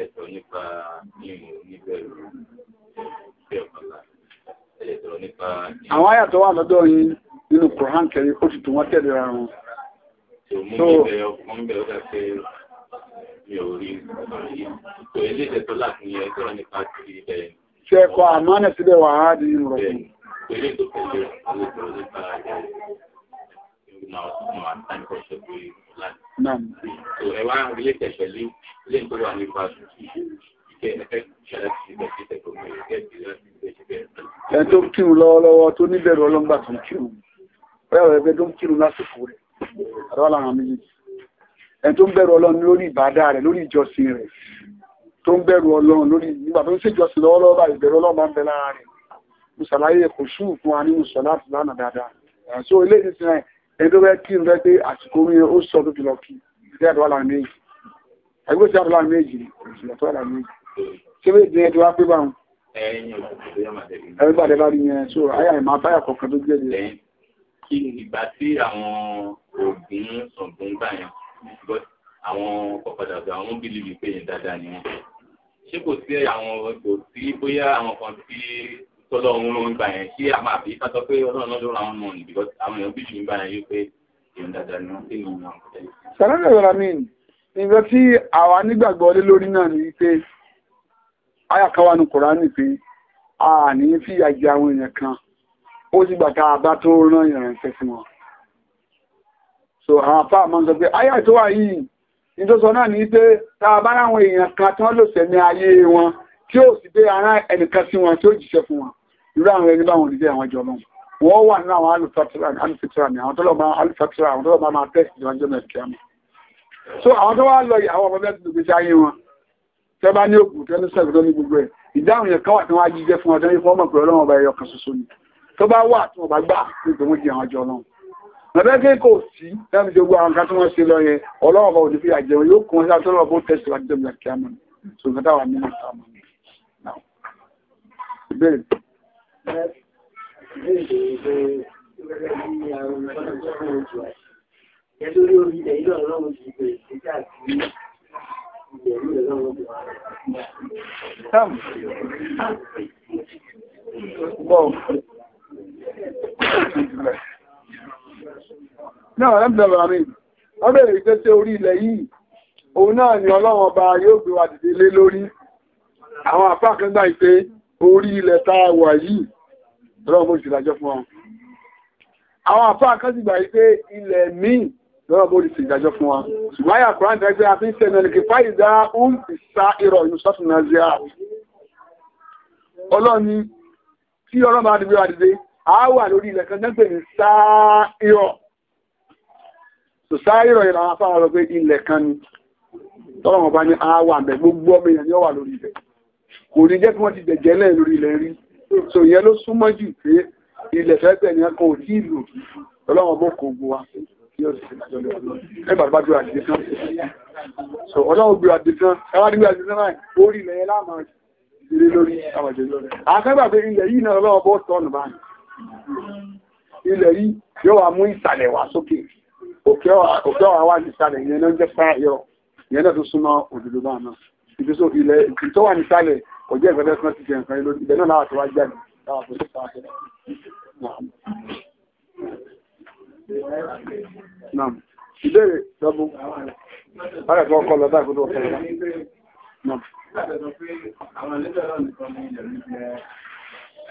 Ẹ̀sọ̀ nípa mímu níbẹ̀rù bẹ́ẹ̀ kọ́lá. Ẹ̀sọ̀ nípa. Àwọn àyà tó wà lọ́dọ̀ yín nínú Kùrán kẹrin ó ti tún wọ́n tẹ̀lé ra wọn so ṣe ẹ̀kọ́ àmánà síbẹ̀ wà á di ìrọ̀ So ẹwà ilé tẹ̀sẹ̀ lé ilé tó wà ní ìbáṣù ìkẹ́ ẹ̀fẹ́ ṣẹlẹ̀ sí ibẹ̀ sí tẹ̀kọ̀ mẹ́rin ìkẹ́ ìrẹ́ sí ibẹ̀ sí bẹ̀rẹ̀. Ẹ tó kírun lọ́wọ́lọ́wọ́ tó níbẹ̀rù ọlọ́ngbà tó kírun. Ọ̀yàwó ẹgbẹ́ tó kírun lásìkò rẹ̀ àdọ́wà láwọn méjèèjì ẹni tó ń bẹ̀rù ọlọ́run lórí ìbádá rẹ̀ lórí ìjọsìn rẹ̀ tó ń bẹ̀rù ọlọ́run lórí nígbà tó ń ṣèjọsìn lọ́wọ́lọ́wọ́ bá ìbẹ̀rù ọlọ́run bá ń bẹ rẹ̀ mo kò ṣú fún wa nínú sọ láti dáadáa so ilé ìdí sinmi ẹni tó fẹ́ kí n fẹ́ pé àsìkò mi ó sọ tó fi lọ kí ìdí àdọ́wà láwọn méjì àgbẹ̀ sí àdọ́wà méjì ìṣìlọ̀tọ́ àdọ́wà méjì ṣé méjì yẹn ti wá pé báwọn ẹgbẹ́ oògùn ọ̀gbìn gbà yẹn but àwọn ọ̀padà ọ̀gá wọn bílíbi pé yẹn dáadáa ni wọn. ṣé kò sí àwọn kò sí bóyá àwọn kan tí tọ́lọ́ ń lóun gbà yẹn ṣé àmọ́ àbí kátó pé ọlọ́run lọ́dọ̀ àwọn náà ni because àwọn èèyàn bílíbi gbà yẹn yóò pé yẹn dáadáa ni wọn pé yẹn náà. sàlẹ́ ìrọ̀lá mi nǹkan tí àwa nígbàgbọ́ lé lórí náà ni wípé ayàkáwá ní kòránì pé a ní fi àjẹ àwọn èèyàn kan ó sì gbà tá a bá tó rán ìrànṣẹ́ sí wọn so àwọn afá àmọ́ sọ pé ayé tó wà yìí ní tó sọ náà ní pé tá a bá láwọn èèyàn kan tí wọ́n lò sẹ́mi ayé wọn tí ó sì pé ara ẹnìkan sí wọn tí ó jíṣẹ́ fún wọn irú àwọn ẹni báwọn olùdíje àwọn ìjọ náà wọ́n wà nínú àwọn alùfẹ́tìrà ní àwọn tọ́lọ̀ máa alùfẹ́tìrà àwọn tọ́lọ̀ máa máa tẹ́sì ìjọ́jọ́ mẹ́rin kí so àwọn tó wá lọ àwọn ọmọ mẹ́rin lọ́bẹ́gẹ́ kò sí láti jogbo àwọn kan tó wọ́n ṣe lọ́yẹ ọlọ́wọ́ bá òdífí àjẹwò yóò kún ọjọ́ tó lọ́bọ́ tẹ́sì láti jẹ́ black diamond so gata wà nínú àtàmà Bọ́ọ̀ náà ẹ̀mdẹ̀rọ̀ àmì wọ́n bẹ̀rẹ̀ ìgbé sí orí ilẹ̀ yìí òun náà ni ọlọ́run ọba yóò gbé wa dìde lé lórí àwọn àpá kan gbà pé orí ilẹ̀ tá a wà yìí lọ́wọ́ mo ṣèdájọ́ fún wọn àwọn àpá kan sì gbà pé ilẹ̀ míì lọ́wọ́ mo ṣèdájọ́ fún wọn ṣùgbọ́n àyà kúrán tẹ́ pé a fi ń ṣe ẹnì kí fáìdá ń sa ìrọ̀ ìlú sọ́tún náà sí ọlọ́run tí ọlọ́run bá dìde wa dìde a wà lórí ilẹ̀ kan tẹ́gbẹ̀ ní sáàírọ̀ so sáàírọ̀ ìlà àwọn afárá lọ pé ilẹ̀ kan ni tọ́lọ̀wọ̀n bá ní a wà mẹ́ gbogbo ọmọ èèyàn ni ó wà lórí ilẹ̀ kò ní jẹ́ kí wọ́n ti jẹ̀jẹ́ lẹ̀ lórí ilẹ̀ rí so ìyẹn ló súnmọ́ jù pé ilẹ̀ fẹ́gbẹ̀ ni kan ò tí ìlú tọ́lọ̀wọ̀n bó kò gbó wa Ọlọ́run gbé lórí àwàjẹ́ lórí. Àkẹ́gbà ilẹ̀ yìí náà ọlọ́wọ́ bọ́ tọ́nù báyìí. ilẹ̀ yìí yóò wá mú ìsàlẹ̀ wá sókè òkè ọ̀wà wá ní ìsàlẹ̀ ìyẹn náà jẹ́ fáyọ̀ ìyẹn náà tó súnmọ́ òdòdó bá náà ibi tó ilẹ̀ tó wà ní ìsàlẹ̀ kò jẹ́ ìfẹ́ fẹ́ẹ́ ti jẹ nǹkan yìí lórí ilẹ̀ náà láwà tó wá jáde láwà tó sáà fẹ́ Nam. Ìbéèrè lọ́bù. Bára lọ bá lọ.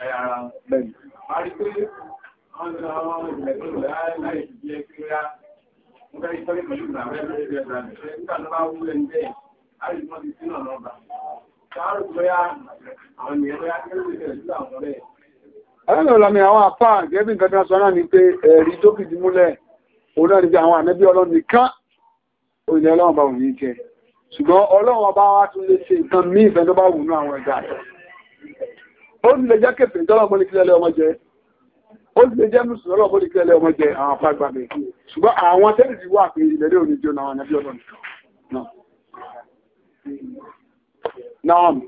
ara bẹ́ẹ̀. a rí pé wọ́n ti àwọn ìgbẹ̀kùn láì jẹ́ kí rá mo fẹ́ ìtọ́jú pẹ̀lú ìgbàgbé lórí ẹgbẹ́ ìgbàgbé nígbà tó bá wú ẹni bẹ́ẹ̀ a rí wọ́n ti sínú ọ̀nà ọba. sáárù bóyá àwọn ènìyàn bóyá kí ló ti tẹ̀lé sí àwọn ọ̀rẹ́ Ẹlẹ́nà ìlànà àwọn àpá gẹ́bí nǹkan tó sọ náà ni pé ẹ̀rí tó fìdí múlẹ̀ òun náà ni pé àwọn àmẹ́bí ọlọ́run nìkan òyìnlẹ̀ ọlọ́run bá wù ní jẹ. Ṣùgbọ́n ọlọ́run ọba wa tún lè ṣe nǹkan mí ìfẹ́ tó bá wù ní àwọn ẹ̀dá rẹ̀ ó lè jẹ́ kẹfẹ́ tọ́lọ́ bọ́ ní kílẹ̀ ọmọ jẹ ó lè jẹ́ mùsùlùmí ọlọ́ bọ́ ní kílẹ̀ ọmọ jẹ àwọn afá gbà mí ṣùgbọ́n àwọn tẹ́lẹ̀ ti wà pé ilẹ̀ lóò ní jóná àwọn ẹbí ọlọ́run náà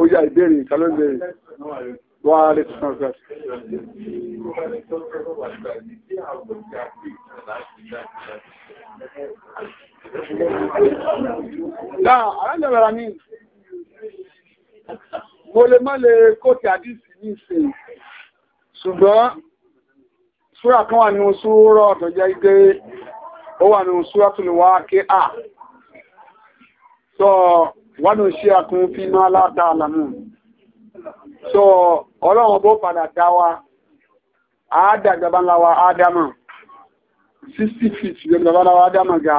ó yá ìbéèrè ìkàlọ́ ìbéèrè wà á lè tuntun ọ̀sẹ̀. Thank Dáa, àrẹ́lẹ̀ rẹ̀ ní mo lè mọ́ lè kó ti àdísì ní ìsìn, ṣùgbọ́n ṣúra kan wà ní ṣúrọ̀ ọ̀tọ̀ jẹ́ ike, ó wà ní ṣúra tó lè wá ké à. Sọ wọ́n ní ṣe àkún fi máa látà àlàmù. Sọ ọlọ́run bó padà dá wa, àádàgbàbánláwa Ádámà, 60 feet lè bàbánláwa Ádámà ga.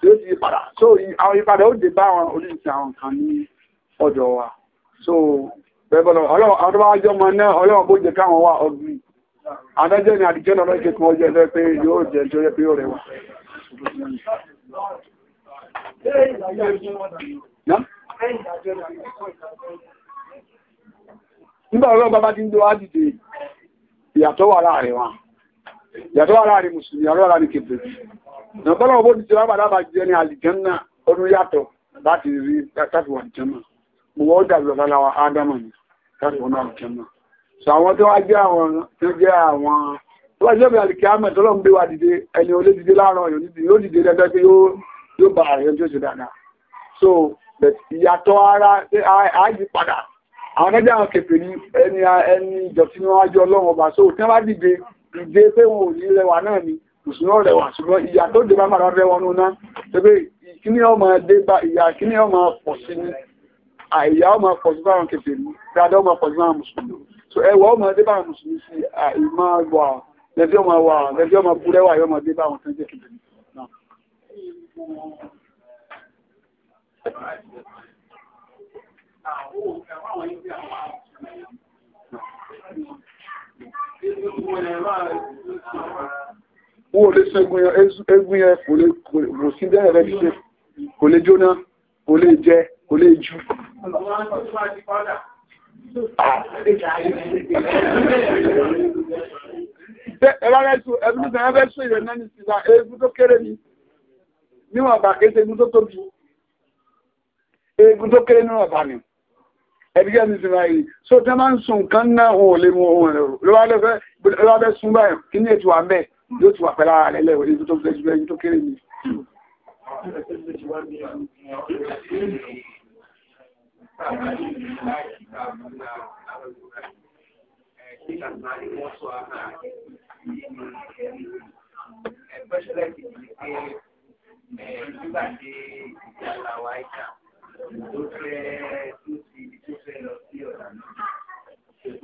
tí ó ti yí padà so àwọn ìpadà ó dé bá àwọn oríṣi àwọn kan ní ọ̀dọ̀ wa so bẹ́ẹ̀bọ̀lọ̀ àwọn tó bá wájọ́ ọmọ náà ọlọ́run bó jẹ káwọn wà ọgbìn adájọ́ ni àdìjẹ́ náà lọ́jẹ́ tí wọ́n jẹ́ lẹ́ pé yóò jẹ́ tó yẹ pé ó rẹwà nígbà ọlọ́run bàbá ti ń lo ádìdè ìyàtọ̀ wà láàrin wa ìyàtọ̀ wà láàrin mùsùlùmí ọlọ́run ní kèfèrí nàbọ́lọ̀ owó ti ṣe wá bàdá bá jẹ́ ní àlìjẹ́nà ọdún yàtọ̀ láti rí láti wà jẹ́mà mo wọ́n dàbí lọ lára ádámà ní láti wọ́n náà jẹ́mà so àwọn tó wá jẹ́ àwọn tó jẹ́ àwọn tó wá jẹ́ bí àlìkẹ́ àmẹ́ tó lọ́n gbé wa dìde ẹni olé dìde láàárọ̀ yóò dìde yóò dìde so ìyàtọ̀ ara ààyè padà àwọn ẹgbẹ́ àwọn kèfè ní ẹni so tí wọ́n bá dìde dìde pé mùsùlùmí rẹwà ṣùgbọ́n ìyà tó dé bá máa rẹwà núná tẹ́gbé ìkíní ọmọ dé bá ìyà kíní ọmọ pọ̀ sí ní àìyà ọmọ pọ̀ sí báwọn kèfèrí dáadáa ọmọ pọ̀ sí báwọn mùsùlùmí so ẹwà ọmọ dé báwọn mùsùlùmí sí àìmọ́ wà lẹ́bí ọmọ wà lẹ́bí ọmọ búrẹ́wà yọmọ dé báwọn tó jẹ́ kèfèrí náà Thank you wọ́n lè ṣẹ́gun egun yẹn kò sí bẹ́ẹ̀ rẹ̀ ṣe kò lè jóná kò lè jẹ kò lè jù Egun tó kéré nínú ọ̀bá ni ẹ̀dígẹ́ ní ti ráyìí so tẹ́ máa ń sun nǹkan náà ohun olè mú ohun ẹ̀rọ lọ́wọ́lẹ́fẹ́ sun báyìí kí ní ètò àmẹ́ yóò ti wà pẹ́lá rẹ̀ lẹ́wọ̀ ní tó fẹ́ ẹni tó kéré ni Especially if you look at the Alawaika, tó fẹ́ tó ti tó lọ sí ọ̀dà náà.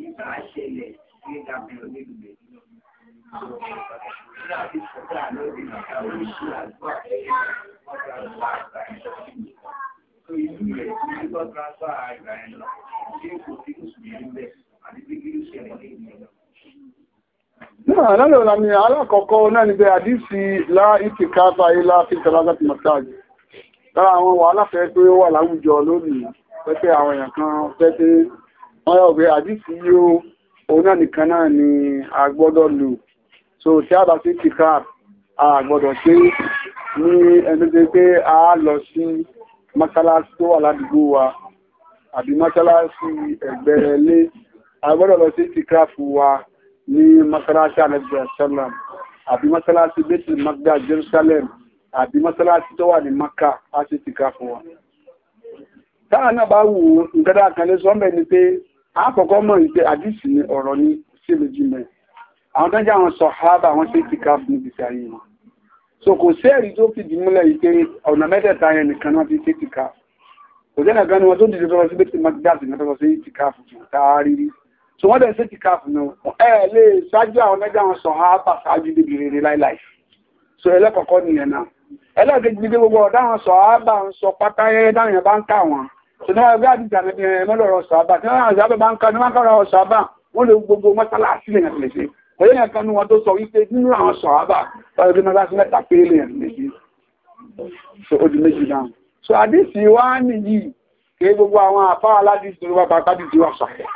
Ìgbà ṣẹlẹ̀ ní ìdàbí onílùmẹ̀lú. Náà lọ́lọ́ ìlànà alákọ̀ọ́kọ́ náà ni bẹ àdísì láìtì káàtà ilá fíta lágbàtí mọ̀tàjì. Lára àwọn wà aláfẹ́ pé ó wà láwùjọ lónìí pẹ́pẹ́ àwọn èèyàn kan pẹ́pẹ́ wọ́n yọ̀ pé àdísì yóò òun náà nìkan náà ni a lò so tí a bá sí tìka a gbọ́dọ̀ ṣe ní ẹni pé pé a lọ sí mọ́ṣáláṣí tó wà ládùúgbò wa àbí mọ́ṣáláṣí ẹ̀gbẹ́ ilé a gbọ́dọ̀ lọ sí tìka fún wa ní mọ́ṣáláṣí alẹ́bíà sálàm àbí mọ́ṣáláṣí bẹ́tì magda Jerusalem àbí mọ́ṣáláṣí tó wà ní Maka a sì tìka fún wa táà náà bá wù nǹkan dáa kan lé sọ́mẹ̀ ni pé a kọ́kọ́ mọ̀ ní pé àdìsí ni ọ̀rọ̀ ni sí méjì mẹ́rin àwọn tán jẹ́ àwọn sọ̀hábà wọ́n ṣe ti fún ìgbésí ayé wọn so kò sí ẹ̀rí tó fìdí múlẹ̀ yìí pé ọ̀nà mẹ́tẹ̀ẹ̀ta yẹn nìkan náà fi ṣe ti kò sẹ́nà kan ni wọ́n tó dìde tọ́lọ sí bẹ́tì magdasi ní tọ́lọ sí ti ká fún fún táárí rí so wọ́n dẹ̀ ṣe ti ká fún náà ẹ lè ṣáájú àwọn mẹ́jọ àwọn sọ̀hábà so ẹlẹ́kọ̀ọ́kọ́ nìyẹn náà ẹlẹ́kẹ̀ẹ́jì gbé gbogbo ọ̀dá àwọn sọ̀hábà ń sọ pátá yẹn dáhùn yẹn bá so ní wọ́n gbé àdìjà níbi ẹ̀mọ́lọ́rọ̀ sọ̀hábà tí wọ́n náà sọ̀hábà bá ń ká ní wọ́n ká ọ̀rọ̀ sọ̀hábà ẹ̀yìn ẹ̀kan ní wọn tó sọ wípé nínú àwọn sọ̀hábà tàbí mẹ́láṣí mẹ́ta péré ẹ̀ méjì so ó di méjì náà so àdísì wá nìyí kí gbogbo àwọn àfá aládìsì tó bá pàtàkì wà sọ̀fẹ́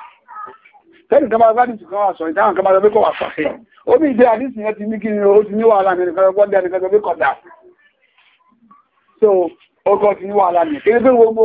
tẹ́lì tó bá pàtàkì kan wà sọ ìdáhùn kan bá sọ pé kò wà sọ̀fẹ́ ó bí ìdí àdísì so ọkọ̀ ti ní wàhálà nìkan pé gbogbo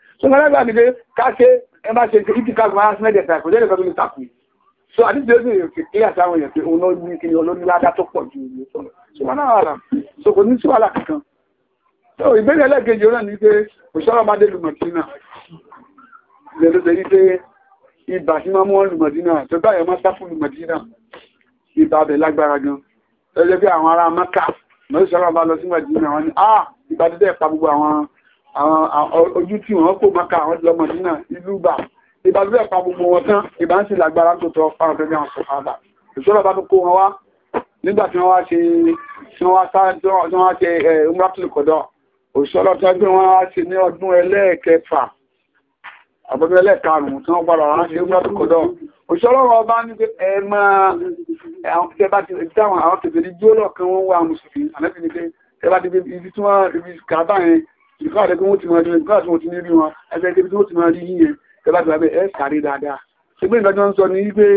so mẹ́lẹ́gbà ní pé káṣe ẹmbá ṣe ìdí káàkiri máa ṣe mẹ́jẹ̀ta ìkòjẹ́ ìrẹ́kọ́ tó lè tàkù so àdíjẹ́ òsì èkè kílẹ̀ sáwọn èèyàn pé òun ní kí ni olórí ládá tó pọ̀ ju ìlú so wọn náà rà so kò ní sí wàhálà kankan so ìbéèrè ẹlẹ́ẹ̀kejì náà ní pé òṣèlú máa dé lùmọ̀tínà lè ló ṣe ní pé ibà tí máa mú wọn lùmọ̀tínà tó bá yẹn máa sá fún lùmọ̀tínà ibà bẹ̀ lágbára gan ẹgbẹ́ àwọn ará mọ́kà mọ́sí ah ibà dídẹ́ pa àwọn ojú tí wọ́n kó maka àwọn lọmọ nínà ìlú gbà ìbàlúwẹ̀ pa gbogbo wọn tán ìbá ń sì lágbára tó tọ́ fáwọn fẹ́mi àwọn sọ̀fàdà ìṣọ́lọ̀ bá tó kó wọn wá nígbà tí wọ́n wá ṣe tí wọ́n wá sá tí wọ́n wá ṣe umratul kọ̀dọ̀ òṣọ́lọ̀ tó gbé wọn wá ṣe ní ọdún ẹlẹ́ẹ̀kẹfà àbọ̀dún ẹlẹ́ẹ̀karùn-ún tí wọ́n gbọ́dọ̀ wá ṣe umratul kọ̀dọ̀ òṣọ́lọ̀ wọn bá ní pé ẹ máa tẹ bá ti táwọn àwọn tẹ̀bẹ̀rẹ̀ jólọ̀ kan wọ́n wá mùsùlùmí àmẹ́bí ni pé tẹ bá ti ibi tí wọ́n ìfà rẹ̀ pé wọ́n ti máa rí nígbà tí wọ́n ti ní rí wọn ẹgbẹ́ ibi tí wọ́n ti máa rí yíyẹn tẹ́lá ti lábẹ́ ẹ sáré dáadáa ṣùgbọ́n ìgbà tí wọ́n ń sọ ní wípé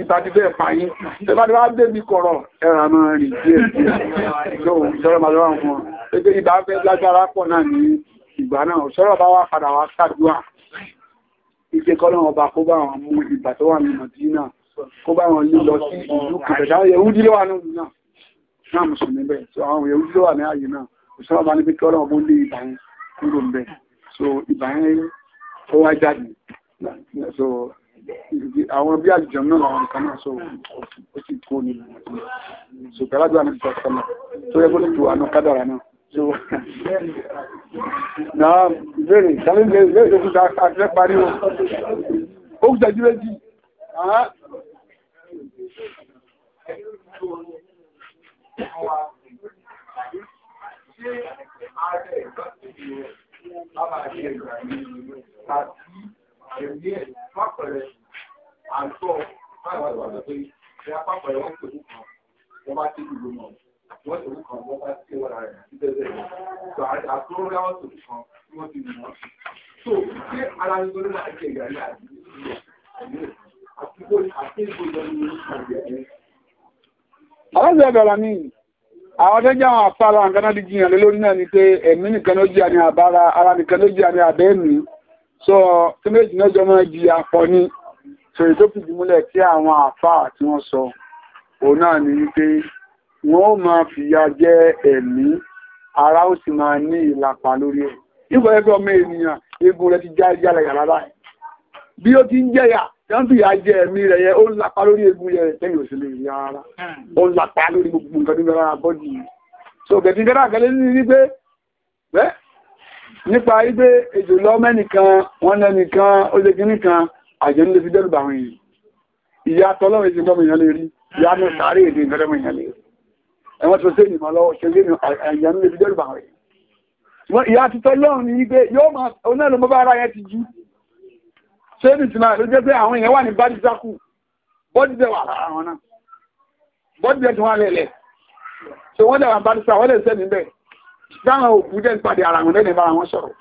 ìta ti fẹ́ pa yín tẹ́lá ti wá débi kọ̀rọ̀ ẹ̀rà máa rí díẹ̀ tó ìṣọ́rọ̀ máa lọ́wọ́ fún ọ pé ìgbà fẹ́ lágbára pọ̀ náà ní ìgbà náà kó bá wọn lílọ sí ìlú kìtẹ̀dá yẹ̀wúdí ló wà náà náà mùsùlùmí bẹ́ẹ̀ tó àwọn yẹ̀wúdí ló wà ní ààyè náà òṣèlú bá ní pé kí ọlọ́run bó lé ibà yẹn kúrò mbẹ so ibà yẹn ó wá jáde so àwọn bí àjọ náà àwọn nǹkan náà so ó sì kó nínú so pẹ̀lú àjọ àmì ìjọba kan náà tó yẹ kó lè tó àánú kádàrà o ó kúta jí méjì. Thank you ṣé ààrẹ ìgbàsíbi rẹ̀ bá ṣe ìgbà yìí àti ẹ̀mí ẹ̀ pápẹ̀rẹ̀ àǹtọ̀ báyìí wàá wàá pé ẹ̀ pápẹ̀rẹ̀ wọ́n pè kan wọ́n bá ti dùgbò mọ̀ wọ́n ti mú kan wọ́n bá ti wọ́n rẹ̀ sí bẹ́ẹ̀ bẹ́ẹ̀ àtúrò rẹ̀ wọ́n ti kan tí wọ́n ti mú wọn. so ṣé ara ń gbọ́dọ̀ láti ṣe ìgbà yìí àti àti ìgbòjọ́ ni wọ́n ti ṣàgbẹ̀ ẹ̀. alájọ ẹ̀dọ̀ la ní àwọn tó jẹ́ àwọn àfààrà nǹkan náà jiyàn lé lórí náà ni pé ẹ̀mí nìkan ló jìyà ní àbára ara nìkan ló jìyà ní àbẹ́ẹ̀mí so tí méjì náà jọ máa jìyà pọ̀ ní so èyí tó fìdí múlẹ̀ tí àwọn àfààrà tí wọ́n sọ òun náà ni wípé wọ́n ó máa fìyà jẹ ẹ̀mí ara ó sì máa ní ìlàpá lórí ẹ̀ nígbà ẹgbẹ́ ọmọ ènìyàn egun rẹ ti já ìyá rẹ̀ yàrá báyìí bí ó ti ń jẹ́yà yọ́nbí ajẹ́ ẹ̀mí rẹ̀ yẹ ó ń lapa lórí egun yẹ tẹ́yìn òsèlè rí ara ó ń lapa lórí gbogbo nǹkan tó gbára bọ́dì so gẹ̀dì gẹ́dà gẹ́lẹ́ ní wípé bẹ́ nípa wípé ètò lọ mẹ́nìkan wọ́n lẹ́nìkan ó lé kíní kan àjẹ́ ní lè fi dẹ́rù bàwọn èèyàn ìyá tọ́lọ́run ètò ìjọba èèyàn lè rí ìyá ní sàárè èdè ìjọba èèyàn lè rí ẹ̀wọ́n tó àjẹ́ ní lè fi dẹ́rù bàwọn èèyàn ṣéèdì tí máa ló jẹ́ pé àwọn èèyàn wà ní bájísákù bọ́dìdẹ̀ wà lára wọn náà bọ́dìdẹ̀ tí wọ́n lẹ̀lẹ̀ tí wọ́n dẹ̀wà bájísá wọ́n lè ṣẹ́ níbẹ̀ dáwọn òkú jẹ́ ìpàdé ara wọn lẹ́nìí bára wọn sọ̀rọ̀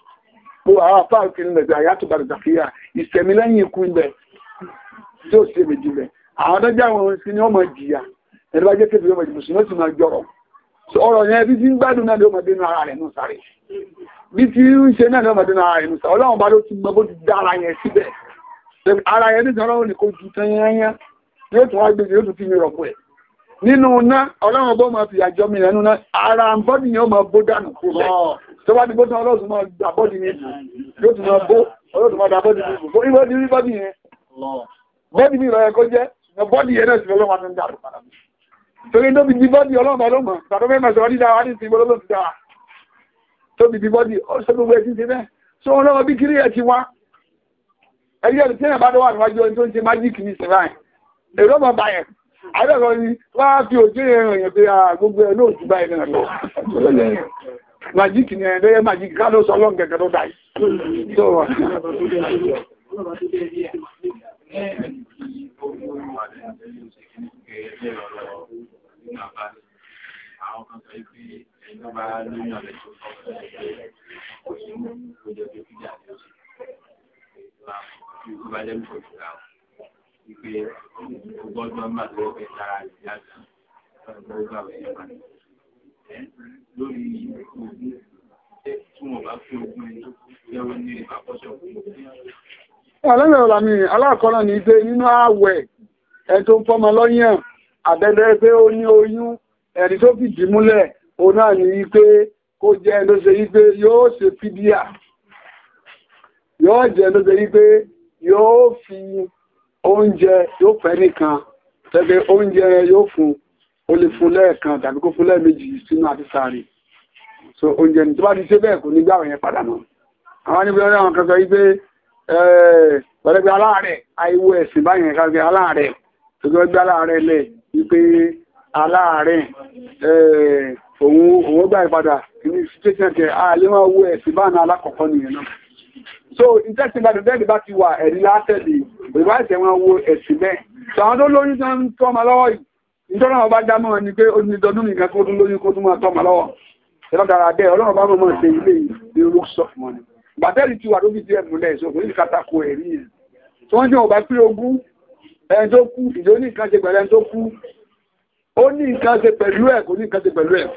bó àwọn apá òkèrè lẹ̀dẹ̀ àyàtò bàdìsàkìyà ìṣẹ̀mí lẹ́yìn ikú ibẹ̀ bí ti ń gbádùn náà ni náà ni ọlọ́run bá ló ti mọ bó ti dára yẹn síbẹ̀ ara yẹn ní sọ́rọ́ òní kò ju tẹ́yẹ́yẹ́ yóò tún wá gbèsè yóò tún fi mi rọ̀pọ̀ ẹ̀ nínú iná ọlọ́run bó máa fi àjọ mi rẹ̀ nínú ara bọ́dì yẹn ó máa bó dànù kú lọ tó bá ti bó tán ọlọ́run máa dà bọ́dì mi bù yóò tún máa bó ọlọ́run máa dà bọ́dì mi bù bó ìwé ní bọ́dì yẹn bọ́dì mi rọ̀ yẹ kó jẹ́ bọ́dì yẹn náà sì lọ́wọ́ máa ń dàrú padà torí tó fi di bọ́dì ọlọ́run máa ló mọ̀ tàbí mẹ́mẹ́ sọ̀rọ̀ dídá wa ní ti gbọ́dọ̀ tó ti dára ẹgbẹ́ ẹni tí èèyàn bá tó wà níwájú ẹni tó ń ṣe májíìkì ní ìsinmi àyìn èrò ọmọ báyẹn àbẹ̀kọ ni wọ́n á fi òjò yẹn ràn yẹn pé gbogbo ẹ̀ lóòjú báyìí náà lọ májíìkì ni ẹni lẹ́yẹ májíìkì ká ló sọ ọlọ́run gẹ̀gẹ̀ tó dà tó bá lẹ́nu kò sí àwọn ìpè ọgbọ́dọ̀ máa tó ọbẹ̀ sára rẹ̀ yára ọgbọ́dọ̀ gbà wẹ̀ yẹn padà. lórí ogun tẹ́ tí wọ́n bá fi ogun ẹni lẹ́wọ́ ní ìbákọ́sọ̀ Àlẹ́mẹ̀ ọ̀la mi, aláàkọ́lá ní pé nínú ààwẹ̀ ẹni tó ń fọ́mọ lọ́yàn, àbẹ́lẹ́ pé ó ní oyún, ẹni tó fìdí múlẹ̀, òun náà ní wípé kó jẹ́ ẹni tó ṣe wípé yóò ṣe fídíà. Yóò jẹ́ ẹni tó ṣe wípé yóò fi oúnjẹ yóò fẹ́ nìkan tẹ́gbẹ́ oúnjẹ yóò fún o lè fún lẹ́ẹ̀kan tàbí kó àti sáré so oúnjẹ tó bá ti ṣe bẹ́ẹ̀ kò ní gbàwé yẹn padà náà àwọn níbi ọ̀rẹ́ àwọn kan sọ wípé pẹ̀lẹ́gbẹ́ ẹ̀sìn báyẹn kàgbẹ́ aláàrẹ̀ tó gbẹ́ aláàrẹ̀ lẹ̀ wípé aláàrẹ̀ òun so injection bá dẹ̀dẹ̀ bá ti wà ẹ̀rí látẹ̀lé ìwà ẹ̀sẹ̀ wọn wo ẹ̀sìn bẹ́ẹ̀ so àwọn tó lóyún tó ń tọ́mọ lọ́wọ́ yìí nítorí àwọn bá dámọ̀ ẹni pé ó ní dọdún nìkan kó tún lóyún kó tún máa tọ́mọ lọ́wọ́ ẹlọ́dàra bẹ́ẹ̀ ọlọ́run bá mọ̀ ṣe ilé ìlú sọ́fù wọn ni bàtẹ́lì ti wà lóbi díẹ̀ múlẹ̀ so kò ní kàtàkù ẹ̀rí yẹn tí wọ́n jẹ́ ọba pé ogún ẹni tó kú ìjọ ní nǹkan ṣe pẹ̀lú ẹni tó kú ó ní nǹkan ṣe pẹ̀lú ẹ̀ kò ní nǹkan ṣe pẹ̀lú ẹ̀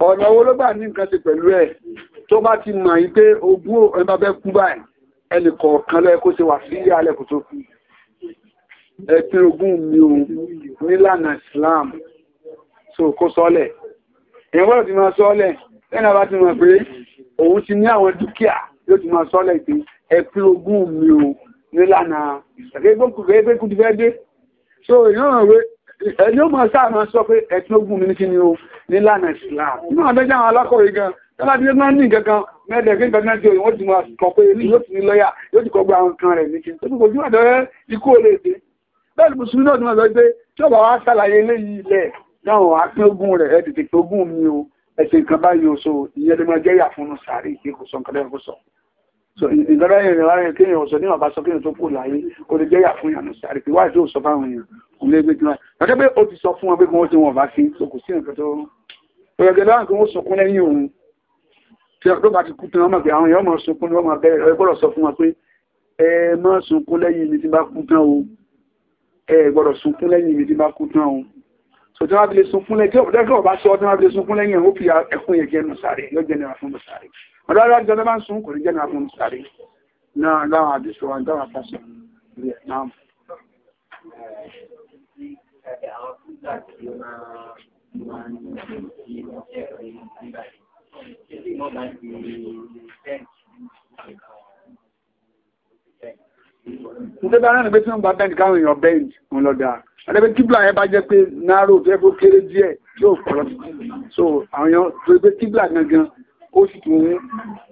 ọ̀nà owó ló gbà ní nǹkan ṣe pẹ̀lú ẹ̀ tó bá ti mọ̀ yí pé ogún ẹgbà bẹ́ kú báyìí ẹnì kọ̀ọ̀kan lọ́yẹ kó ṣe wà sí alẹ́ kò tó kú ẹ̀pin ogún mi ò nílànà Islam so kó sọ́lẹ̀ èèyàn gbọ́dọ̀ ti máa sọ́lẹ̀ lẹ́nà bá ti mọ̀ pé òun ti ní àwọn dúkìá yóò ti máa sọ́lẹ̀ pé ẹ̀pin ogún mi ò nílànà ìgbẹ́gbẹ́kùn fẹ́ dé so ìyọ́n rẹ̀ ẹni ó mọ̀ sáà máa sọ pé ẹ̀tún ogun mi ní kí ni o nílànà Islam inú àbẹ́jà àwọn alákọ̀wé gan tọ́lá bí wọ́n ní kankan mẹ́ẹ̀dẹ̀gbẹ́ ìgbàgbọ́n tí wọ́n ti máa kọ pé ní yóò ti ní lọ́yà yóò ti kọ gba àwọn kan rẹ̀ ní kí tó kò júwà dọ́rẹ́ ikú olè dé bẹ́ẹ̀ ni mùsùlùmí náà ti máa sọ pé tí ó bá wá ṣàlàyé eléyìí ilẹ̀ dáhùn wá pín ogún rẹ̀ ẹ̀ tètè pín ogún mi o o so ìyẹn ló máa jẹ́ ìyà fún un sàárè ìdí kò sọ nǹkan lẹ́yìn kò sọ so ìgbàgbọ́n yẹn rẹ̀ kéèyàn sọ níwọ̀n bá sọ kéèyàn tó kù láyé ó Gẹ́gẹ́ bí ó ti sọ fún wọn pé kí wọ́n tí wọ́n bá sí, so kò sí nǹkan tó rú. Ọ̀rẹ́gẹ́ láàrín kí wọ́n sọkún lẹ́yìn òun. Tí ọ̀tọ́ bá ti kú tán, ọmọ pé àwọn èèyàn máa sọkún ní wọ́n máa bẹ̀rẹ̀ ẹ gbọ́dọ̀ sọ fún wọn pé ẹ má sọkún lẹ́yìn mi tí bá kú o. Ẹ gbọ́dọ̀ sọkún lẹ́yìn mi tí bá kú tán o. So tí wọ́n fi lè sọkún lẹ́yìn, tí ọ̀pọ̀ àwọn fúdà tí máa máa ń ṣe iṣẹ́ rẹ̀ nígbà yìí tí wọ́n máa ń ṣe bẹ́ǹkì nítorí bá rẹ̀ pé tí wọ́n gba bẹ́ǹkì káwọn èèyàn bẹ́ǹkì ń lọ dáa àdẹ́gbẹ́ kíbla yẹn bá jẹ́ pé náírà tó yẹ kó kéré díẹ̀ yóò pọ̀ lọ so àwọn èèyàn tó yẹ pé kíbla gangan ó sì tún mú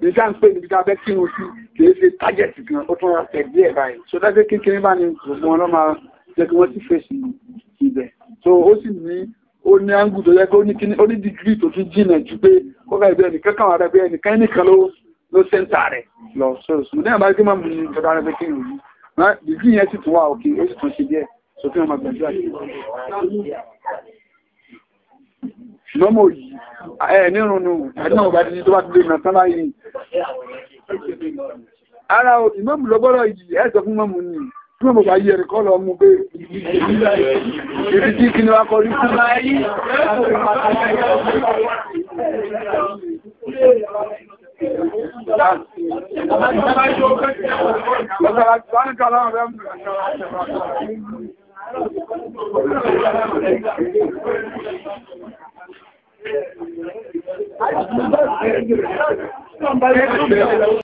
nígbà ń pè níbi tá a bẹ́ kírun sí kì í ṣe tájẹ̀tì gan ó tún ra tẹ̀ díẹ̀ báyìí so dájú kékeré bá ní gbogbo wọn lọ́ máa jẹ́ kí wọ́n ti fèsì ibẹ̀ so ó sì ní ó ní áńgù tó jẹ́ pé ó ní kíní ó ní dìgírì tó tún jìnà jù pé kọ́kà ìbẹ̀ nìkan kàwọn ará bẹ́ẹ̀ nìkan nìkan ló ló sẹ́ńtà rẹ̀ lọ so sùn ní àbájá kí máa mú ní kọ́kà ará bẹ́ẹ̀ kí yìí dìgírì yẹn sì tún wà òkè ó sì tún ṣe díẹ̀ so kí wọ́n máa gbàdúrà sí lọ́mọ yìí ẹ̀ nírùnú àdínà ọba dídí tó bá ti lè nà tán láyé ara ìmọ̀mù lọ́gbọ́rọ̀ yìí ẹ̀ sọ fún mọ́mù nìyí tí wọ́n bá yẹ ẹ̀rẹ̀kọ́ lọ mú pé ibi tí kí ni wá kọ rí fún Thank